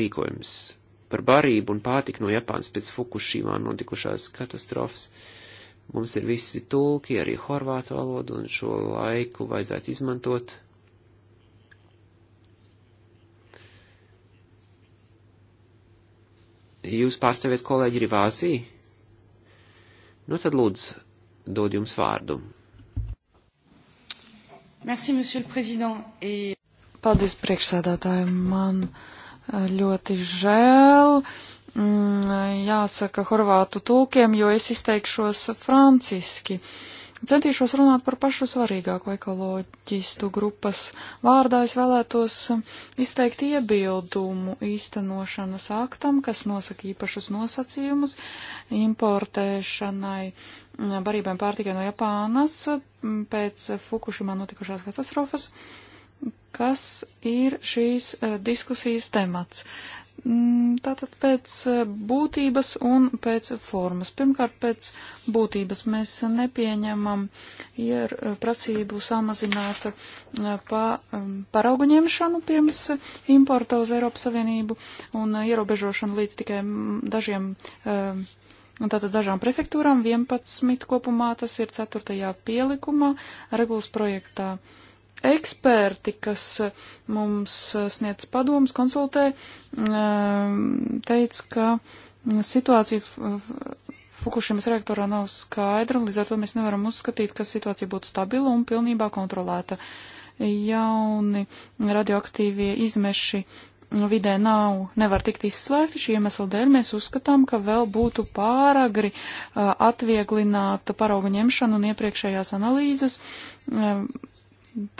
rīkojums par barību un pārtiku no Japānas pēc Fukushīmā notikušās katastrofas. Mums ir visi tulki, arī horvātu valodu, un šo laiku vajadzētu izmantot Jūs pārstāviet kolēģi Rivāzī? Nu tad lūdzu, dod jums vārdu. Merci, monsieur le président. Et... Paldies priekšsēdētājiem. Man eh, ļoti žēl. Mm, jāsaka horvātu tulkiem, jo es izteikšos franciski. Uh, Centīšos runāt par pašu svarīgāko ekoloģistu grupas vārdā. Es vēlētos izteikt iebildumu īstenošanas aktam, kas nosaka īpašus nosacījumus importēšanai barībēm pārtikai no Japānas pēc Fukushimā notikušās katastrofas kas ir šīs eh, diskusijas temats. Mm, tātad pēc eh, būtības un pēc formas. Pirmkārt, pēc būtības mēs nepieņemam ir eh, prasību samazināt eh, pa, mm, paraugu ņemšanu pirms importa uz Eiropas Savienību un ierobežošanu līdz tikai mm, dažiem. Tātad dažām prefektūrām 11 kopumā, tas ir 4. pielikumā regulas projektā. Uh, eksperti, kas eh, mums eh, sniedz padomus, konsultē, ehm, teica, ka mm, situācija Fukushimas reaktorā nav skaidra, un līdz ar to mēs nevaram uzskatīt, ka situācija būtu stabila un pilnībā kontrolēta. Jauni radioaktīvie izmeši vidē nav, nevar tikt izslēgti. Šī iemesla dēļ mēs uzskatām, ka vēl būtu pāragri eh, atvieglināt paraugu ņemšanu un iepriekšējās analīzes. Ehm,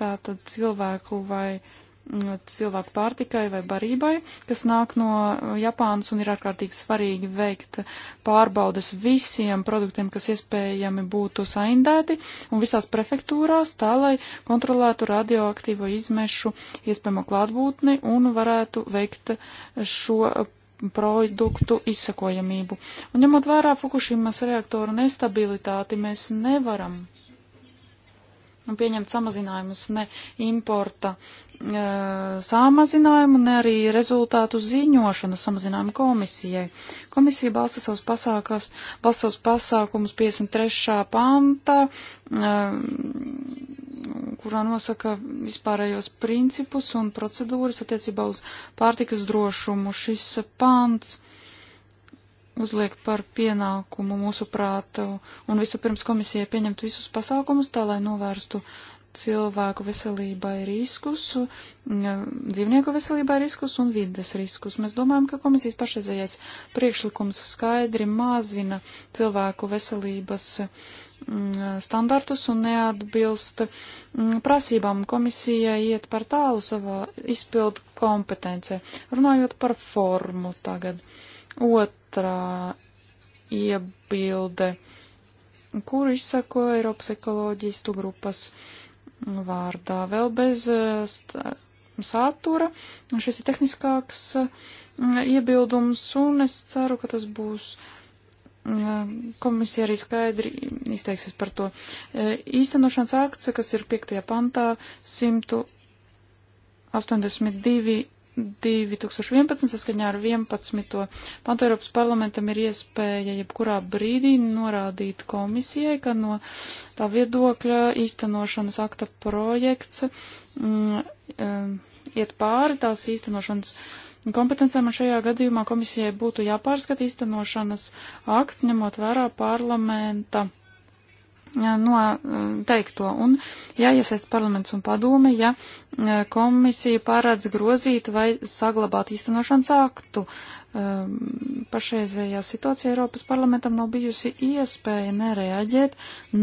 tātad cilvēku vai mm, cilvēku pārtikai vai barībai, kas nāk no uh, Japānas un ir ārkārtīgi svarīgi veikt pārbaudas visiem produktiem, kas iespējami būtu saindēti un visās prefektūrās, tā lai kontrolētu radioaktīvo izmešu iespējamo klātbūtni un varētu veikt šo uh, produktu izsakojamību. Un ņemot vērā Fukushimas reaktoru nestabilitāti, mēs nevaram pieņemt samazinājumus, ne importa e, samazinājumu, ne arī rezultātu ziņošanas samazinājumu komisijai. Komisija balsta savus, pasākās, balsta savus pasākumus 53. pantā, e, kurā nosaka vispārējos principus un procedūras attiecībā uz pārtikas drošumu. Šis pants. E, uzliek par pienākumu mūsu prātu un vispirms komisijai pieņemt visus pasākumus tā, lai novērstu cilvēku veselībai riskus, dzīvnieku veselībai riskus un vides riskus. Mēs domājam, ka komisijas pašreizējais priekšlikums skaidri mazina cilvēku veselības mm, standartus un neatbilst mm, prasībām. Komisija iet par tālu savā izpildu kompetencē. Runājot par formu tagad. Uh, Otrā iebilde, kuru izsako Eiropas ekoloģistu grupas vārdā. Vēl bez eh, satura. Šis ir tehniskāks eh, iebildums, un es ceru, ka tas būs. Eh, komisija arī skaidri izteiksies par to. Īstenošanas akts, kas ir 5. pantā, 182 2011. saskaņā ar 11. pantu Eiropas parlamentam ir iespēja jebkurā brīdī norādīt komisijai, ka no tā viedokļa īstenošanas akta projekts mm, eh, iet pāri tās īstenošanas kompetencēm, un šajā gadījumā komisijai būtu jāpārskata īstenošanas akts, ņemot vērā parlamenta noteikto un jāiesaist parlaments un padome, ja komisija pārādz grozīt vai saglabāt īstenošanas aktu. Uh, um, pašreizējā situācija Eiropas parlamentam nav bijusi iespēja nereaģēt,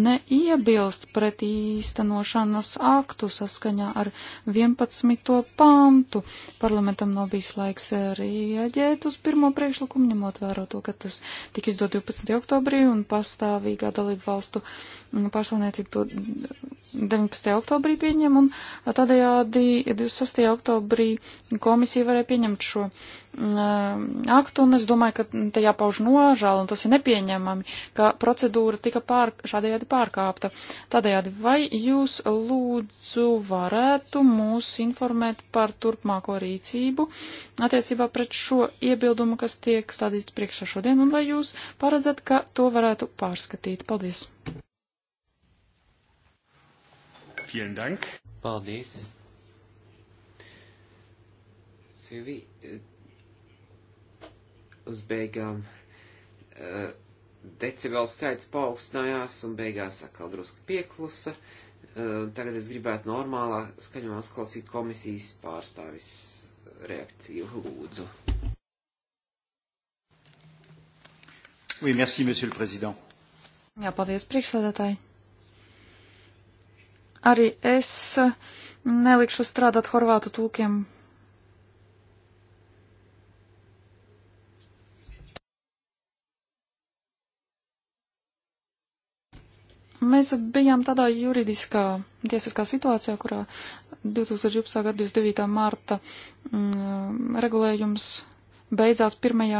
neiebilst pret īstenošanas aktu saskaņā ar 11. pantu. Parlamentam nav bijis laiks reaģēt uz pirmo priekšlikumu, ņemot vērā to, ka tas tika izdot 12. oktobrī un pastāvīgā dalību valstu mm, pārstāvniecība to 19. oktobrī pieņem un tādējādi 26. oktobrī komisija varēja pieņemt šo Eh, aktu, un es domāju, ka te jāpauž nožēla, un tas ir nepieņemami, ka procedūra tika pār, šādējādi pārkāpta. Tādējādi, vai jūs lūdzu varētu mūs informēt par turpmāko rīcību attiecībā pret šo iebildumu, kas tiek stādīts priekšā šodien, un vai jūs paredzat, ka to varētu pārskatīt? Paldies! Vielen Dank. Paldies. Silvija, uz beigām uh, eh, decibela skaits paaugstinājās un beigās atkal drusku pieklusa. Uh, tagad es gribētu normālā skaņā uzklausīt komisijas pārstāvis eh, reakciju lūdzu. Oui, merci, monsieur le président. Jā, paldies, priekšsēdētāji. Arī es nelikšu strādāt horvātu tūkiem Mēs bijām tādā juridiskā, tiesiskā situācijā, kurā 2012. gada 29. marta mm, regulējums beidzās 1.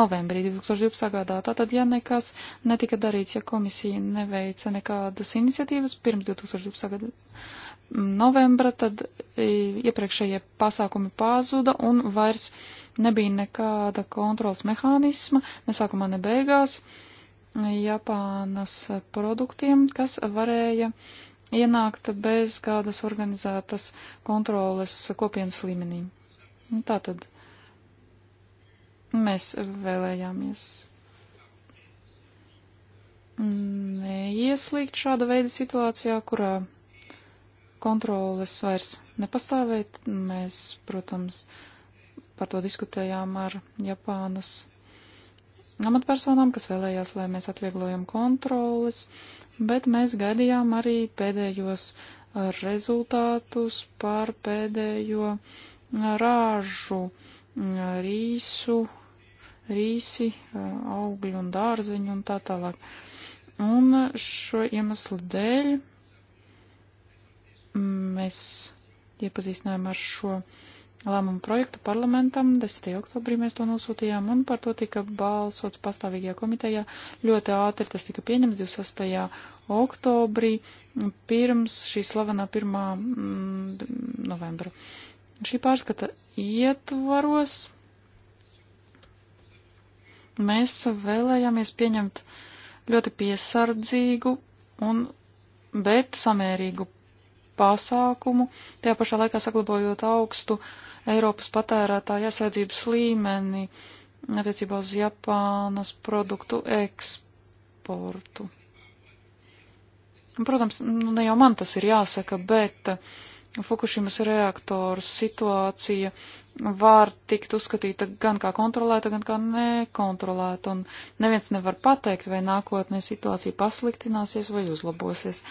novembrī 2012. gadā. Tātad, ja nekas netika darīts, ja komisija neveica nekādas iniciatīvas pirms 2012. gada novembra, tad e, iepriekšējie pasākumi pazuda un vairs nebija nekāda kontrols mehānisma, ne sākumā, ne beigās. Uh, Japānas produktiem, kas varēja ienākt bez kādas organizētas kontroles kopienas līmenī. Nu, Tātad mēs vēlējāmies neieslīgt šāda veida situācijā, kurā kontroles vairs nepastāvēt. Mēs, protams, par to diskutējām ar Japānas amatpersonām, kas vēlējās, lai mēs atvieglojam kontrolas, bet mēs gaidījām arī pēdējos uh, rezultātus par pēdējo uh, rāžu, uh, rīsu, rīsi, augļu un dārziņu un tā tālāk. Un šo iemeslu dēļ mm, mēs iepazīstinājām ar šo uh, lēmumu projektu parlamentam. 10. oktobrī mēs to nosūtījām un par to tika balsots pastāvīgajā komitejā. Ļoti ātri tas tika pieņemts 26. oktobrī pirms šī slavenā 1. Mm, novembra. Šī pārskata ietvaros mēs vēlējāmies pieņemt ļoti piesardzīgu un bet samērīgu pasākumu, tajā pašā laikā saglabājot augstu uh, Eiropas patērētāja aizsardzības līmeni attiecībā uz Japānas produktu eksportu. Protams, nu, ne jau man tas ir jāsaka, bet uh, Fukushimas reaktoru situācija var tikt uzskatīta gan kā kontrolēta, gan kā nekontrolēta, un neviens nevar pateikt, vai nākotnē situācija pasliktināsies vai uzlabosies.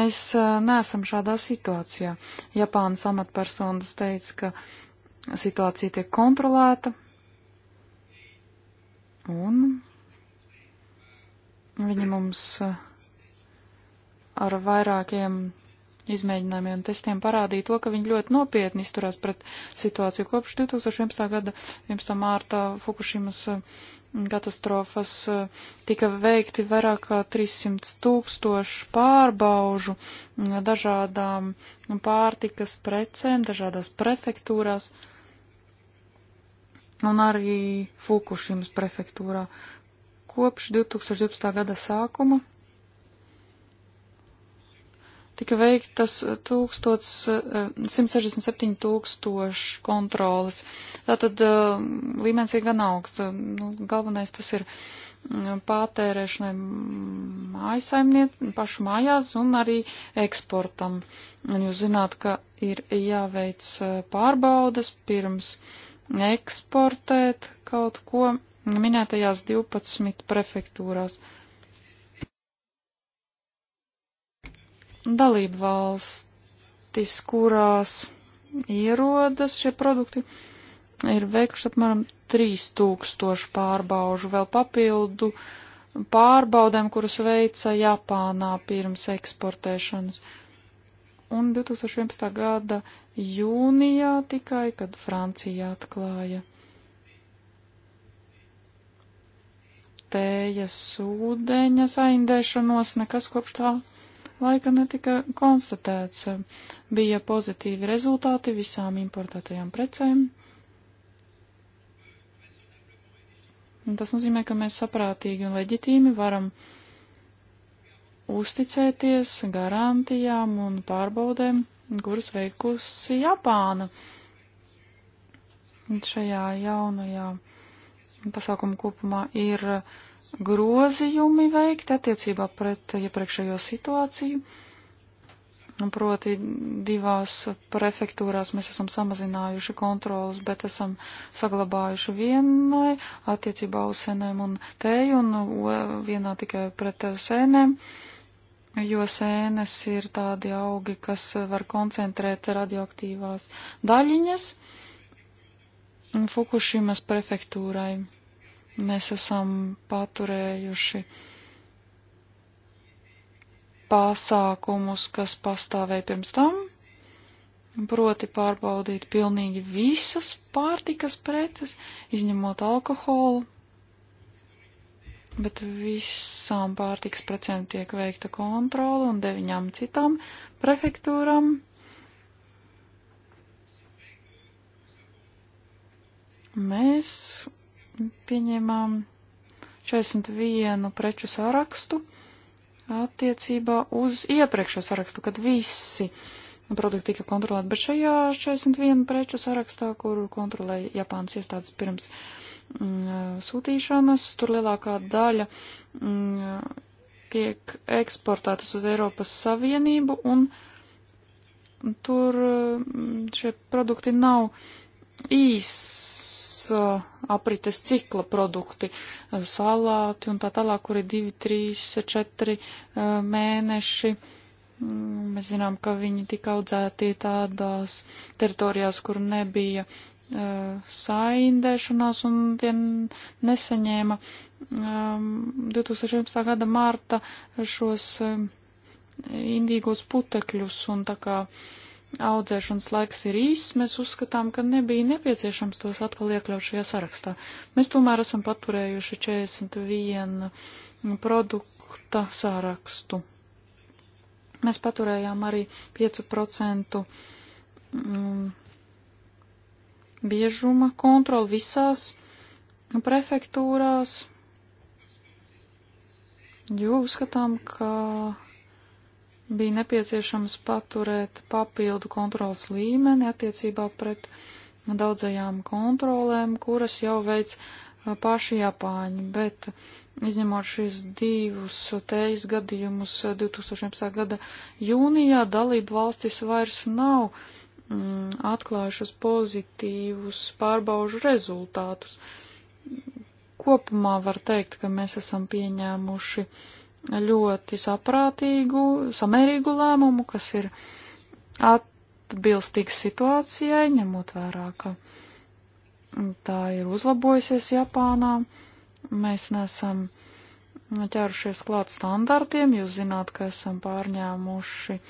Mēs uh, neesam šādā situācijā. Japānas amatpersonas teica, ka situācija tiek kontrolēta un viņi mums eh, ar vairākiem izmēģinājumiem un testiem parādīja to, ka viņi ļoti nopietni izturās pret situāciju kopš 2011. gada 11. mārta Fukushimas eh, katastrofas eh, tika veikti vairāk kā 300 tūkstošu pārbaužu dažādām pārtikas precēm, dažādās prefektūrās. Uh, un arī Fukušimas prefektūrā. Kopš 2012. gada sākuma tika veiktas 167 eh, tūkstoši kontrolas. Tātad eh, līmenis ir gan augsts. Nu, galvenais tas ir mm, pātērēšanai mājasaimniet, pašu mājās un arī eksportam. Un jūs zināt, ka ir jāveic eh, pārbaudas pirms uh, eksportēt kaut ko minētajās 12 prefektūrās. Dalība valstis, kurās ierodas šie produkti, ir veikuši apmēram 3000 pārbaužu vēl papildu pārbaudēm, kuras veica Japānā pirms eksportēšanas. Uh, un 2011. gada jūnijā tikai, kad Francija atklāja tējas ūdeņa saindēšanos, nekas kopš tā laika netika konstatēts. Bija pozitīvi rezultāti visām importētajām precēm. Un tas nozīmē, ka mēs saprātīgi un leģitīmi varam uh, uzticēties garantijām un pārbaudēm, kuras veikusi Japāna šajā jaunajā pasākuma kopumā ir grozījumi veikti attiecībā pret iepriekšējo situāciju. Proti divās prefektūrās mēs esam samazinājuši kontrolas, bet esam saglabājuši vienai attiecībā uz sēnēm un tēju un vienā tikai pret sēnēm. Uh, jo sēnes ir tādi augi, kas var koncentrēt radioaktīvās daļiņas Fukushimas prefektūrai. Mēs esam paturējuši pasākumus, kas pastāvēja pirms tam, proti pārbaudīt pilnīgi visas pārtikas preces, izņemot alkoholu, bet visām pārtiks precēm tiek veikta kontrola un deviņām citām prefektūram. Mēs pieņēmām 41 preču sarakstu attiecībā uz iepriekšējo sarakstu, kad visi produkti tika kontrolēti, bet šajā 41 preču sarakstā, kuru kontrolēja Japānas iestādes pirms Mm, eh, sūtīšanas. Tur lielākā daļa mm, eh, tiek eksportētas uz Eiropas Savienību, un tur eh, šie produkti nav īs aprites cikla produkti, salāti un tā tālāk, kuri 2, 3, 4 mēneši. Mm, mēs zinām, ka viņi tika audzēti tādās teritorijās, kur nebija Uh, saindēšanās un tie nesaņēma 2011. Um, gada mārta šos um, indīgos putekļus un tā kā audzēšanas laiks ir īss, mēs uzskatām, ka nebija nepieciešams tos atkal iekļaut šajā sarakstā. Mēs tomēr esam paturējuši 41 produkta sārakstu. Mēs paturējām arī 5% biežuma kontroli visās prefektūrās, jo uzskatām, ka bija nepieciešams paturēt papildu kontrols līmeni attiecībā pret daudzajām kontrolēm, kuras jau veic uh, paši Japāņi, bet izņemot šīs divus teijas gadījumus uh, 2011. gada jūnijā, dalību valstis vairs nav Mm, atklājušas pozitīvus pārbaužu rezultātus. Kopumā var teikt, ka mēs esam pieņēmuši ļoti saprātīgu, samērīgu lēmumu, kas ir atbilstīgs situācijai, ņemot vērā, ka tā ir uzlabojusies Japānā. Mēs nesam ķērušies klāt standartiem, jūs zināt, ka esam pārņēmuši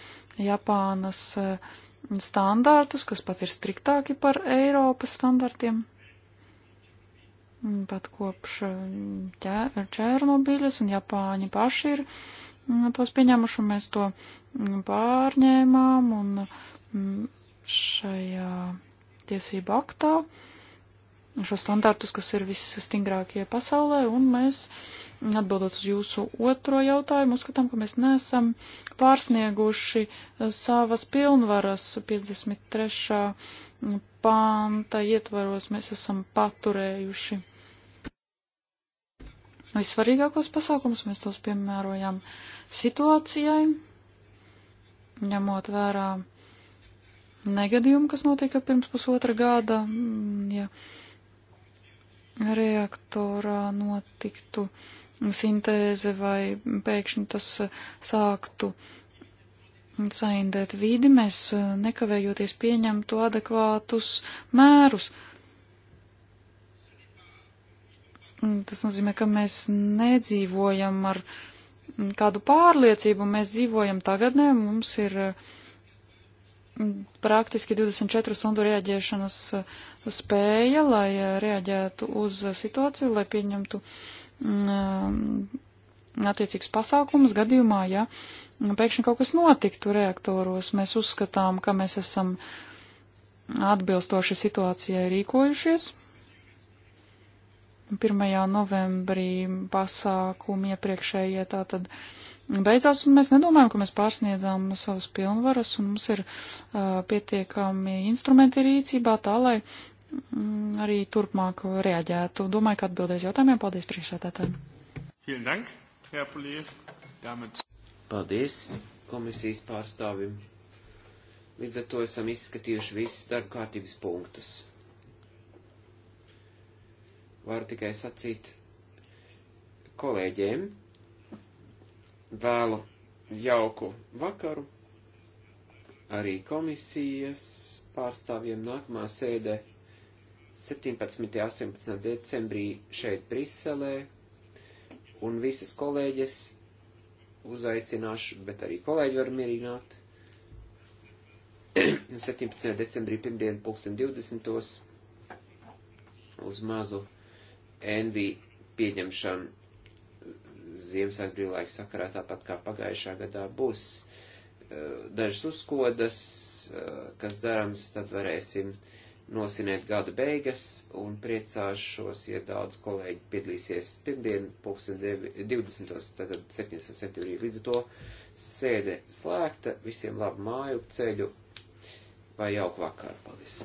Japānas uh, standārtus, kas pat ir striktāki par Eiropas standartiem. Pat kopš Čērnobiļas un Japāņi paši ir mm, tos pieņēmuši, un mēs to mm, pārņēmām, un mm, šajā tiesību aktā šo standārtus, kas ir visstingrākie pasaulē, un mēs uh, Atbildot uz jūsu otro jautājumu, uzskatām, ka mēs nesam pārsnieguši eh, savas pilnvaras 53. Mm, pānta ietvaros, mēs esam paturējuši. Vissvarīgākos pasākumus mēs tos piemērojam situācijai, ņemot vērā negadījumu, kas notika pirms pusotra gada, mm, ja reaktorā notiktu sintēze vai pēkšņi tas eh, sāktu saindēt vidi, mēs eh, nekavējoties pieņemtu adekvātus mērus. Tas nozīmē, ka mēs nedzīvojam ar mm, kādu pārliecību, mēs dzīvojam tagadnē, mums ir mm, praktiski 24 stundu reaģēšanas eh, spēja, lai reaģētu uz situāciju, lai pieņemtu Mm, um, attiecīgus pasākumus gadījumā, ja pēkšņi kaut kas notiktu reaktoros. Mēs uzskatām, ka mēs esam atbilstoši situācijai rīkojušies. 1. novembrī pasākumi iepriekšējie tā tad beidzās, un mēs nedomājam, ka mēs pārsniedzām savas pilnvaras, un mums ir uh, pietiekami instrumenti rīcībā tā, lai Mm, arī turpmāk reaģētu. Domāju, ka atbildēs jautājumiem. Paldies priekšsētētājiem. Paldies komisijas pārstāvim. Līdz ar to esam izskatījuši visus darba kārtības punktus. Varu tikai sacīt kolēģiem, vēlu jauku vakaru, arī komisijas pārstāvjiem nākamā sēde 17. un 18. decembrī šeit Briselē, un visas kolēģes uzaicināšu, bet arī kolēģi var mierināt. 17. decembrī pirmdien pulksten 20. uz mazu NV pieņemšanu Ziemassvētku brīvlaika sakarā, tāpat kā pagājušā gadā būs eh, dažas uzkodas, eh, kas darams, tad varēsim uh, nosiniet gada beigas un priecāšos, ja daudz kolēģi piedalīsies pirmdien, 20. tātad 7. septembrī. Līdz ar to sēde slēgta, visiem labu māju ceļu vai jauku vakaru. Paldies!